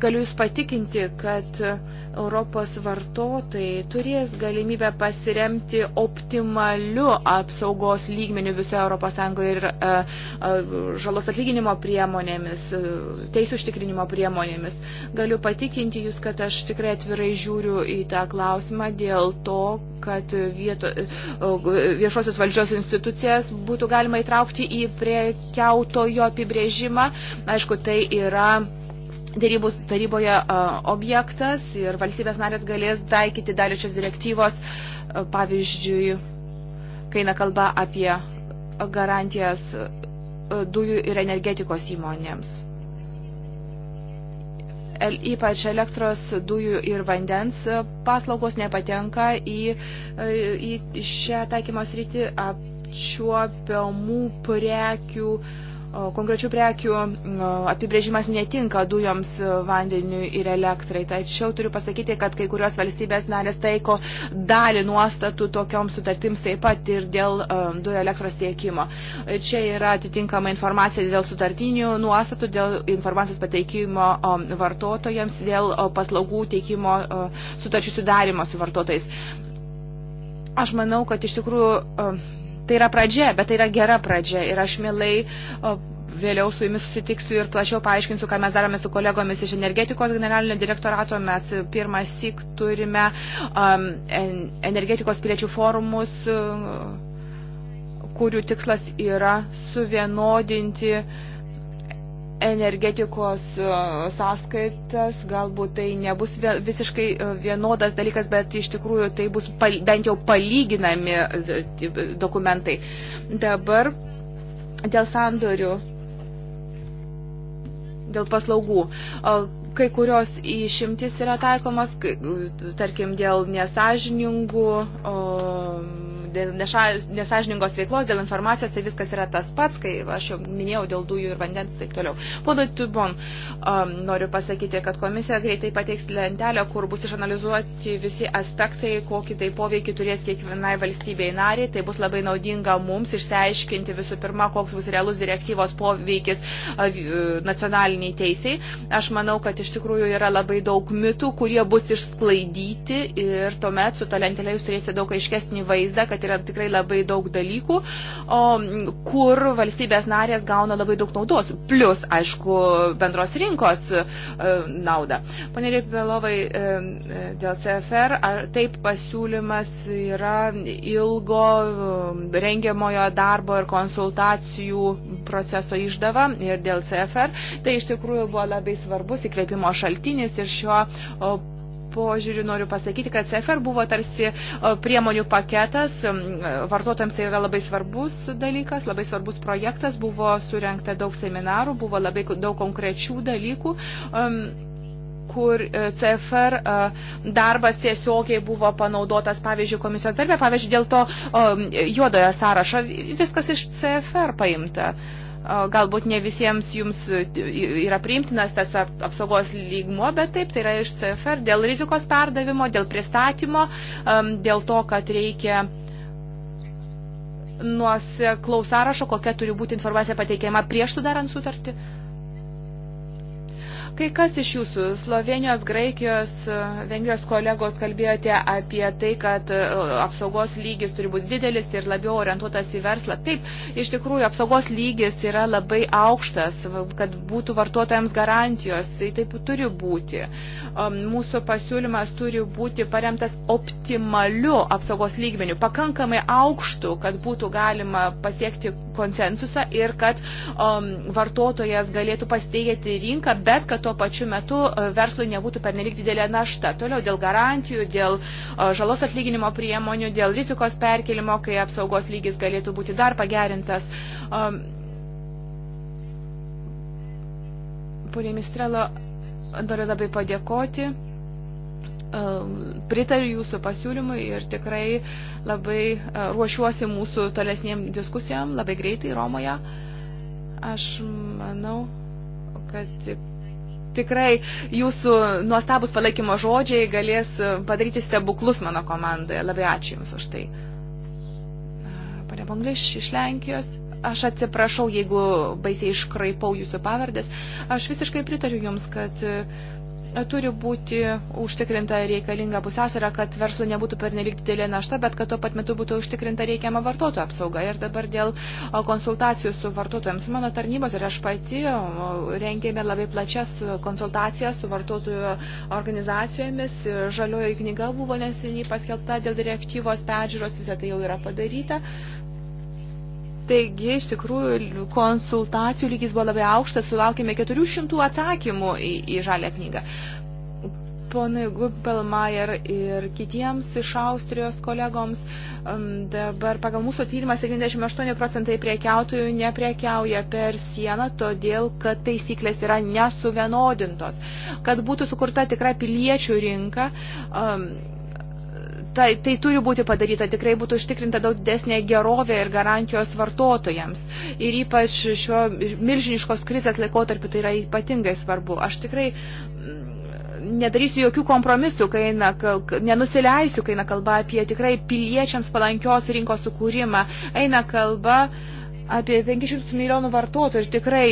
galiu Jūs patikinti, kad Europos vartotojai turės galimybę pasiremti optimaliu apsaugos lygmeniu visoje Europos Sąjungoje ir a, e, a, e, žalos atlyginimo priemonėmis, e, teisų užtikrinimo priemonėmis. Galiu patikinti Jūs, kad aš tikrai atvirai žiūriu į tą klausimą dėl to, kad vieto, viešosios valdžios institucijas būtų galima įtraukti į priekiautojo apibrėžimą. Aišku, tai yra dėrybų taryboje objektas ir valstybės narės galės taikyti dalį šios direktyvos, pavyzdžiui, kai eina kalba apie garantijas dujų ir energetikos įmonėms. Ypač elektros, dujų ir vandens paslaugos nepatenka į, į šią taikymos rytį apčiuopiamų prekių uh, Konkrečių prekių apibrėžimas netinka dujoms, vandeniui ir elektrai. Tačiau turiu pasakyti, kad kai kurios valstybės narės taiko dalį nuostatų tokioms sutartims taip pat ir dėl dujų elektros tiekimo. Čia yra atitinkama informacija dėl sutartinių nuostatų, dėl informacijos pateikimo vartotojams, dėl paslaugų teikimo sutarčių sudarimo su vartotojais. Aš manau, kad iš tikrųjų Tai yra pradžia, bet tai yra gera pradžia ir aš mielai vėliau su jumis susitiksiu ir plačiau paaiškinsiu, ką mes darome su kolegomis iš energetikos generalinio direktorato. Mes pirmas sik turime um, energetikos piliečių forumus, uh, kurių tikslas yra suvienodinti uh, energetikos e, sąskaitas, galbūt tai nebus visiškai e, vienodas dalykas, bet iš tikrųjų tai bus bent jau palyginami e, dokumentai. Dabar dėl sandorių, dėl paslaugų kai kurios išimtis yra taikomas, tarkim, dėl nesažiningų, dėl neša, nesažiningos veiklos, dėl informacijos, tai viskas yra tas pats, kai aš jau minėjau dėl dujų ir vandens taip toliau. Pono Tubon, noriu pasakyti, kad komisija greitai pateiks lentelę, kur bus išanalizuoti visi aspektai, kokį tai poveikį turės kiekvienai valstybei nariai. Tai bus labai naudinga mums išsiaiškinti visų pirma, koks bus realus direktyvos poveikis nacionaliniai teisiai. Aš manau, kad kad iš tikrųjų yra labai daug mitų, kurie bus išsklaidyti ir tuomet su ta lentelė jūs turėsite daug aiškesnį vaizdą, kad yra tikrai labai daug dalykų, o, kur valstybės narės gauna labai daug naudos, plus, aišku, bendros rinkos e, naudą. Pane Ripilovai, e, e dėl CFR, ar taip pasiūlymas yra ilgo e, rengiamojo darbo ir konsultacijų proceso išdava ir dėl CFR, tai iš tikrųjų buvo labai svarbus įkvėpimas įkvėpimo šaltinis ir šiuo požiūriu noriu pasakyti, kad CFR buvo tarsi priemonių paketas, vartotojams tai yra labai svarbus dalykas, labai svarbus projektas, buvo surenkta daug seminarų, buvo labai daug konkrečių dalykų kur CFR e, e, darbas tiesiogiai buvo panaudotas, pavyzdžiui, komisijos darbė, pavyzdžiui, dėl to juodojo sąrašo viskas iš CFR paimta. Uh, Galbūt ne visiems jums e, yra priimtinas tas apsaugos lygmo, bet taip, tai yra iš CFR dėl rizikos perdavimo, dėl pristatymo, dėl to, kad reikia nuoseklaus sąrašo, kokia turi būti informacija pateikiama prieš sudarant sutartį. Kai kas iš jūsų, Slovenijos, Graikijos, e, Vengrijos kolegos, kalbėjote apie tai, kad e, apsaugos lygis turi būti didelis ir labiau orientuotas į verslą. Taip, iš tikrųjų, apsaugos lygis yra labai aukštas, kad būtų vartotojams garantijos, tai taip turi būti. Mūsų pasiūlymas turi būti paremtas optimaliu apsaugos lygmeniu, pakankamai aukštu, kad būtų galima pasiekti konsensusą ir kad um, vartotojas galėtų pasteigėti rinką, bet kad to tuo pačiu metu e, verslui nebūtų pernelik didelė našta. Toliau dėl garantijų, dėl e, žalos atlyginimo priemonių, dėl rizikos perkelimo, kai apsaugos lygis galėtų būti dar pagerintas. Pone Mistrelo, noriu labai padėkoti. Pritariu jūsų pasiūlymui ir tikrai labai e, ruošiuosi mūsų tolesniem diskusijom labai greitai Romoje. Aš manau, kad tik tikrai jūsų nuostabus palaikymo žodžiai galės e, padaryti stebuklus mano komandoje. Labai ačiū Jums už tai. Pane Bongliš iš Lenkijos. Aš atsiprašau, jeigu baisiai iškraipau jūsų pavardės. Aš visiškai pritariu jums, kad uh, turi būti užtikrinta reikalinga pusiausvėra, kad verslui nebūtų pernelik didelė našta, bet kad tuo pat metu būtų užtikrinta reikiama vartotojų apsauga. Ir dabar dėl konsultacijų su vartotojams. Mano tarnybos ir aš pati rengėme labai plačias konsultacijas su vartotojų organizacijomis. Žalioji knyga buvo neseniai paskelbta dėl direktyvos peržiūros, visą tai jau yra padaryta. Taigi, iš tikrųjų, konsultacijų lygis buvo labai aukštas, sulaukėme 400 atsakymų į, į žalę knygą. Ponui Guppelmeier ir kitiems iš Austrijos kolegoms um, dabar pagal mūsų tyrimą 78 procentai priekiautojų nepriekiauja per sieną, todėl kad taisyklės yra nesuvienodintos. Kad būtų sukurta tikra piliečių rinka, um, tai, tai turi būti padaryta, tikrai būtų užtikrinta daug didesnė gerovė ir garantijos vartotojams. Ir ypač šio milžiniškos krizės laikotarpiu tai yra ypatingai svarbu. Aš tikrai mm, nedarysiu jokių kompromisų, kai na, nenusileisiu, kai na kalba apie tikrai piliečiams palankios rinkos sukūrimą. Eina kalba apie 500 milijonų vartotojų ir tikrai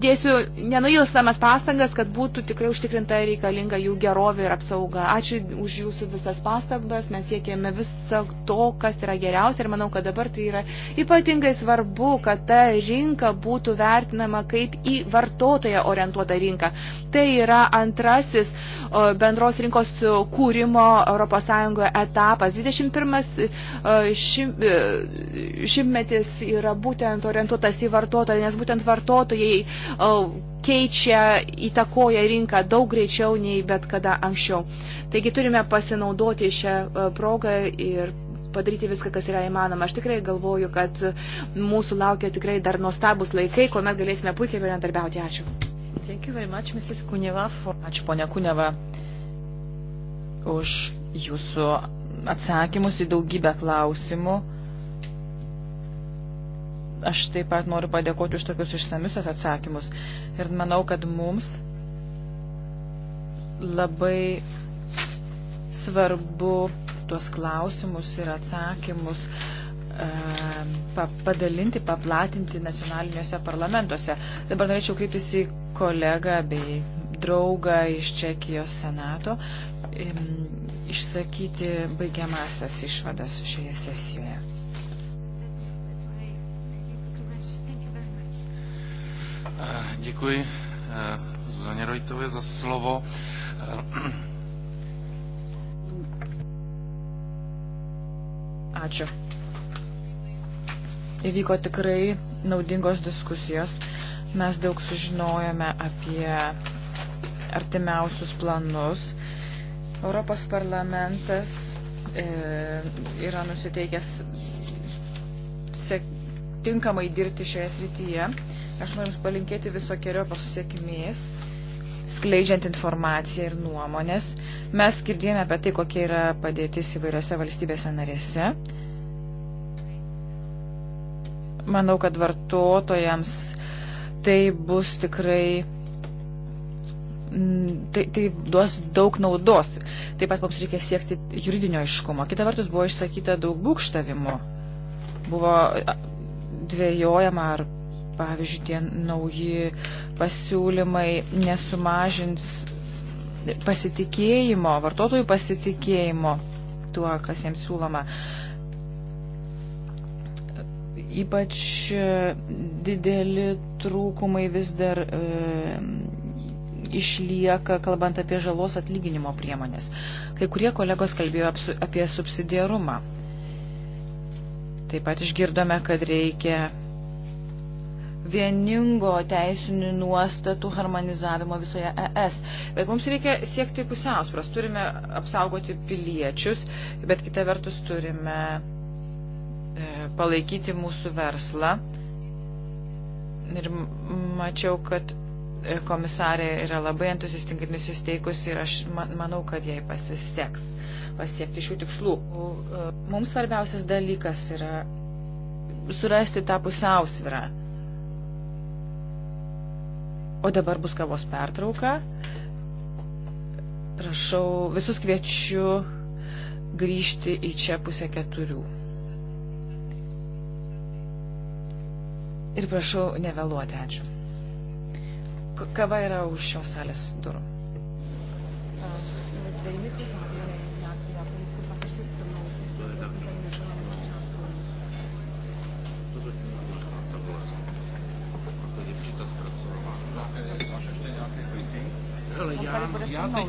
dėsiu nenuilstamas pastangas, kad būtų tikrai užtikrinta reikalinga jų gerovė ir apsauga. Ačiū už jūsų visas pastangas, mes siekėme viso to, kas yra geriausia ir manau, kad dabar tai yra ypatingai svarbu, kad ta rinka būtų vertinama kaip į vartotoją orientuotą rinką. Tai yra antrasis bendros rinkos kūrimo ES etapas. 21 e, šimtmetis yra būtent orientuotas į vartotoją, nes būtent vartotojai smarkiai keičia, įtakoja rinką daug greičiau nei bet kada anksčiau. Taigi turime pasinaudoti šią progą ir padaryti viską, kas yra įmanoma. Aš tikrai galvoju, kad mūsų laukia tikrai dar nuostabus laikai, kuomet galėsime puikiai bendradarbiauti. Ačiū. Thank you very much, Mrs. Kuneva. For... Ačiū, ponia Kuneva, už jūsų atsakymus į daugybę klausimų. Aš taip pat noriu padėkoti už tokius išsamiusias atsakymus. Ir manau, kad mums labai svarbu tuos klausimus ir atsakymus e, padalinti, paplatinti nacionaliniuose parlamentuose. Dabar norėčiau kreiptis į kolegą bei draugą iš Čekijos senato išsakyti baigiamasias išvadas šioje sesijoje. Eh, děkuji eh, Zuzaně Rojtové za slovo. Eh, Ačiū. Įvyko tikrai naudingos diskusijos. Mes daug sužinojome apie artimiausius planus. Europos parlamentas e, yra nusiteikęs tinkamai dirbti šioje srityje. E, Aš noriu Jums palinkėti visokiojo pasiekimės, skleidžiant informaciją ir nuomonės. Mes girdėjome apie tai, kokia yra padėtis įvairiose valstybėse narėse. Manau, kad vartotojams tai bus tikrai. Mm, tai, tai duos daug naudos. Taip pat mums reikia siekti juridinio iškumo. Kita vertus buvo išsakyta daug būkštavimų. Buvo dvėjojama ar pavyzdžiui, tie nauji pasiūlymai nesumažins pasitikėjimo, vartotojų pasitikėjimo tuo, kas jiems siūloma. Ypač dideli trūkumai vis dar e, išlieka, kalbant apie žalos atlyginimo priemonės. Kai kurie kolegos kalbėjo apie subsidiarumą. Taip pat išgirdome, kad reikia vieningo teisinių nuostatų harmonizavimo visoje ES. Bet mums reikia siekti pusiausvras. Turime apsaugoti piliečius, bet kita vertus turime e, palaikyti mūsų verslą. Ir mačiau, kad e, komisarė yra labai entuziastingai nusisteikus ir aš manau, kad jai pasiseks pasiekti šių tikslų. E, mums svarbiausias dalykas yra surasti tą pusiausvyrą. O dabar bus kavos pertrauka. Prašau, visus kviečiu grįžti į čia pusę keturių. Ir prašau nevėluoti, ačiū. Kava yra už šios salės durų. Uh, Ja, no,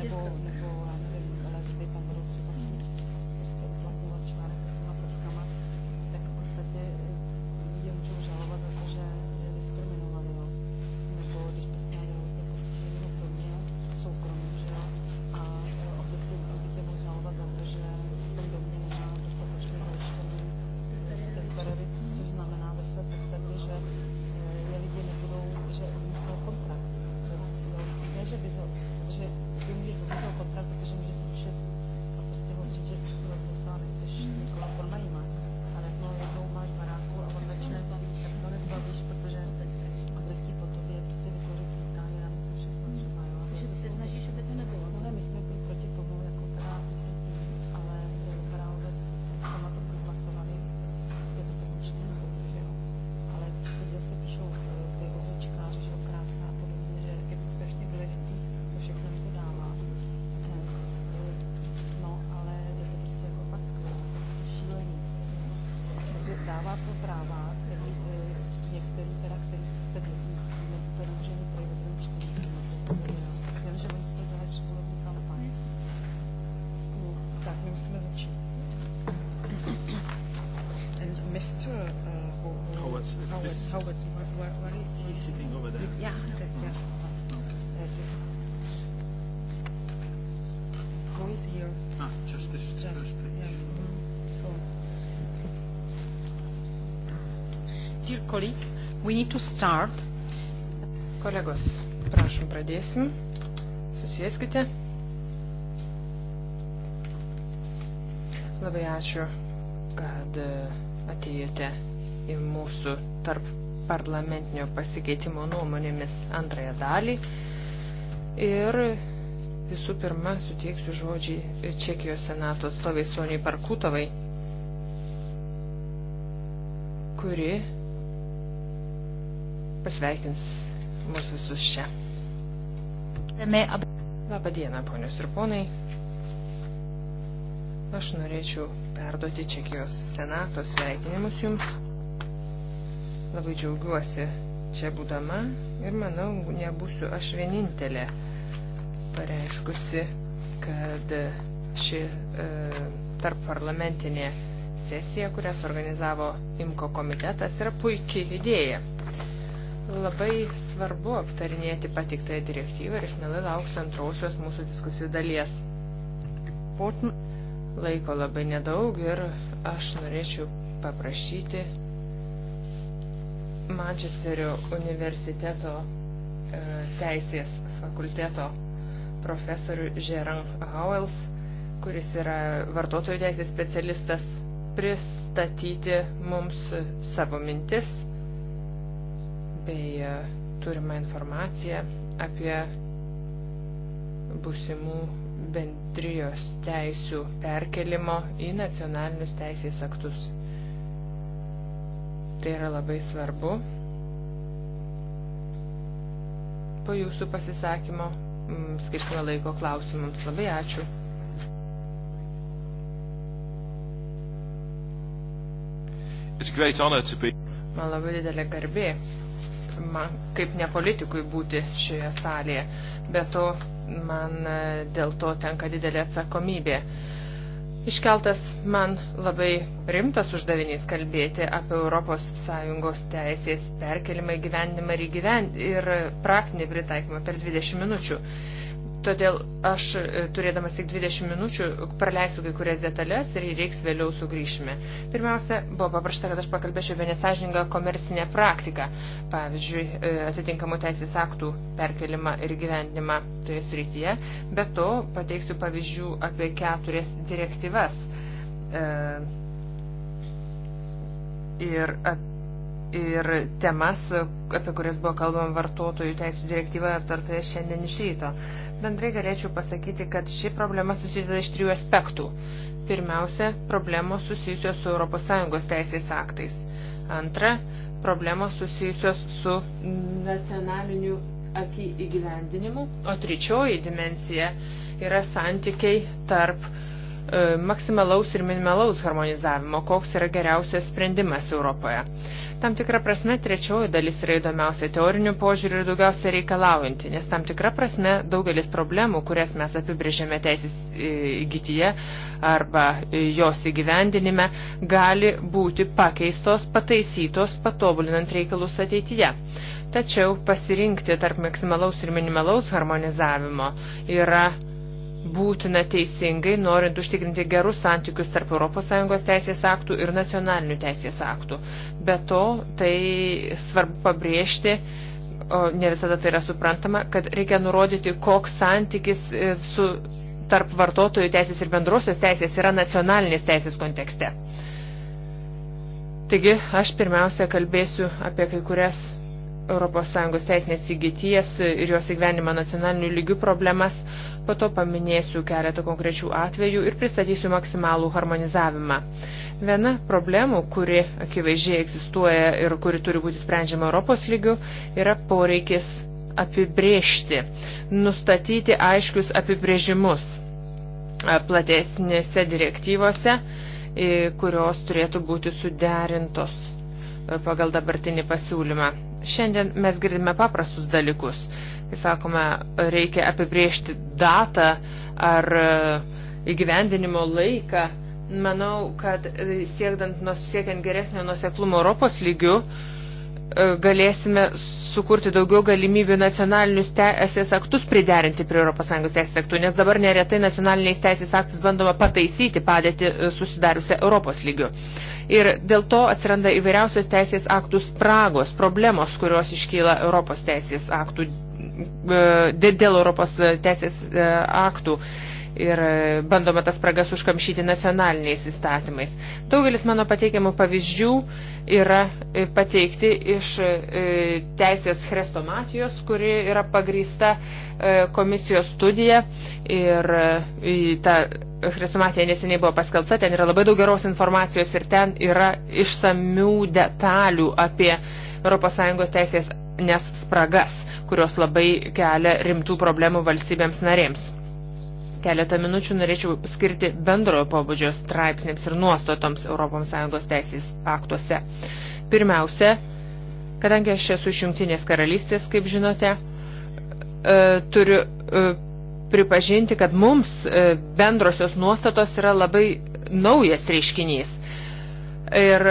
reasonable colleague, we need to start. Kolegos, prašom pradėsim. Susieskite. Labai ačiū, kad e, atėjote į mūsų tarp parlamentinio pasikeitimo nuomonėmis antrąją dalį. Ir visų pirma suteiksiu žodžiai Čekijos senato atstovai Soniai Parkutovai, kuri pasveikins mūsų visus čia. Labą dieną, ponios ir ponai. Aš norėčiau perduoti Čekijos senato sveikinimus jums. Labai džiaugiuosi čia būdama ir manau, nebūsiu aš vienintelė pareiškusi, kad ši e, tarp parlamentinė sesija, kurias organizavo IMKO komitetas, yra puikiai idėja. Labai svarbu aptarinėti patiktąją direktyvą ir aš mielai lauksiu antrosios mūsų diskusijų dalies. Putin laiko labai nedaug ir aš norėčiau paprašyti Mančesterio universiteto e, teisės fakulteto profesorių Žeran Howells, kuris yra vartotojų teisės specialistas, pristatyti mums savo mintis bei turimą informaciją apie būsimų bendrijos teisių perkelimo į nacionalinius teisės aktus. Tai yra labai svarbu. Po jūsų pasisakymo mm, skirsime laiko klausimams. Labai ačiū. Man labai didelė garbė man kaip ne politikui būti šioje salėje. Be to, man e, dėl to tenka didelė atsakomybė. Iškeltas man labai rimtas uždavinys kalbėti apie ES teisės perkelimą įgyvendimą ir, įgyvend... ir praktinį pritaikymą per 20 minučių. Todėl aš, e, turėdamas tik 20 minučių, praleisiu kai kurias detalės ir reiks vėliau sugrįžime. Pirmiausia, buvo paprašta, kad aš pakalbėčiau apie nesažininką komercinę praktiką, pavyzdžiui, e, atitinkamų teisės aktų perkelimą ir gyvendimą toje srityje. Be to, pateiksiu pavyzdžių apie keturias direktyvas e, ir apie ir temas, apie kurias buvo kalbama vartotojų teisų direktyvoje aptartoje šiandien iš ryto. Bendrai galėčiau pasakyti, kad ši problema susideda iš trijų aspektų. Pirmiausia, problemos susijusios su ES teisės aktais. Antra, problemos susijusios su nacionaliniu akį įgyvendinimu. O trečioji dimensija yra santykiai tarp e, maksimalaus ir minimalaus harmonizavimo, koks yra geriausias sprendimas Europoje tam tikrą prasme trečioji dalis yra įdomiausia teorinių požiūrių ir daugiausia reikalaujanti, nes tam tikrą prasme daugelis problemų, kurias mes apibrėžėme teisės e, įgytyje arba e, jos įgyvendinime, gali būti pakeistos, pataisytos, patobulinant reikalus ateityje. Tačiau pasirinkti tarp maksimalaus ir minimalaus harmonizavimo yra būtina teisingai, norint užtikrinti gerus santykius tarp ES teisės aktų ir nacionalinių teisės aktų. Be to, tai svarbu pabrėžti, o ne visada tai yra suprantama, kad reikia nurodyti, koks santykis e, su tarp vartotojų teisės ir bendrosios teisės yra nacionalinės teisės kontekste. Taigi, aš pirmiausia kalbėsiu apie kai kurias ES teisinės įgyties ir jos įgyvenimą nacionaliniu lygiu problemas, po to paminėsiu keletą konkrečių atvejų ir pristatysiu maksimalų harmonizavimą. Viena problemų, kuri akivaizdžiai egzistuoja ir kuri turi būti sprendžiama Europos lygiu, yra poreikis apibrėžti, nustatyti aiškius apibrėžimus platesnėse direktyvose, kurios turėtų būti suderintos pagal dabartinį pasiūlymą. Šiandien mes girdime paprastus dalykus. Kai sakome, reikia apibriežti datą ar e, įgyvendinimo laiką, manau, kad e, siekdant, siekiant geresnio nuseklumo Europos lygių, e, galėsime sukurti daugiau galimybių nacionalinius teisės aktus priderinti prie ES teisės aktų, nes dabar neretai nacionaliniais teisės aktais bandoma pataisyti padėti susidariusią Europos lygių. Ir dėl to atsiranda įvairiausios teisės aktų spragos, problemos, kurios iškyla Europos teisės aktų, e, dėl Europos teisės e, aktų ir e, bandome tas spragas užkamšyti nacionaliniais įstatymais. Daugelis mano pateikiamų pavyzdžių yra pateikti iš teisės chrestomatijos, kuri yra pagrįsta komisijos studija ir ta Christomatija neseniai buvo paskelbta, ten yra labai daug geros informacijos ir ten yra išsamių detalių apie ES teisės nes spragas, kurios labai kelia rimtų problemų valstybėms narėms. Keletą minučių norėčiau skirti bendrojo pobūdžio straipsnėms ir nuostatoms ES teisės aktuose. Pirmiausia, kadangi aš esu iš Jungtinės karalystės, kaip žinote, e, turiu e, pripažinti, kad mums e, bendrosios nuostatos yra labai naujas reiškinys. Ir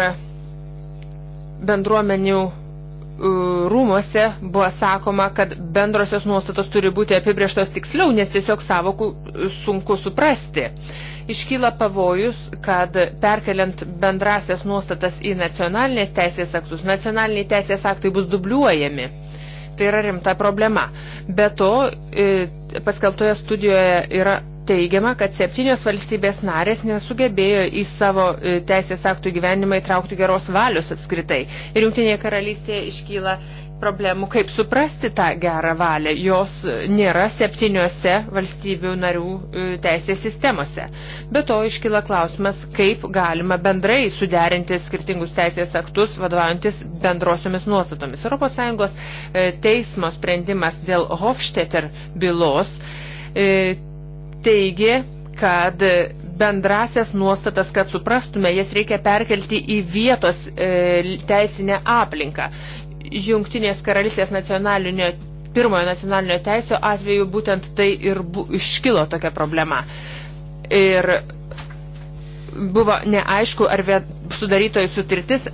bendruomenių e, rūmose buvo sakoma, kad bendrosios nuostatos turi būti apibrieštos tiksliau, nes tiesiog savokų sunku suprasti. Iškyla pavojus, kad perkeliant bendrasias nuostatas į nacionalinės teisės aktus, nacionaliniai teisės aktai bus dubliuojami. Tai yra rimta problema. Be to, e, paskelbtoje studijoje yra teigiama, kad septynios valstybės narės nesugebėjo į savo e, teisės aktų gyvenimą įtraukti geros valios apskritai. Ir jungtinėje karalystėje iškyla problemų, kaip suprasti tą gerą valią. Jos nėra septyniose valstybių narių e, teisės sistemose. Be to iškyla klausimas, kaip galima bendrai suderinti skirtingus teisės aktus, vadovaujantis bendrosiomis nuostatomis. ES e, teismo sprendimas dėl Hofstetter bylos e, teigė, kad bendrasias nuostatas, kad suprastume, jas reikia perkelti į vietos e, teisinę aplinką. Jungtinės karalystės nacionalinio, pirmojo nacionalinio teisio atveju būtent tai ir bu, iškilo tokia problema. Ir buvo neaišku, ar sudarytojų sutirtis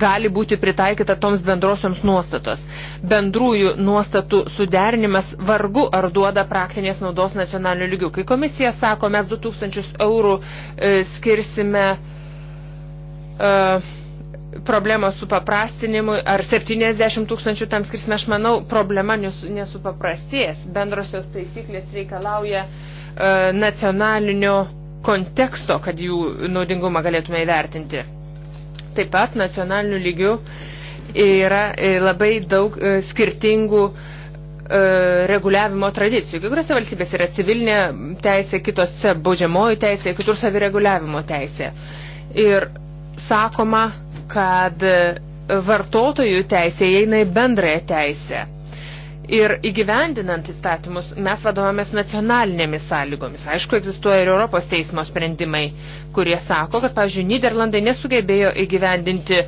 gali būti pritaikyta toms bendrosioms nuostatos. Bendrųjų nuostatų suderinimas vargu ar duoda praktinės naudos nacionaliniu lygiu. Kai komisija sako, mes 2000 eurų e, skirsime e, problemos su paprastinimu, ar 70 tūkstančių tam skirsime, aš manau, problema nesupaprastės. Bendrosios taisyklės reikalauja e, nacionalinio konteksto, kad jų naudingumą galėtume įvertinti. Taip pat nacionaliniu lygiu yra e, labai daug e, skirtingų reguliavimo tradicijų. Kai kuriuose valstybėse yra civilinė teisė, kitose baudžiamoji teisė, kitur savireguliavimo teisė. Ir sakoma, kad e, vartotojų teisė įeina į bendrąją teisę. Ir įgyvendinant įstatymus mes vadovavomės nacionalinėmis sąlygomis. Aišku, egzistuoja ir Europos teismo sprendimai, kurie sako, kad, pavyzdžiui, Niderlandai nesugebėjo įgyvendinti e,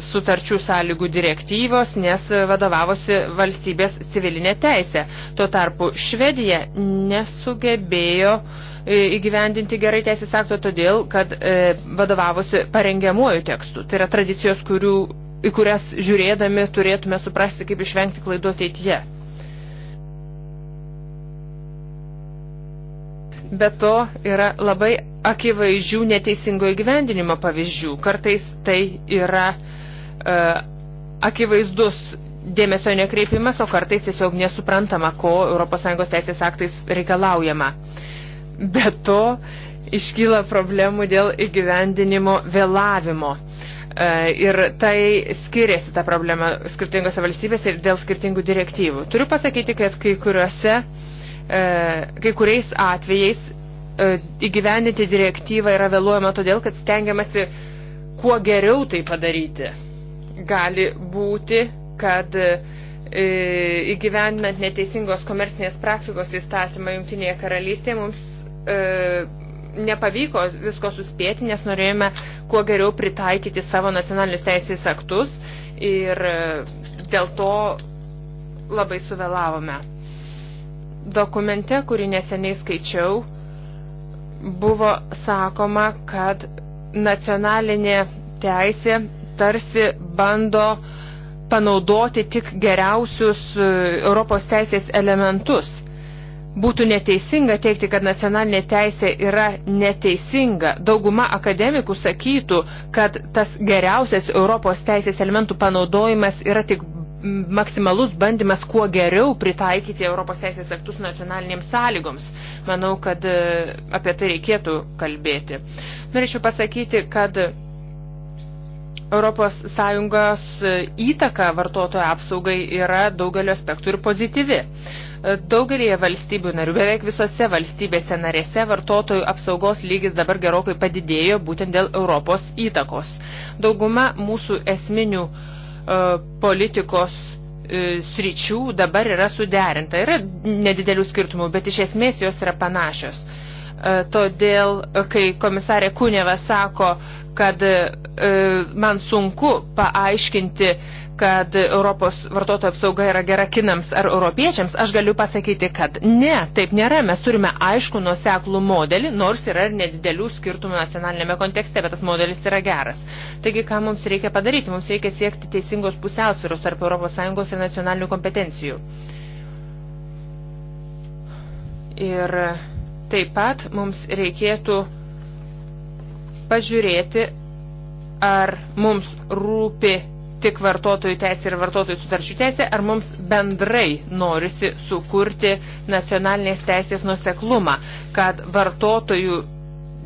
sutarčių sąlygų direktyvos, nes vadovavosi valstybės civilinė teisė. Tuo tarpu Švedija nesugebėjo e, E, įgyvendinti gerai teisės akto todėl, kad e, vadovavosi parengiamuoju tekstu. Tai yra tradicijos, kurių, į kurias žiūrėdami turėtume suprasti, kaip išvengti klaidų ateityje. Be to yra labai akivaizdžių neteisingo įgyvendinimo pavyzdžių. Kartais tai yra e, akivaizdus dėmesio nekreipimas, o kartais tiesiog nesuprantama, ko ES teisės aktais reikalaujama. Be to, iškyla problemų dėl įgyvendinimo vėlavimo. E, ir tai skiriasi ta problema skirtingose valstybėse ir dėl skirtingų direktyvų. Turiu pasakyti, kad kai, kuriuose, e, kai kuriais atvejais e, įgyvendinti direktyvą yra vėluojama todėl, kad stengiamasi kuo geriau tai padaryti. Gali būti, kad įgyvendinant neteisingos komercinės praktikos įstatymą Jungtinėje karalystėje mums e, nepavyko visko suspėti, nes norėjome kuo geriau pritaikyti savo nacionalinius teisės aktus ir e, dėl to labai suvelavome. Dokumente, kurį neseniai skaičiau, buvo sakoma, kad nacionalinė teisė tarsi bando panaudoti tik geriausius e, Europos teisės elementus – Būtų neteisinga teikti, kad nacionalinė teisė yra neteisinga. Dauguma akademikų sakytų, kad tas geriausias Europos teisės elementų panaudojimas yra tik maksimalus bandymas kuo geriau pritaikyti Europos teisės aktus nacionalinėms sąlygoms. Manau, kad e, apie tai reikėtų kalbėti. Norėčiau pasakyti, kad Europos Sąjungos e, įtaka vartotojo apsaugai yra daugelio aspektų ir pozityvi. Daugelėje valstybių narių, beveik visose valstybėse narėse vartotojų apsaugos lygis dabar gerokai padidėjo būtent dėl Europos įtakos. Dauguma mūsų esminių e, politikos e, sričių dabar yra suderinta. Yra nedidelių skirtumų, bet iš esmės jos yra panašios. E, todėl, e, kai komisarė Kuneva sako, kad e, man sunku paaiškinti e, kad Europos vartotojų apsauga yra gera kinams ar europiečiams, aš galiu pasakyti, kad ne, taip nėra. Mes turime aišku nuoseklų modelį, nors yra ir nedidelių skirtumų nacionalinėme kontekste, bet tas modelis yra geras. Taigi, ką mums reikia padaryti? Mums reikia siekti teisingos pusiausvyros tarp ES ir nacionalinių kompetencijų. Ir taip pat mums reikėtų pažiūrėti, ar mums rūpi tik vartotojų teisė ir vartotojų sutarčių teisė, ar mums bendrai norisi sukurti nacionalinės teisės nuseklumą, kad vartotojų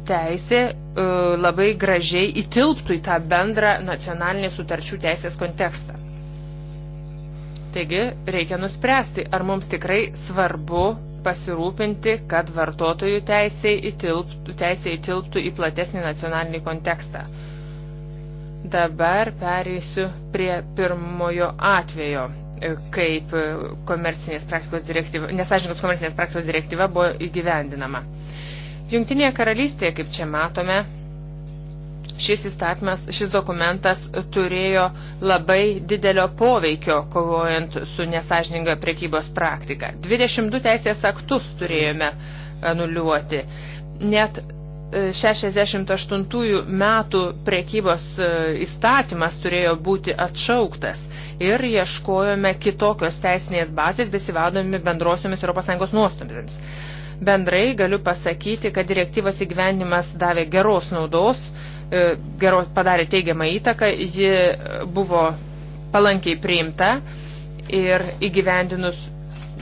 teisė uh, labai gražiai įtilptų į tą bendrą nacionalinės sutarčių teisės kontekstą. Taigi reikia nuspręsti, ar mums tikrai svarbu pasirūpinti, kad vartotojų teisė įtilptų, teisė įtilptų į platesnį nacionalinį kontekstą. Uh, Dabar pereisiu prie pirmojo atvejo, e, kaip e, komercinės praktikos direktyva, nesažininkos komercinės praktikos direktyva buvo įgyvendinama. Jungtinėje karalystėje, kaip čia matome, šis įstatymas, šis dokumentas turėjo labai didelio poveikio kovojant su nesažininga prekybos praktika. 22 teisės aktus turėjome e, anuliuoti. Net 68 metų prekybos e, įstatymas turėjo būti atšauktas ir ieškojome kitokios teisinės bazės besivadomi bendrosiomis ES nuostomis. Bendrai galiu pasakyti, kad direktyvos įgyvendimas davė geros naudos, e, geros padarė teigiamą įtaką, ji buvo palankiai priimta ir įgyvendinus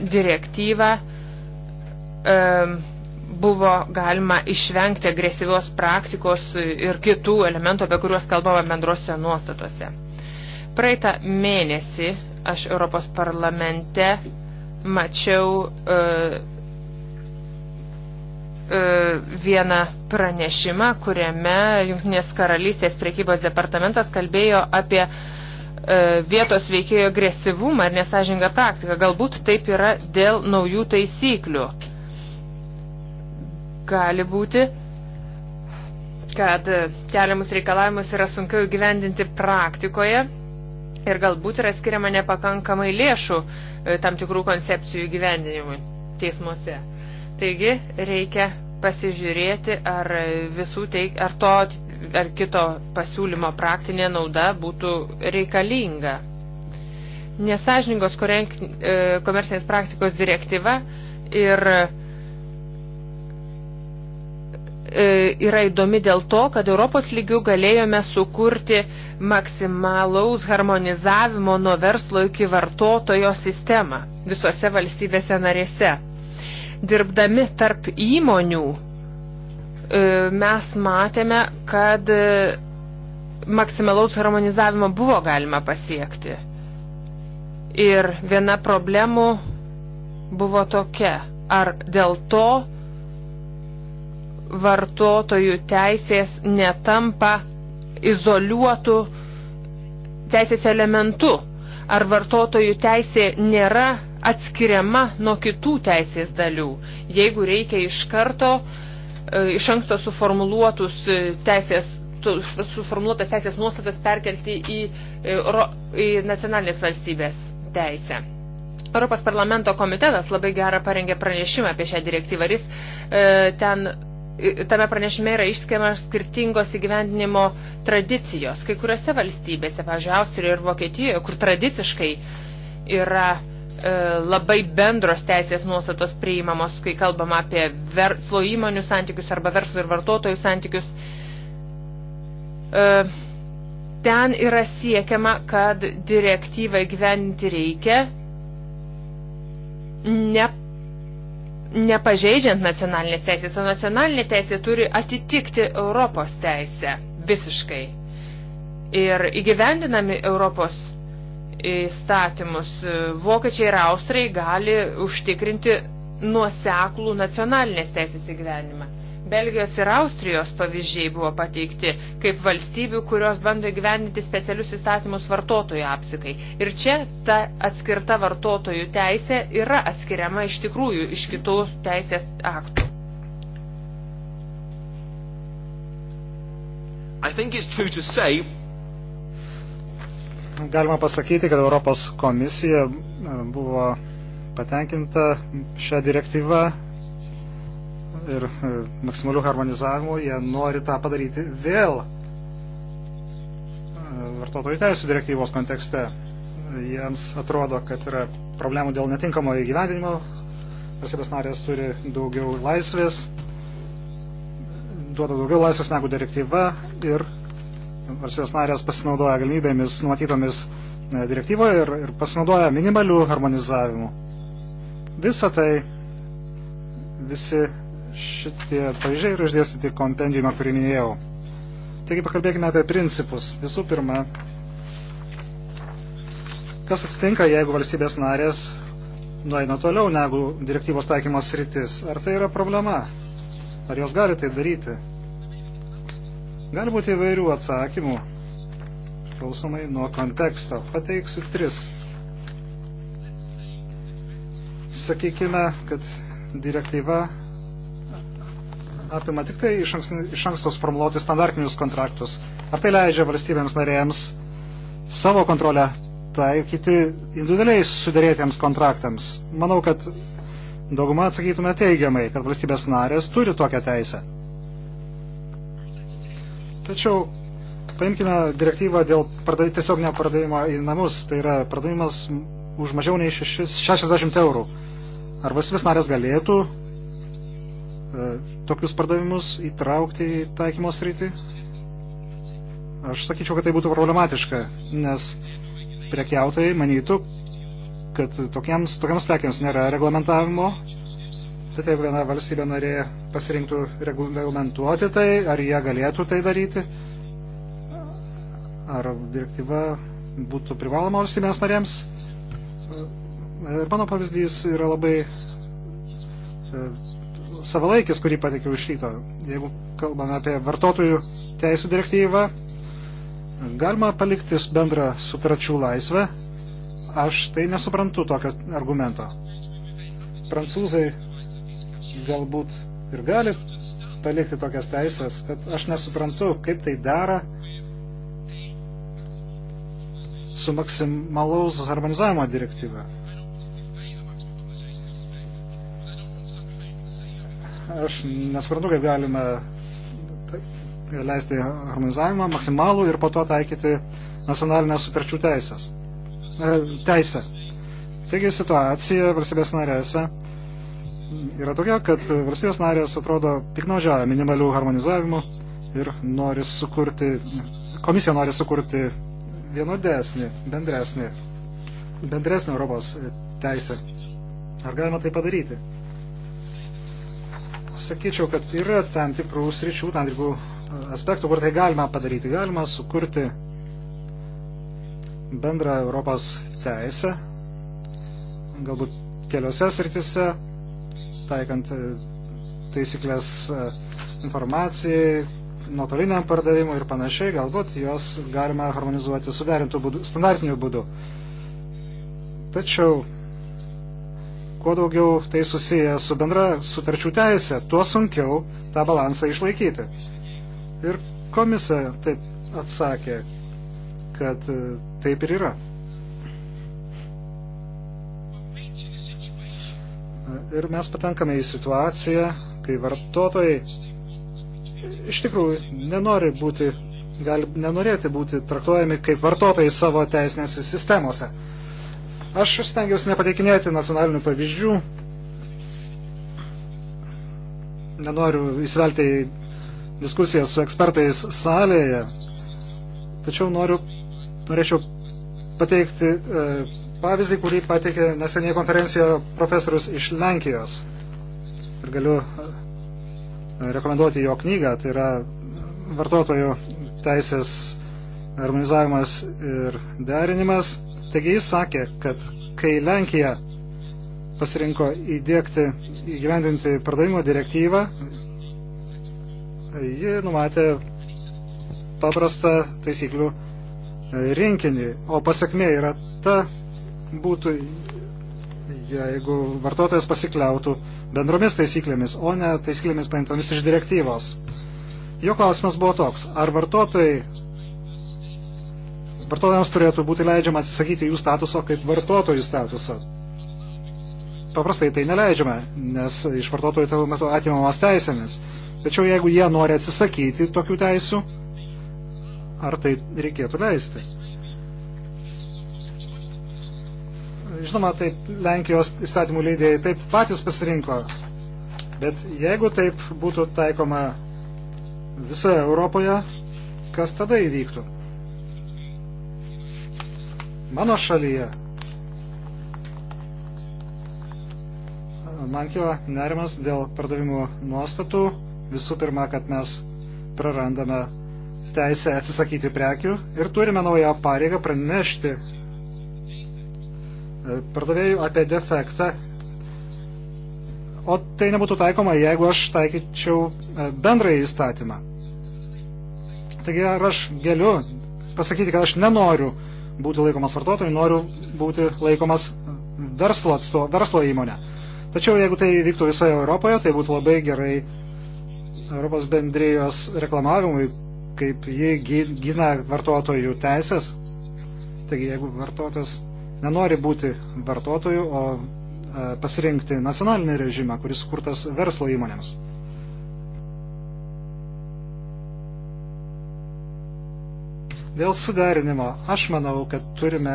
direktyvą um, buvo galima išvengti agresyvios praktikos ir kitų elementų, apie kuriuos kalbama bendrose nuostatose. Praeitą mėnesį aš Europos parlamente mačiau uh, uh, vieną pranešimą, kuriame Junktinės karalystės prekybos departamentas kalbėjo apie uh, vietos veikėjo agresyvumą ir nesažingą praktiką. Galbūt taip yra dėl naujų taisyklių. Uh, Gali būti, kad e, keliamus reikalavimus yra sunkiau gyvendinti praktikoje ir galbūt yra skiriama nepakankamai lėšų e, tam tikrų koncepcijų gyvendinimui teismuose. Taigi reikia pasižiūrėti, ar, visų teik, ar to ar kito pasiūlymo praktinė nauda būtų reikalinga. Nesažiningos e, komercinės praktikos direktyva ir e, E, yra įdomi dėl to, kad Europos lygių galėjome sukurti maksimalaus harmonizavimo nuo verslo iki vartotojo sistemą visose valstybėse narėse. Dirbdami tarp įmonių e, mes matėme, kad e, maksimalaus harmonizavimo buvo galima pasiekti. Ir viena problemų buvo tokia, ar dėl to vartotojų teisės netampa izoliuotų teisės elementu? Ar vartotojų teisė nėra atskiriama nuo kitų teisės dalių? Jeigu reikia iš karto, e, iš anksto suformuluotus e, teisės suformuotas teisės nuostatas perkelti į, e, į nacionalinės valstybės teisę. Europos parlamento komitetas labai gerą parengė pranešimą apie šią direktyvą. Jis e, ten tame pranešime yra išskiriamas skirtingos įgyvendinimo tradicijos. Kai kuriuose valstybėse, pavyzdžiui, Austrijoje ir Vokietijoje, kur tradiciškai yra e, labai bendros teisės nuostatos priimamos, kai kalbam apie verslo įmonių santykius arba verslo ir vartotojų santykius, e, ten yra siekiama, kad direktyvą įgyvendinti reikia ne nepažeidžiant nacionalinės teisės, o nacionalinė teisė turi atitikti Europos teisę visiškai. Ir įgyvendinami Europos įstatymus e, vokiečiai ir austrai gali užtikrinti nuoseklų nacionalinės teisės įgyvenimą. Belgijos ir Austrijos pavyzdžiai buvo pateikti kaip valstybių, kurios bando gyvendinti specialius įstatymus vartotojų apsikai. Ir čia ta atskirta vartotojų teisė yra atskiriama iš tikrųjų iš kitos teisės aktų. I think it's true to say galima pasakyti, kad Europos komisija e, buvo patenkinta šią direktyvą ir e, maksimalių harmonizavimų, jie nori tą padaryti vėl e, vartotojų teisų direktyvos kontekste. E, jiems atrodo, kad yra problemų dėl netinkamo įgyvendinimo, valstybės narės turi daugiau laisvės, duoda daugiau laisvės negu direktyva ir valstybės narės pasinaudoja galimybėmis numatytomis direktyvoje ir, ir pasinaudoja minimalių harmonizavimu. Visą tai visi šitie pavyzdžiai yra išdėstyti kompendiumą, kurį minėjau. Taigi pakalbėkime apie principus. Visų pirma, kas atsitinka, jeigu valstybės narės nueina toliau negu direktyvos taikymos rytis? Ar tai yra problema? Ar jos gali tai daryti? Gali būti įvairių atsakymų, klausomai nuo konteksto. Pateiksiu tris. Sakykime, kad direktyva apima tik tai iš, anks, iš anksto suformuoluoti standartinius kontraktus. Ar tai leidžia valstybėms narėjams savo kontrolę taikyti individualiai sudarėtiems kontraktams? Manau, kad dauguma atsakytume teigiamai, kad valstybės narės turi tokią teisę. Tačiau paimkime direktyvą dėl pardav... tiesiog nepardavimo į namus, tai yra pardavimas už mažiau nei 6... 60 eurų. Ar valstybės narės galėtų e, tokius pardavimus įtraukti į taikymos rytį? Aš sakyčiau, kad tai būtų problematiška, nes prekiautojai manytų, kad tokiams, tokiams prekiams nėra reglamentavimo. Tai jeigu viena valstybė narė pasirinktų reglamentuoti tai, ar jie galėtų tai daryti, ar direktyva būtų privaloma valstybės narėms. Ir mano pavyzdys yra labai savalaikis, kurį pateikiau iš ryto. Jeigu kalbame apie vartotojų teisų direktyvą, galima palikti bendrą sutarčių laisvę. Aš tai nesuprantu tokio argumento. Prancūzai galbūt ir gali palikti tokias teisės, bet aš nesuprantu, kaip tai dera su maksimalaus harmonizavimo direktyva. Aš nesvarbu, kaip galime leisti harmonizavimą maksimalų ir po to taikyti nacionalinę sutarčių teisės. E, teisę. Taigi situacija valstybės narėse yra tokia, kad valstybės narės atrodo piknaudžiavę minimalių harmonizavimų ir nori sukurti, komisija nori sukurti vienodesnį, bendresnį, bendresnį Europos teisę. Ar galima tai padaryti? sakyčiau, kad yra tam tikrų sričių, tam tikrų e, aspektų, kur tai galima padaryti. Galima sukurti bendrą Europos teisę, galbūt keliose sritise, taikant e, taisyklės e, informacijai, nuotoliniam pardavimui ir panašiai, galbūt jos galima harmonizuoti suderintų būdų, standartinių būdų. Tačiau kuo daugiau tai susiję su bendra sutarčių teisė, tuo sunkiau tą balansą išlaikyti. Ir komisija taip atsakė, kad e, taip ir yra. Ir mes patenkame į situaciją, kai vartotojai iš tikrųjų nenori būti, gali nenorėti būti traktuojami kaip vartotojai savo teisinėse sistemose. Aš stengiausi nepateikinėti nacionalinių pavyzdžių. Nenoriu įsivelti į diskusiją su ekspertais salėje, tačiau noriu, norėčiau pateikti e, pavyzdį, kurį pateikė neseniai konferencijoje profesorius iš Lenkijos. Ir galiu e, rekomenduoti jo knygą, tai yra vartotojų teisės harmonizavimas ir derinimas. Taigi jis sakė, kad kai Lenkija pasirinko įdėkti, įgyvendinti pardavimo direktyvą, ji numatė paprastą taisyklių rinkinį, o pasiekmė yra ta būtų, jeigu vartotojas pasikliautų bendromis taisyklėmis, o ne taisyklėmis paimtomis iš direktyvos. Jo klausimas buvo toks, ar vartotojai Vartotojams turėtų būti leidžiama atsisakyti jų statuso kaip vartotojų statuso. Paprastai tai neleidžiama, nes iš vartotojų tavo metu atimamas teisėmis. Tačiau jeigu jie nori atsisakyti tokių teisių, ar tai reikėtų leisti? Žinoma, taip Lenkijos įstatymų leidėjai taip patys pasirinko, bet jeigu taip būtų taikoma visoje Europoje, kas tada įvyktų? Mano šalyje man kila nerimas dėl pardavimų nuostatų. Visų pirma, kad mes prarandame teisę atsisakyti prekių ir turime naują pareigą pranešti e, pardavėjų apie defektą. O tai nebūtų taikoma, jeigu aš taikyčiau e, bendrąjį įstatymą. Taigi ar aš galiu pasakyti, kad aš nenoriu būti laikomas vartotojų, noriu būti laikomas verslo, atsto, verslo įmonė. Tačiau jeigu tai vyktų visoje Europoje, tai būtų labai gerai Europos bendrijos reklamavimui, kaip ji gina vartotojų teisės. Taigi, jeigu vartotojas nenori būti vartotoju, o e, pasirinkti nacionalinį režimą, kuris skurtas verslo įmonėms. Dėl sudarinimo aš manau, kad turime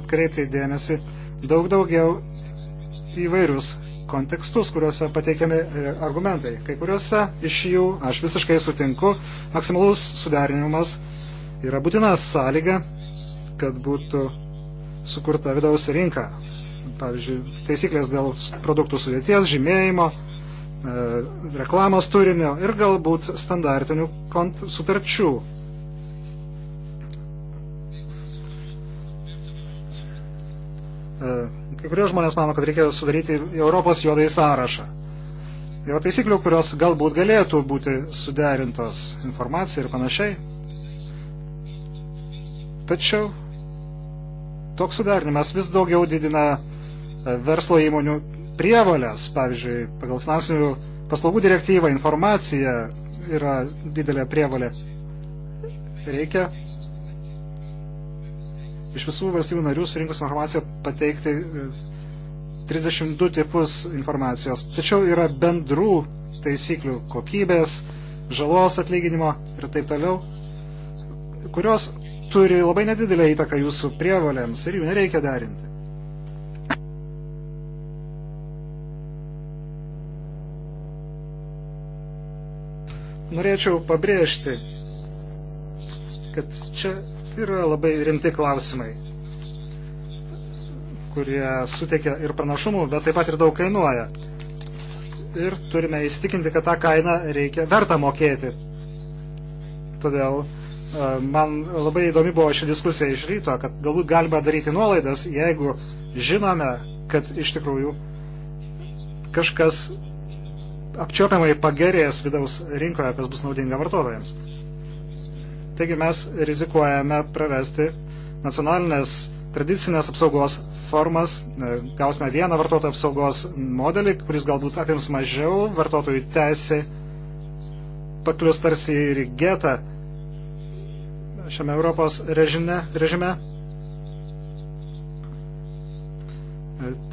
atkreipti dėmesį daug daugiau įvairius kontekstus, kuriuose pateikiami e, argumentai. Kai kuriuose iš jų aš visiškai sutinku, maksimalus sudarinimas yra būtina sąlyga, kad būtų sukurta vidaus rinka. Pavyzdžiui, taisyklės dėl produktų sudėties, žymėjimo, e, reklamos turinio ir galbūt standartinių sutarčių E, kai kurie žmonės mano, kad reikia sudaryti Europos juodai sąrašą. Yra taisyklių, kurios galbūt galėtų būti suderintos informacija ir panašiai. Tačiau toks suderinimas vis daugiau didina e, verslo įmonių prievalės. Pavyzdžiui, pagal finansinių paslaugų direktyvą informacija yra didelė prievalė. Reikia iš visų valstybių narių surinkus informaciją pateikti 32 e, tipus informacijos. Tačiau yra bendrų taisyklių kokybės, žalos atlyginimo ir taip toliau, kurios turi labai nedidelę įtaką jūsų prievalėms ir jų nereikia derinti. Norėčiau pabrėžti, kad čia yra labai rimti klausimai, kurie suteikia ir pranašumų, bet taip pat ir daug kainuoja. Ir turime įstikinti, kad tą kainą reikia verta mokėti. Todėl e, man labai įdomi buvo ši diskusija iš ryto, kad galbūt galima daryti nuolaidas, jeigu žinome, kad iš tikrųjų kažkas apčiopiamai pagerės vidaus rinkoje, kas bus naudinga vartotojams. Taigi mes rizikuojame prarasti nacionalinės tradicinės apsaugos formas, e, gausime vieną vartotojų apsaugos modelį, kuris galbūt apims mažiau vartotojų teisė, paklius tarsi ir getą šiame Europos režime, režime.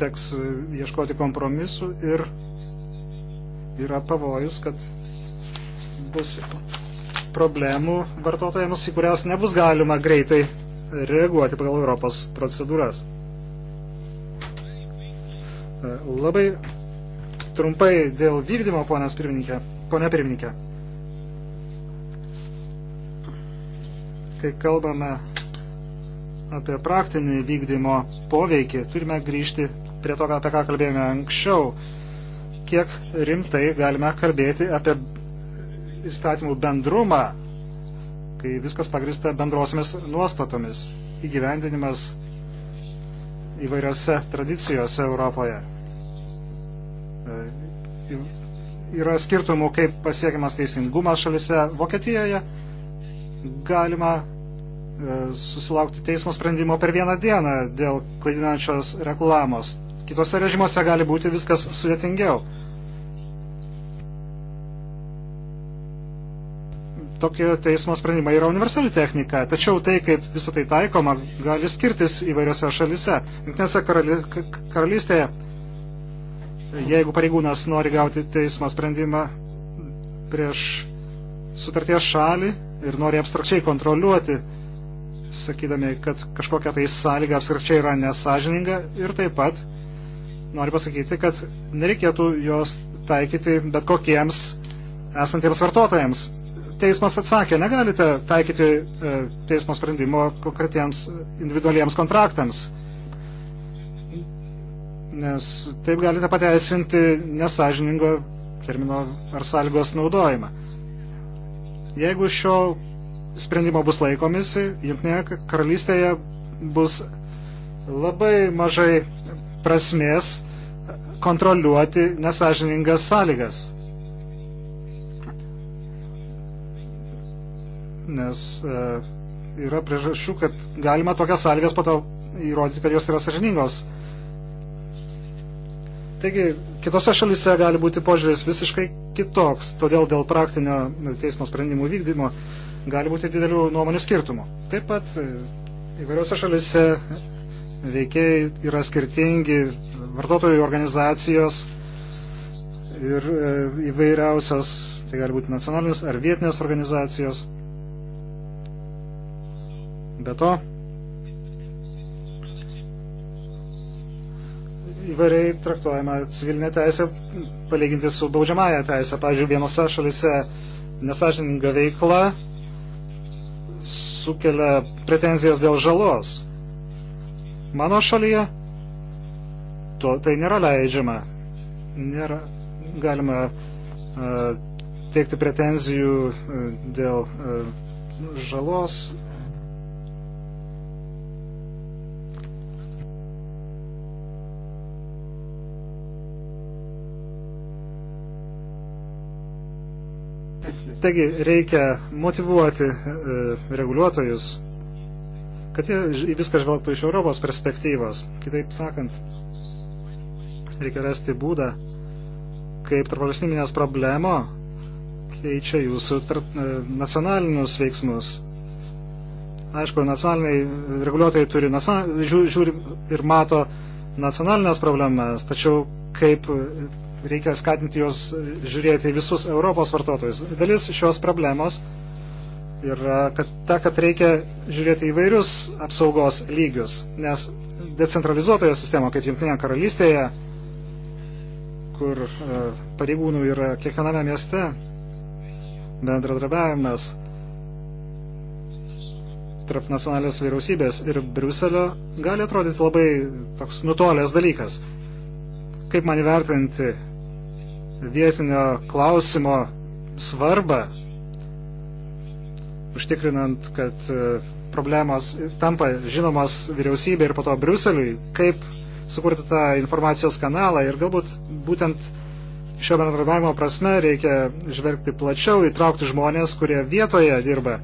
Teks e, ieškoti kompromisų ir yra pavojus, kad bus problemų vartotojams, į kurias nebus galima greitai reaguoti pagal Europos procedūras. Labai trumpai dėl vykdymo, ponas pirmininkė, ponė pirmininkė. Kai kalbame apie praktinį vykdymo poveikį, turime grįžti prie to, apie ką kalbėjome anksčiau, kiek rimtai galime kalbėti apie įstatymų bendrumą, kai viskas pagrista bendrosiamis nuostatomis, įgyvendinimas įvairiose tradicijose Europoje. E, yra skirtumų, kaip pasiekiamas teisingumas šalise Vokietijoje. Galima e, susilaukti teismo sprendimo per vieną dieną dėl klaidinančios reklamos. Kitose režimuose gali būti viskas sudėtingiau. tokie teismo sprendimai yra universali technika, tačiau tai, kaip visą tai taikoma, gali skirtis įvairiose šalise. Jungtinėse karalystėje, jeigu pareigūnas nori gauti teismo sprendimą prieš sutarties šalį ir nori abstrakčiai kontroliuoti, sakydami, kad kažkokia tai sąlyga abstrakčiai yra nesažininga ir taip pat nori pasakyti, kad nereikėtų jos taikyti bet kokiems esantiems vartotojams teismas atsakė, negalite taikyti e, teismo sprendimo konkretiems individualiems kontraktams, nes taip galite pateisinti nesažiningo termino ar sąlygos naudojimą. Jeigu šio sprendimo bus laikomisi, jungtinėje karalystėje bus labai mažai prasmės kontroliuoti nesažiningas sąlygas. nes e, yra priežasčių, kad galima tokias sąlygas po to įrodyti, kad jos yra sažiningos. Taigi, kitose šalyse gali būti požiūrės visiškai kitoks, todėl dėl praktinio teismo sprendimų vykdymo gali būti didelių nuomonių skirtumų. Taip pat e, įvairiose šalise veikiai yra skirtingi vartotojų organizacijos ir e, įvairiausios, tai gali būti nacionalinės ar vietinės organizacijos. Be to, įvairiai traktuojama civilinė teisė palyginti su baudžiamąją teisę. Pavyzdžiui, vienose šalise nesažininga veikla sukelia pretenzijas dėl žalos. Mano šalyje to, tai nėra leidžiama. Nėra galima uh, teikti pretenzijų uh, dėl uh, žalos Taigi reikia motivuoti e, reguliuotojus, kad jie viską žvelgtų iš Europos perspektyvos. Kitaip sakant, reikia rasti būdą, kaip tarpvalstybinės problemo keičia jūsų e, nacionalinius veiksmus. Aišku, nacionaliniai e, reguliuotojai turi, žiūri ir mato nacionalinės problemas, tačiau kaip reikia skatinti juos žiūrėti visus Europos vartotojus. Dalis šios problemos yra kad ta, kad reikia žiūrėti įvairius apsaugos lygius, nes decentralizuotoje sistemoje, kaip Junktinėje karalystėje, kur e, pareigūnų yra kiekviename mieste, bendradarbiavimas tarp nacionalės vyriausybės ir Briuselio gali atrodyti labai toks nutolęs dalykas. Kaip man įvertinti vietinio klausimo svarbą, užtikrinant, kad e, problemos tampa žinomos vyriausybė ir po to Briuseliui, kaip sukurti tą informacijos kanalą ir galbūt būtent šio bendradarbiavimo prasme reikia žvelgti plačiau, įtraukti žmonės, kurie vietoje dirba.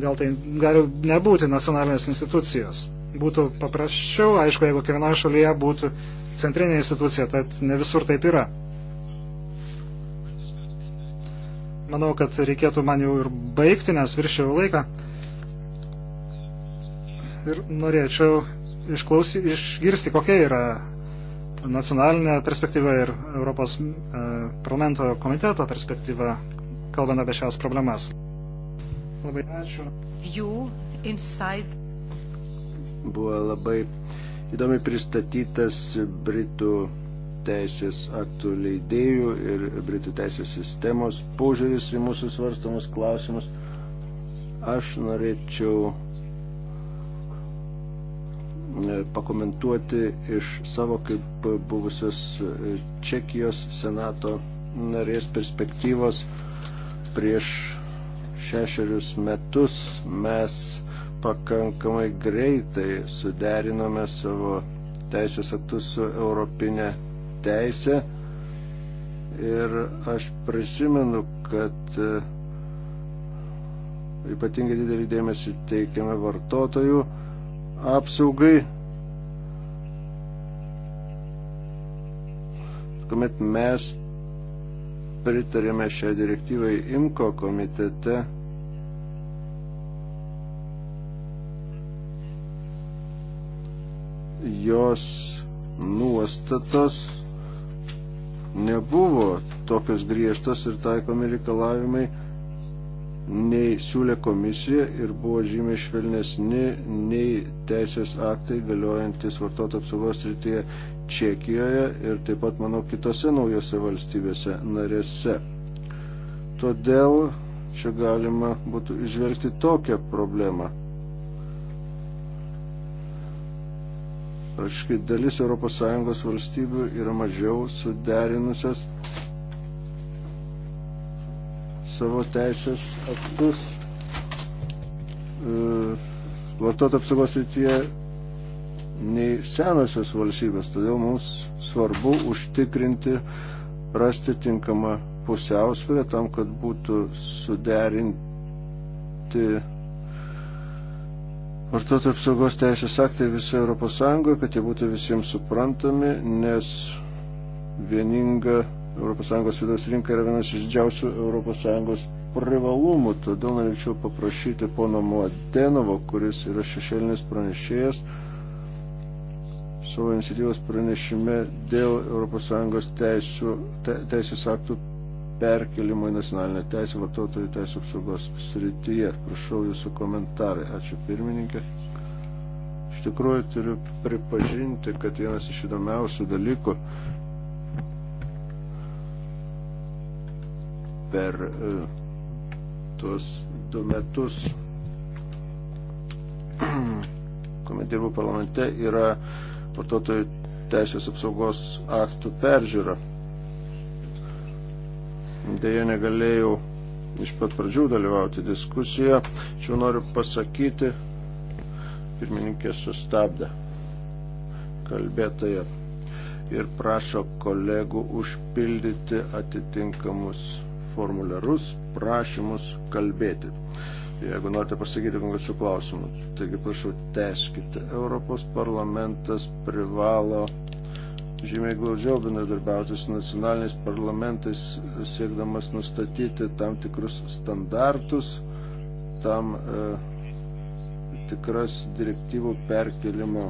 Gal tai gali nebūti nacionalinės institucijos. Būtų paprasčiau, aišku, jeigu kiekvienoje šalyje būtų centrinė institucija, tad ne visur taip yra. Manau, kad reikėtų man jau ir baigti, nes viršiau laiką. Ir norėčiau išklausy, išgirsti, kokia yra nacionalinė perspektyva ir Europos e, parlamento komiteto perspektyva, kalbant apie šias problemas. Labai ačiū. Jų insight. Buvo labai įdomiai pristatytas Britų teisės aktų leidėjų ir Britų teisės sistemos požiūris į mūsų svarstamus klausimus. Aš norėčiau e, pakomentuoti iš savo kaip buvusios e, Čekijos senato narės perspektyvos prieš šešerius metus mes pakankamai greitai suderinome savo teisės aktus su europinė teisė. Ir aš prisimenu, kad e, ypatingai didelį dėmesį teikiame vartotojų apsaugai, kuomet mes pritarėme šią direktyvą į IMKO komitete jos nuostatos nebuvo tokios griežtos ir taikomi reikalavimai nei siūlė komisija ir buvo žymiai švelnesni nei teisės aktai galiojantis vartotojų apsaugos srityje Čekijoje ir taip pat, manau, kitose naujose valstybėse narėse. Todėl čia galima būtų išvelgti tokią problemą. Praktiškai dalis ES valstybių yra mažiau suderinusios savo teisės aktus. E, vartotojų apsaugos rytyje nei senosios valstybės, todėl mums svarbu užtikrinti, rasti tinkamą pusiausvyrę tam, kad būtų suderinti vartotojų apsaugos teisės aktai visoje Europos Sąjungoje, kad jie būtų visiems suprantami, nes vieninga Europos Sąjungos vidaus rinka yra vienas iš didžiausių Europos Sąjungos privalumų. Todėl norėčiau paprašyti pono Muadenovo, kuris yra šešėlinis pranešėjas, savo iniciatyvos pranešime dėl ES teisų, te, teisės aktų perkelimo į nacionalinę teisę vartotojų teisų apsaugos srityje. Prašau jūsų komentarai. Ačiū pirmininkė. Iš tikrųjų turiu pripažinti, kad vienas iš įdomiausių dalykų per e, tuos du metus, kuomet dirbu parlamente, yra vartotojų teisės apsaugos aktų peržiūra dėja negalėjau iš pat pradžių dalyvauti diskusiją, čia noriu pasakyti, pirmininkė sustabdė kalbėtoje ir prašo kolegų užpildyti atitinkamus formulerus, prašymus kalbėti. Jeigu norite pasakyti konkrečių klausimų, taigi prašau, teskite. Europos parlamentas privalo žymiai glaudžiau bendradarbiauti su nacionaliniais parlamentais, siekdamas nustatyti tam tikrus standartus, tam e, tikras direktyvų perkelimo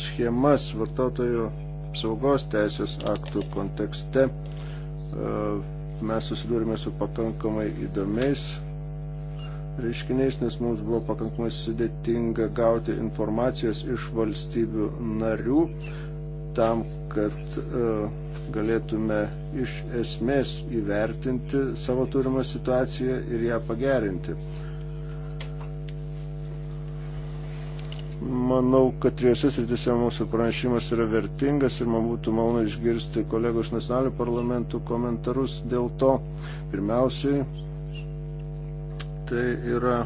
schemas vartotojų apsaugos teisės aktų kontekste. E, mes susidūrėme su pakankamai įdomiais reiškiniais, nes mums buvo pakankamai sudėtinga gauti informacijos iš valstybių narių tam, kad e, galėtume iš esmės įvertinti savo turimą situaciją ir ją pagerinti. Manau, kad trijose srityse mūsų pranešimas yra vertingas ir man būtų malonu išgirsti kolegų iš nacionalinių parlamentų komentarus dėl to. Pirmiausiai, tai yra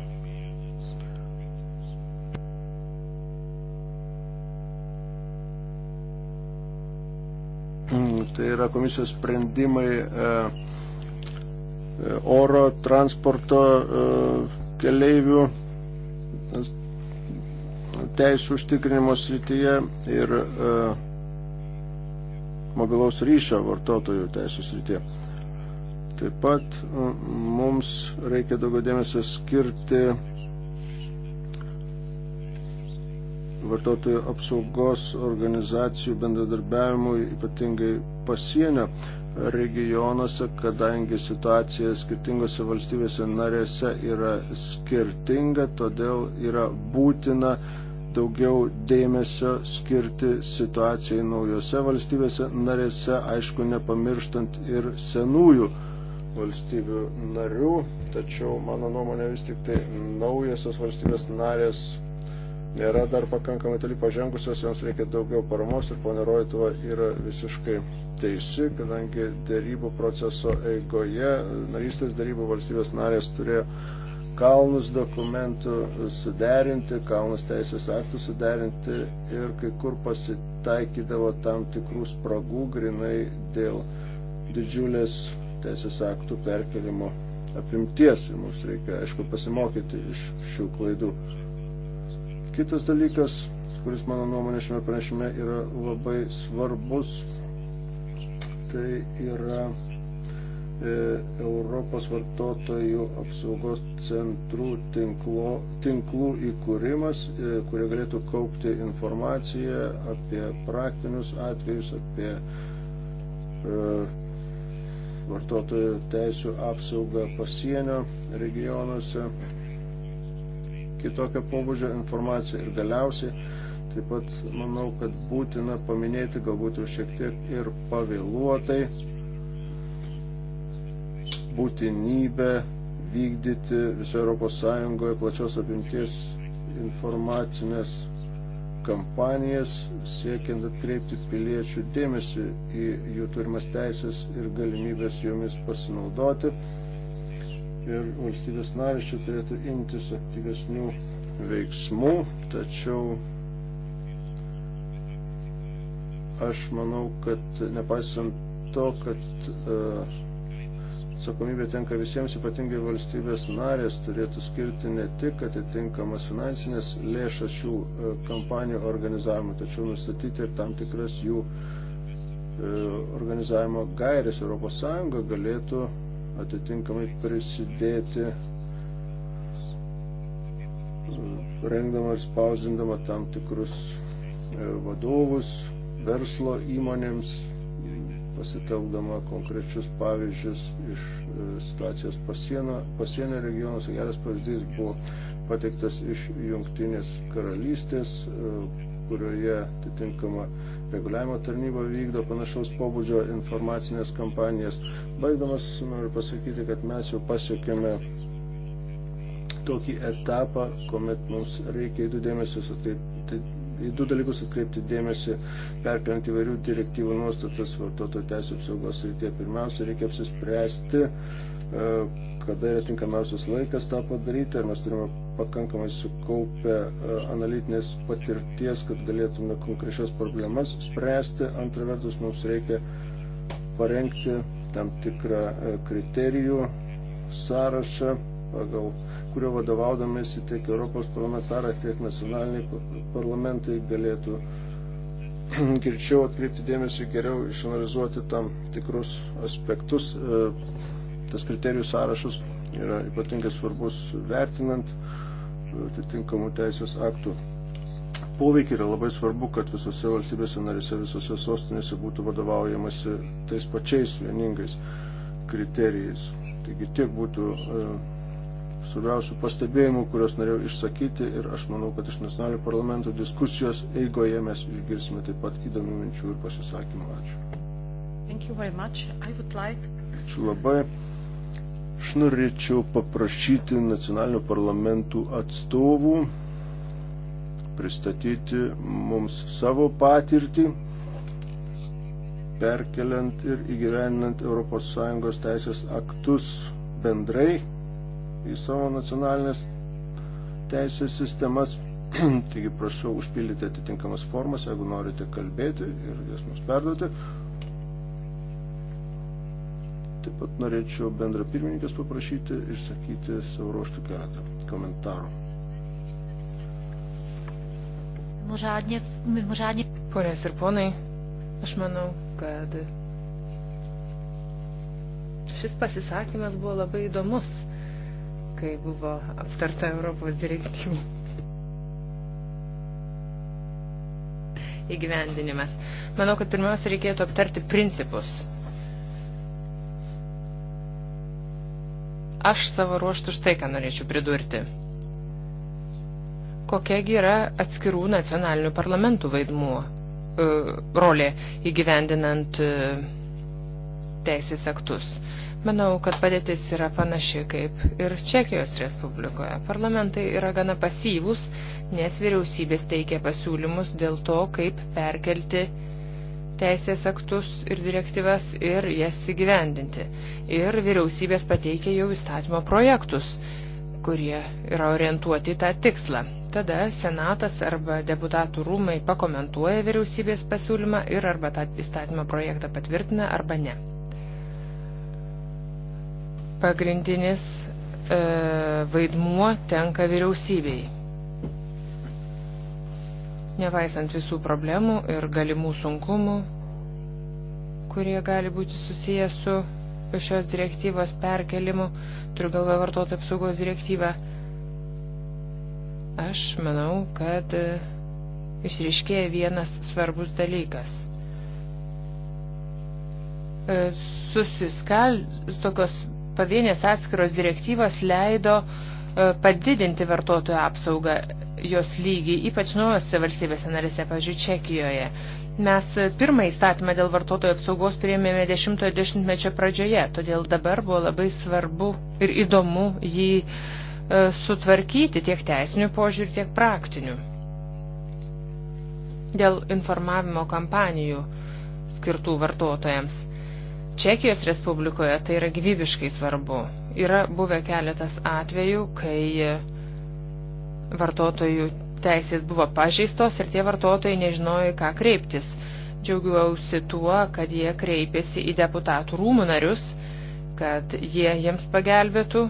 Tai yra komisijos sprendimai e, e, oro transporto e, keleivių teisų užtikrinimo srityje ir mobilaus ryšio vartotojų teisų srityje. Taip pat mums reikia daugiau dėmesio skirti vartotojų apsaugos organizacijų bendradarbiavimui, ypatingai pasienio regionuose, kadangi situacija skirtingose valstybėse narėse yra skirtinga, todėl yra būtina daugiau dėmesio skirti situacijai naujose valstybėse narėse, aišku, nepamirštant ir senųjų valstybių narių, tačiau mano nuomonė vis tik tai naujasios valstybės narės nėra dar pakankamai toli pažengusios, joms reikia daugiau paramos ir ponė Roitova yra visiškai teisi, kadangi dėrybų proceso eigoje narystės dėrybų valstybės narės turėjo kalnus dokumentų suderinti, kalnus teisės aktų suderinti ir kai kur pasitaikydavo tam tikrų spragų grinai dėl didžiulės teisės aktų perkelimo apimties ir mums reikia, aišku, pasimokyti iš šių klaidų. Kitas dalykas, kuris mano nuomonė šiame pranešime yra labai svarbus, tai yra e, Europos vartotojų apsaugos centrų tinklo, tinklų įkūrimas, e, kurie galėtų kaupti informaciją apie praktinius atvejus, apie e, vartotojų teisų apsaugą pasienio regionuose kitokio pobūdžio informaciją ir galiausiai taip pat manau, kad būtina paminėti galbūt jau šiek tiek ir pavėluotai būtinybę vykdyti visoje Europos Sąjungoje plačios apimties informacinės kampanijas, siekiant atkreipti piliečių dėmesį į jų turimas teisės ir galimybės jomis pasinaudoti ir valstybės narės čia turėtų imtis aktyvesnių veiksmų, tačiau aš manau, kad nepaisant to, kad e, atsakomybė tenka visiems, ypatingai valstybės narės turėtų skirti ne tik atitinkamas finansinės lėšas šių e, kampanijų organizavimui, tačiau nustatyti ir tam tikras jų e, organizavimo gairės Europos Sąjunga galėtų atitinkamai prisidėti rengdama ir spausdindama tam tikrus e, vadovus verslo įmonėms, pasitelkdama konkrečius pavyzdžius iš e, situacijos pasienio, pasienio regionuose. Geras pavyzdys buvo pateiktas iš Jungtinės karalystės, e, kurioje atitinkama reguliavimo tarnyba vykdo panašaus pobūdžio informacinės kampanijas. Baigdamas noriu pasakyti, kad mes jau pasiekėme tokį etapą, kuomet mums reikia į du, dėmesius atkreipti, į du dalykus atkreipti dėmesį, perkant įvairių direktyvų nuostatas vartotojų teisų apsaugos srityje. Pirmiausia, reikia apsispręsti, e, kada yra tinkamiausias laikas tą padaryti, ar mes turime pakankamai sukaupę e, analitinės patirties, kad galėtume konkrečias problemas spręsti. Antra vertus, mums reikia parengti tam tikrą e, kriterijų sąrašą, pagal kurio vadovaudamėsi tiek Europos parlamentarai, tiek nacionaliniai parlamentai galėtų greičiau atkreipti dėmesį, geriau išanalizuoti tam tikrus aspektus. E, tas kriterijų sąrašas yra ypatingai svarbus vertinant atitinkamų teisės aktų poveikį yra labai svarbu, kad visose valstybėse narėse, visose sostinėse būtų vadovaujamasi tais pačiais vieningais kriterijais. Taigi tiek būtų e, svarbiausių pastebėjimų, kuriuos norėjau išsakyti ir aš manau, kad iš nacionalinio parlamento diskusijos eigoje mes išgirsime taip pat įdomių minčių ir pasisakymų. Ačiū. Like... Ačiū labai. Aš norėčiau paprašyti nacionalinių parlamentų atstovų pristatyti mums savo patirtį, perkeliant ir įgyveninant ES teisės aktus bendrai į savo nacionalinės teisės sistemas. Taigi prašau užpildyti atitinkamas formas, jeigu norite kalbėti ir jas mums perduoti. Taip pat norėčiau bendra pirmininkės paprašyti išsakyti savo ruoštų keletą komentarų. Mimořádně, mimořádně. Ponės ir ponai, aš manau, kad šis pasisakymas buvo labai įdomus, kai buvo aptarta Europos direktyvų įgyvendinimas. Manau, kad pirmiausia reikėtų aptarti principus Aš savo ruoštų štai ką norėčiau pridurti. Kokiagi yra atskirų nacionalinių parlamentų vaidmuo, e, rolė įgyvendinant e, teisės aktus. Manau, kad padėtis yra panaši kaip ir Čekijos Respublikoje. Parlamentai yra gana pasyvūs, nes vyriausybės teikia pasiūlymus dėl to, kaip perkelti uh, teisės aktus ir direktyvas ir jas įgyvendinti. Ir vyriausybės pateikė jau įstatymo projektus, kurie yra orientuoti į tą tikslą. Tada senatas arba deputatų rūmai pakomentuoja vyriausybės pasiūlymą ir arba tą įstatymo projektą patvirtina arba ne. Pagrindinis e, vaidmuo tenka vyriausybei Nevaisant visų problemų ir galimų sunkumų, kurie gali būti susijęs su šios direktyvos perkelimu, turiu galvoje vartotojų apsaugos direktyvą, aš manau, kad e, išriškėja vienas svarbus dalykas. E, susiskal, tokios pavienės atskiros direktyvos leido e, padidinti vartotojų apsaugą jos lygį, ypač naujose valstybėse narėse, pavyzdžiui, Čekijoje. Mes pirmą įstatymą dėl vartotojų apsaugos priėmėme 10-mečio pradžioje, todėl dabar buvo labai svarbu ir įdomu jį e, sutvarkyti tiek teisinių požiūrį, tiek praktinių. Dėl informavimo kampanijų skirtų vartotojams. Čekijos Respublikoje tai yra gyvybiškai svarbu. Yra buvę keletas atvejų, kai vartotojų teisės buvo pažeistos ir tie vartotojai nežinojo, į ką kreiptis. Džiaugiausi tuo, kad jie kreipėsi į deputatų rūmų narius, kad jie jiems pagelbėtų.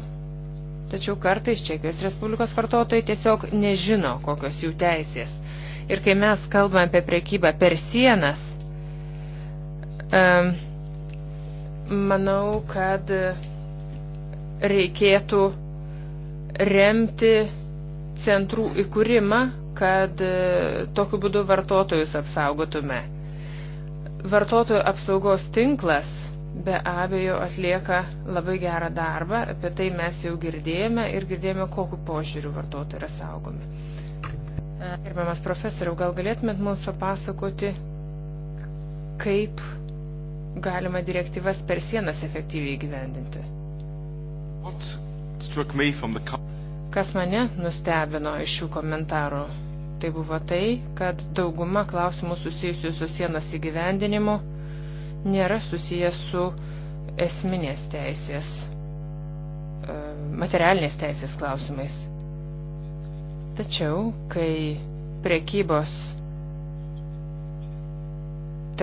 Tačiau kartais Čekijos Respublikos vartotojai tiesiog nežino, kokios jų teisės. Ir kai mes kalbame apie prekybą per sienas, manau, kad reikėtų remti centrų įkūrimą, kad e, tokiu būdu vartotojus apsaugotume. Vartotojų apsaugos tinklas be abejo atlieka labai gerą darbą, apie tai mes jau girdėjome ir girdėjome, kokiu požiūriu vartotojai yra saugomi. E, gerbiamas profesoriau, gal galėtumėt mums papasakoti, kaip galima direktyvas per sienas efektyviai gyvendinti? What struck me from the Kas mane nustebino iš šių komentarų, tai buvo tai, kad dauguma klausimų susijusių su sienos įgyvendinimu nėra susijęs su esminės teisės, e, materialinės teisės klausimais. Tačiau, kai prekybos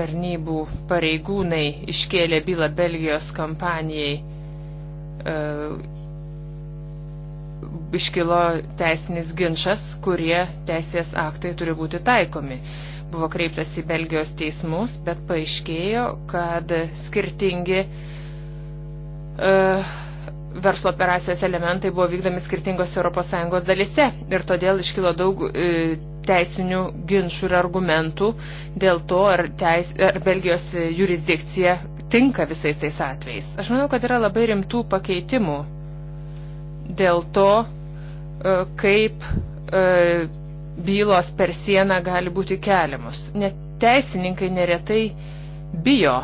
tarnybų pareigūnai iškėlė bylą Belgijos kompanijai e, iškilo teisinis ginčas, kurie teisės aktai turi būti taikomi. Buvo kreiptas į Belgijos teismus, bet paaiškėjo, kad skirtingi uh, verslo operacijos elementai buvo vykdomi skirtingos ES dalise ir todėl iškilo daug e, teisinių ginčių ir argumentų dėl to, ar, teis, ar Belgijos jurisdikcija tinka visais tais atvejais. Aš manau, kad yra labai rimtų pakeitimų dėl to, e, kaip e, bylos per sieną gali būti keliamos. Net teisininkai neretai bijo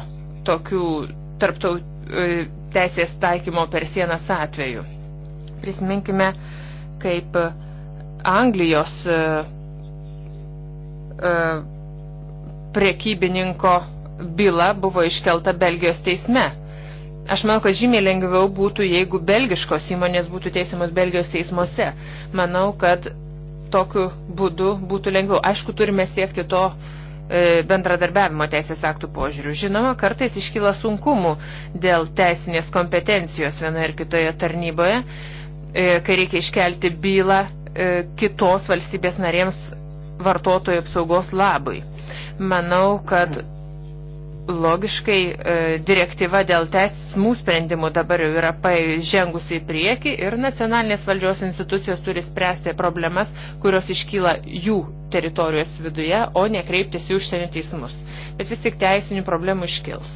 tokių tarptau e, teisės taikymo per sienas atveju. Prisiminkime, kaip Anglijos prekybininko byla buvo iškelta Belgijos teisme Aš manau, kad žymiai lengviau būtų, jeigu belgiškos įmonės būtų teisiamos Belgijos teismuose. Manau, kad tokiu būdu būtų lengviau. Aišku, turime siekti to e, bendradarbiavimo teisės aktų požiūrių. Žinoma, kartais iškyla sunkumų dėl teisinės kompetencijos vienoje ir kitoje tarnyboje, e, kai reikia iškelti bylą e, kitos valstybės narėms vartotojų apsaugos labui. Manau, kad logiškai e, direktyva dėl teismų sprendimų dabar jau yra pažengusi į priekį ir nacionalinės valdžios institucijos turi spręsti problemas, kurios iškyla jų teritorijos viduje, o ne kreiptis į užsienio teismus. Bet vis tik teisinių problemų iškils.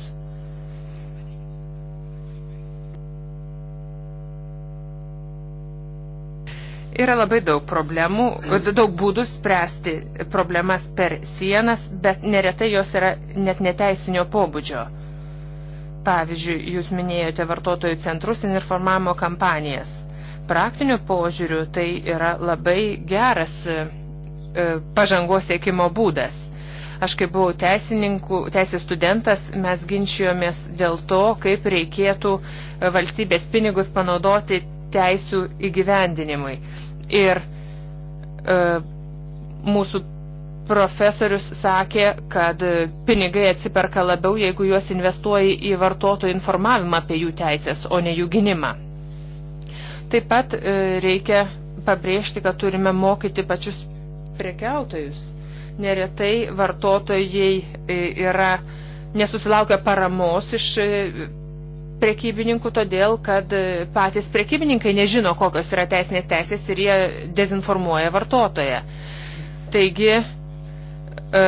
Yra labai daug problemų, mm. daug būdų spręsti problemas per sienas, bet neretai jos yra net neteisinio pobūdžio. Pavyzdžiui, jūs minėjote vartotojų centrus ir informavimo kampanijas. Praktiniu požiūriu tai yra labai geras e, e pažangos siekimo būdas. Aš kai buvau teisininku, teisės studentas, mes ginčijomės dėl to, kaip reikėtų e, valstybės pinigus panaudoti teisių įgyvendinimui. Ir e, mūsų profesorius sakė, kad pinigai atsiperka labiau, jeigu juos investuoji į vartotojų informavimą apie jų teisės, o ne jų gynimą. Taip pat e, reikia pabrėžti, kad turime mokyti pačius prekiautojus. Neretai vartotojai e, yra nesusilaukia paramos iš e, prekybininkų todėl, kad e, patys prekybininkai nežino, kokios yra teisinės teisės ir jie dezinformuoja vartotoje. Taigi, e,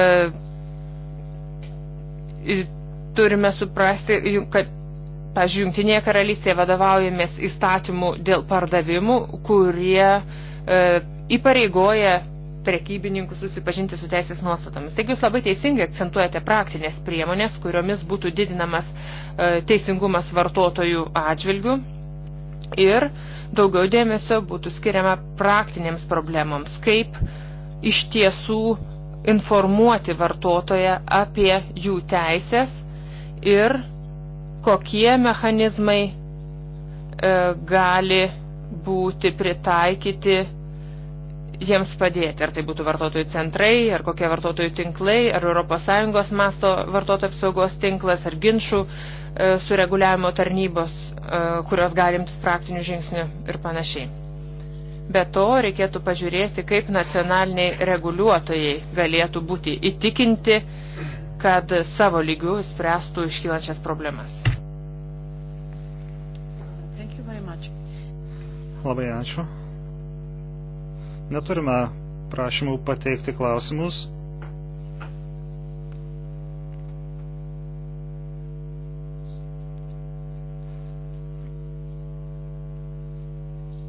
turime suprasti, kad, pažiūrėjau, Junktinėje karalystėje vadovaujamės įstatymų dėl pardavimų, kurie e, įpareigoja prekybininkų susipažinti su teisės nuostatomis. Taigi jūs labai teisingai akcentuojate praktinės priemonės, kuriomis būtų didinamas e, teisingumas vartotojų atžvilgių ir daugiau dėmesio būtų skiriama praktinėms problemoms, kaip iš tiesų informuoti vartotoją apie jų teisės ir kokie mechanizmai e, gali būti pritaikyti jiems padėti, ar tai būtų vartotojų centrai, ar kokie vartotojų tinklai, ar ES masto vartotojų apsaugos tinklas, ar ginčių e, sureguliavimo tarnybos, e, kurios galimtis praktinių žingsnių ir panašiai. Be to, reikėtų pažiūrėti, kaip nacionaliniai reguliuotojai galėtų būti įtikinti, kad savo lygių spręstų iškylančias problemas. Labai ačiū. Neturime prašymų pateikti klausimus.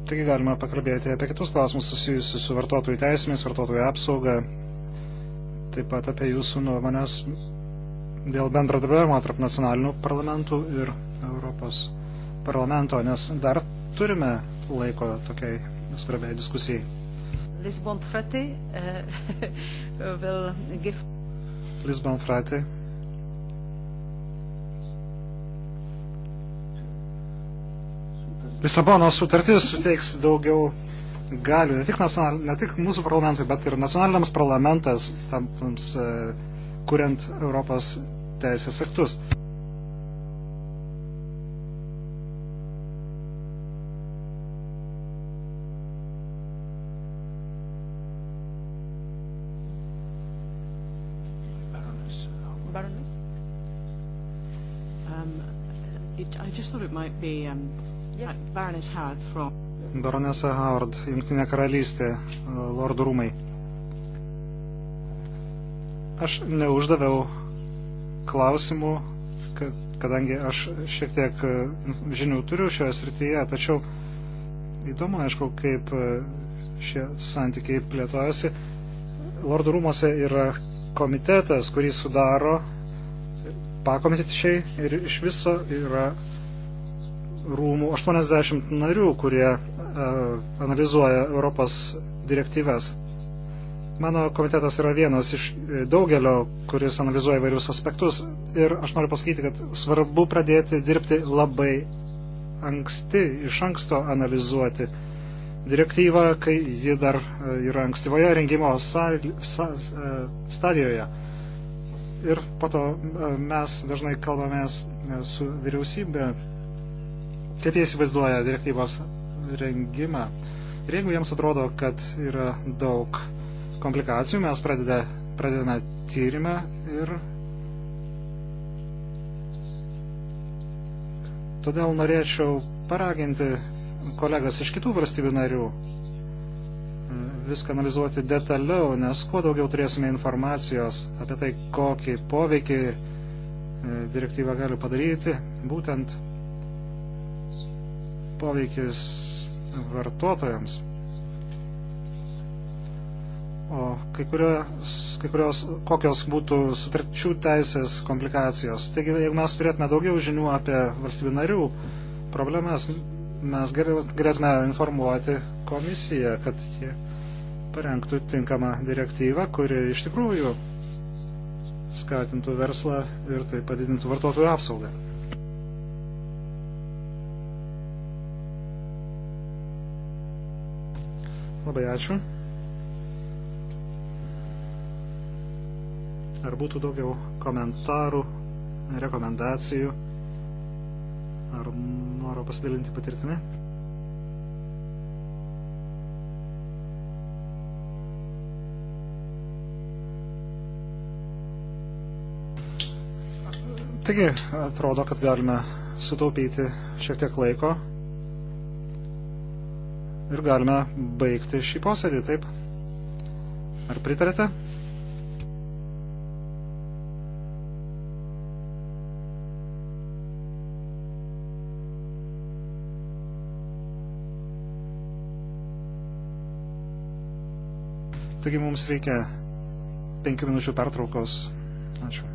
Taigi galima pakalbėti apie kitus klausimus susijusius su vartotojų teisėmis, vartotojų apsauga, taip pat apie jūsų nuomonės dėl bendradarbiavimo tarp nacionalinių parlamentų ir Europos parlamento, nes dar turime laiko tokiai svarbiai diskusijai. Lisbon Fraté eh, uh, eh, will give. Lisbon Fraté. Lisabono sutartis suteiks daugiau galių, ne tik, nacional, ne tik mūsų parlamentui, bet ir nacionaliniams parlamentams, eh, kuriant Europos teisės aktus. might be um, yes. Baroness Howard from. Baronesa Howard, Junktinė karalystė, Lordų rūmai. Aš neuždaviau klausimų, kadangi aš šiek tiek e, žinių turiu šioje srityje, tačiau įdomu, aišku, kaip e, šie santykiai plėtojasi. Lordų rūmose yra komitetas, kurį sudaro pakomitečiai ir iš viso yra rūmų 80 narių, kurie e, analizuoja Europos direktyves. Mano komitetas yra vienas iš e, daugelio, kuris analizuoja vairius aspektus ir aš noriu pasakyti, kad svarbu pradėti dirbti labai anksti, iš anksto analizuoti direktyvą, kai ji dar e, yra ankstyvoje rengimo stadijoje. Ir po to mes dažnai kalbamės su vyriausybė kaip jie įsivaizduoja direktyvos rengimą. Ir jeigu jiems atrodo, kad yra daug komplikacijų, mes pradeda, pradedame tyrimą ir todėl norėčiau paraginti kolegas iš kitų valstybių narių mm, viską analizuoti detaliau, nes kuo daugiau turėsime informacijos apie tai, kokį poveikį mm, direktyva gali padaryti, būtent poveikis vartotojams. O kai kurios, kai kurios, kokios būtų sutarčių teisės komplikacijos. Taigi, jeigu mes turėtume daugiau žinių apie valstybių narių problemas, mes galėtume informuoti komisiją, kad jie parengtų tinkamą direktyvą, kuri iš tikrųjų skatintų verslą ir tai padidintų vartotojų apsaugą. Labai ačiū. Ar būtų daugiau komentarų, rekomendacijų, ar noro pasidalinti patirtimi? Taigi, atrodo, kad galime sutaupyti šiek tiek laiko ir galime baigti šį posėdį, taip? Ar pritarėte? Taigi mums reikia penkių minučių pertraukos. Ačiū.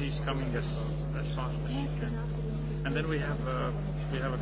she's coming as, as fast as she can. And then we have, uh, we have a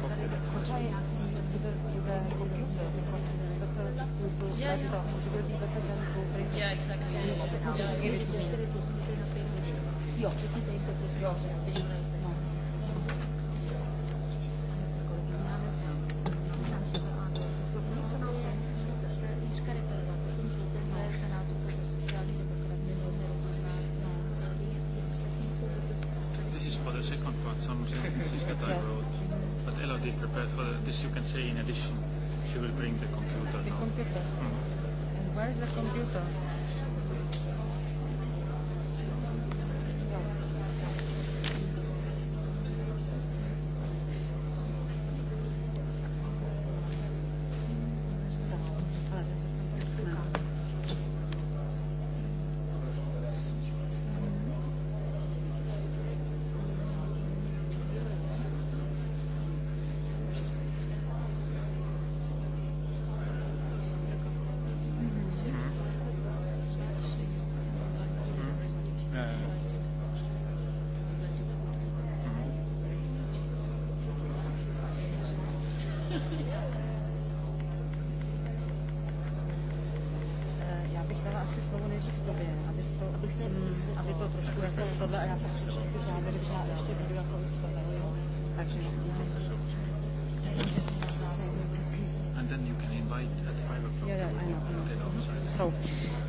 And then you can invite at 5 o'clock. Yeah, yeah, I know. I know. So,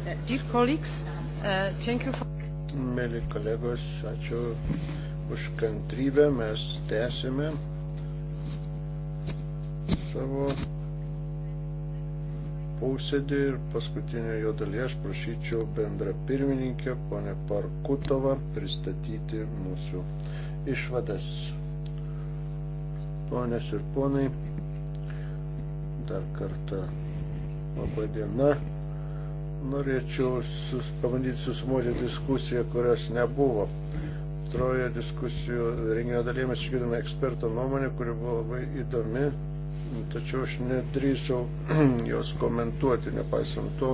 uh, dear colleagues, uh, thank you for... Mėly kolegos, ačiū už kantrybę, mes tęsime savo posėdį ir paskutinio jo dalyje aš prašyčiau bendrą pirmininkę, ponę Parkutovą, pristatyti mūsų išvadas. Ponės ir ponai, dar kartą laba diena. Norėčiau sus, pabandyti susimuoti diskusiją, kurios nebuvo. Troje diskusijų renginio dalyje mes išgirdome eksperto nuomonę, kuri buvo labai įdomi, tačiau aš nedrįsau jos komentuoti, nepaisant to,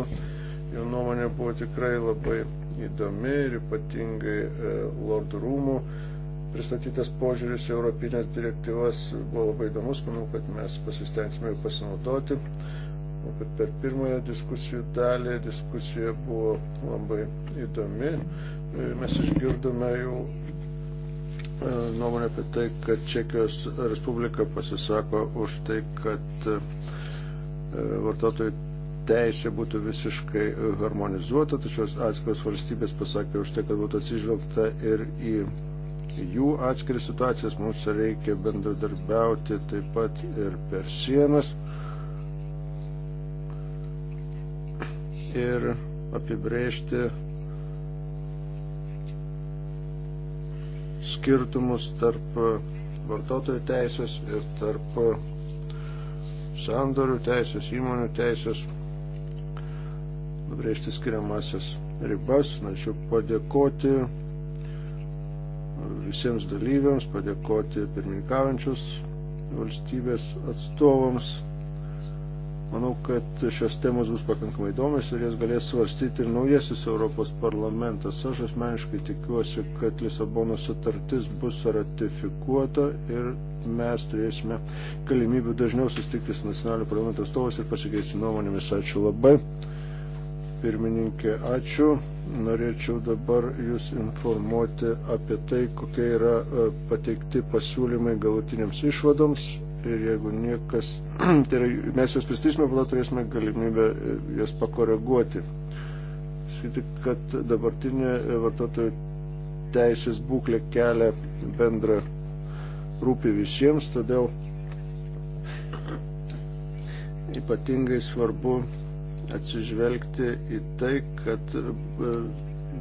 jo nuomonė buvo tikrai labai įdomi ir ypatingai e, Lord Rūmų. E, pristatytas požiūris Europinės direktyvas buvo labai įdomus, manau, kad mes pasistengsime jų pasinaudoti. Bet per pirmąją diskusijų dalį diskusija buvo labai įdomi. Mes išgirdome jau e, nuomonę apie tai, kad Čekijos Respublika pasisako už tai, kad e, vartotojų teisė būtų visiškai harmonizuota, tačiau atskiros valstybės pasakė už tai, kad būtų atsižvelgta ir į jų atskiris situacijas, mums reikia bendradarbiauti taip pat ir per sienas. Ir apibrėžti skirtumus tarp vartotojų teisės ir tarp sandorių teisės, įmonių teisės, nubrėžti skiriamasias ribas. Norėčiau padėkoti visiems dalyviams, padėkoti pirmininkaujančius valstybės atstovams. Manau, kad šios temos bus pakankamai įdomios ir jas galės svarstyti ir naujasis Europos parlamentas. Aš asmeniškai tikiuosi, kad Lisabono sutartis bus ratifikuota ir mes turėsime galimybių dažniau susitikti su nacionaliniu parlamento atstovas ir pasikeisti nuomonėmis. Ačiū labai. Pirmininkė, ačiū norėčiau dabar Jūs informuoti apie tai, kokie yra e, pateikti pasiūlymai galutiniams išvadoms. Ir jeigu niekas, tai yra, mes jas pristysime, tada turėsime galimybę e, jas pakoreguoti. Sakyti, kad dabartinė e, vartotojų teisės būklė kelia bendrą rūpį visiems, todėl ypatingai svarbu atsižvelgti į tai, kad e,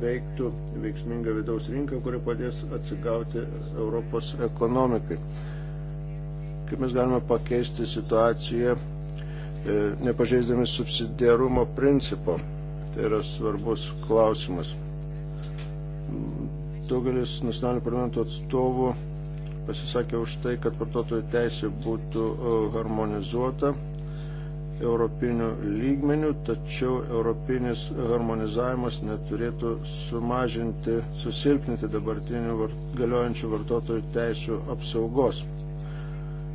veiktų veiksminga vidaus rinka, kuri padės atsigauti Europos ekonomikai. Kaip mes galime pakeisti situaciją, e, nepažeisdami subsidiarumo principo. Tai yra svarbus klausimas. Daugelis nacionalinių parlamento atstovų pasisakė už tai, kad vartotojų teisė būtų e, harmonizuota europiniu lygmeniu, tačiau europinis harmonizavimas neturėtų sumažinti, susilpninti dabartinių var, galiojančių vartotojų teisų apsaugos.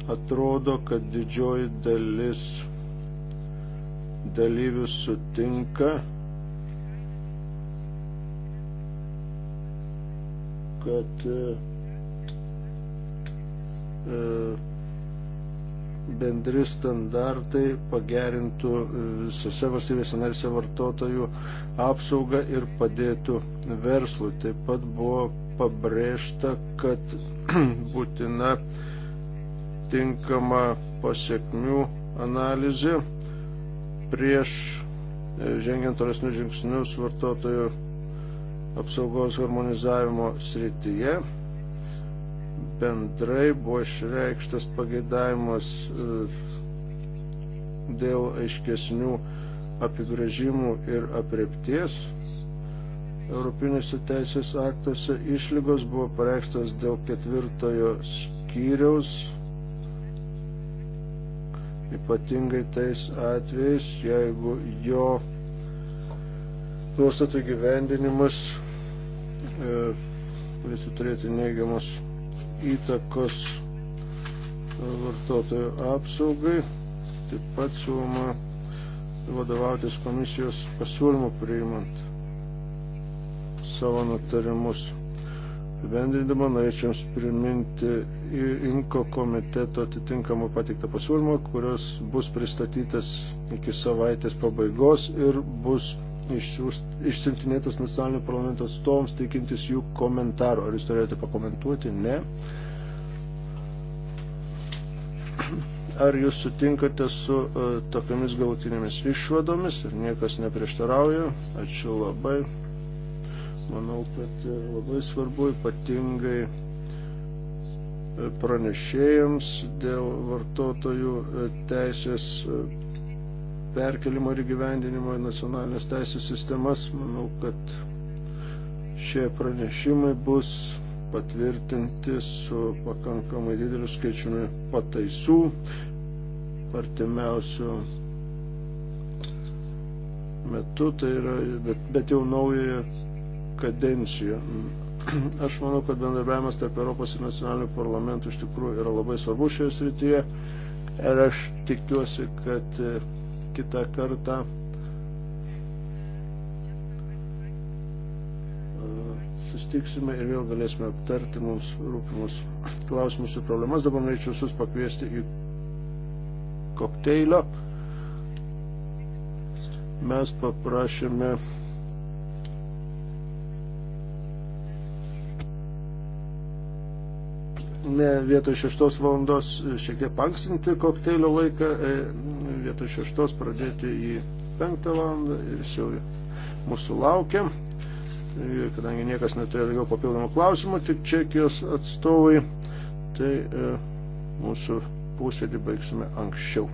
Atrodo, kad didžioji dalis dalyvių sutinka, kad e, e, bendri standartai pagerintų e, visose valstybėse narėse vartotojų apsaugą ir padėtų verslui. Taip pat buvo pabrėžta, kad būtina tinkama pasiekmių analizė prieš e, žengiant tolesnius žingsnius vartotojų apsaugos harmonizavimo srityje bendrai buvo išreikštas pageidavimas e, dėl aiškesnių apibrėžimų ir apriepties. Europinėse teisės aktuose išlygos buvo pareikštas dėl ketvirtojo skyriaus, ypatingai tais atvejais, jeigu jo nuostatų gyvendinimas e, turėtų turėti neigiamas įtakos vartotojų apsaugai. Taip pat siūloma vadovautis komisijos pasiūlymų priimant savo nutarimus. Vendrindama norėčiau Jums priminti į IMKO komiteto atitinkamą pateiktą pasiūlymą, kurios bus pristatytas iki savaitės pabaigos ir bus išsintinėtas nacionalinio parlamento atstovams, teikintis jų komentaro. Ar jūs norėjote pakomentuoti? Ne. Ar jūs sutinkate su uh, e, tokiamis galutinėmis išvadomis ir niekas neprieštarauja? Ačiū labai. Manau, kad e, labai svarbu ypatingai e, pranešėjams dėl vartotojų teisės perkelimo ir gyvendinimo į nacionalinės teisės sistemas. Manau, kad šie pranešimai bus patvirtinti su pakankamai dideliu skaičiumi pataisų artimiausių metu, tai yra, bet, bet jau naujoje kadencijoje aš manau, kad bendarbiavimas tarp Europos ir nacionalinių parlamentų iš tikrųjų yra labai svarbu šioje srityje. Ir aš tikiuosi, kad kitą kartą sustiksime ir vėl galėsime aptarti mums rūpimus klausimus ir problemas. Dabar norėčiau visus pakviesti į kokteilio. Mes paprašėme ne vietoj šeštos valandos e, šiek tiek panksinti kokteilio laiką, e, vietoj šeštos pradėti į penktą valandą ir jis jau mūsų laukia. Ir e, kadangi niekas neturėjo daugiau papildomų klausimų, tik Čekijos atstovai, tai e, mūsų pusėdį baigsime anksčiau.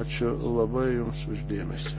Ačiū labai Jums uždėmesi.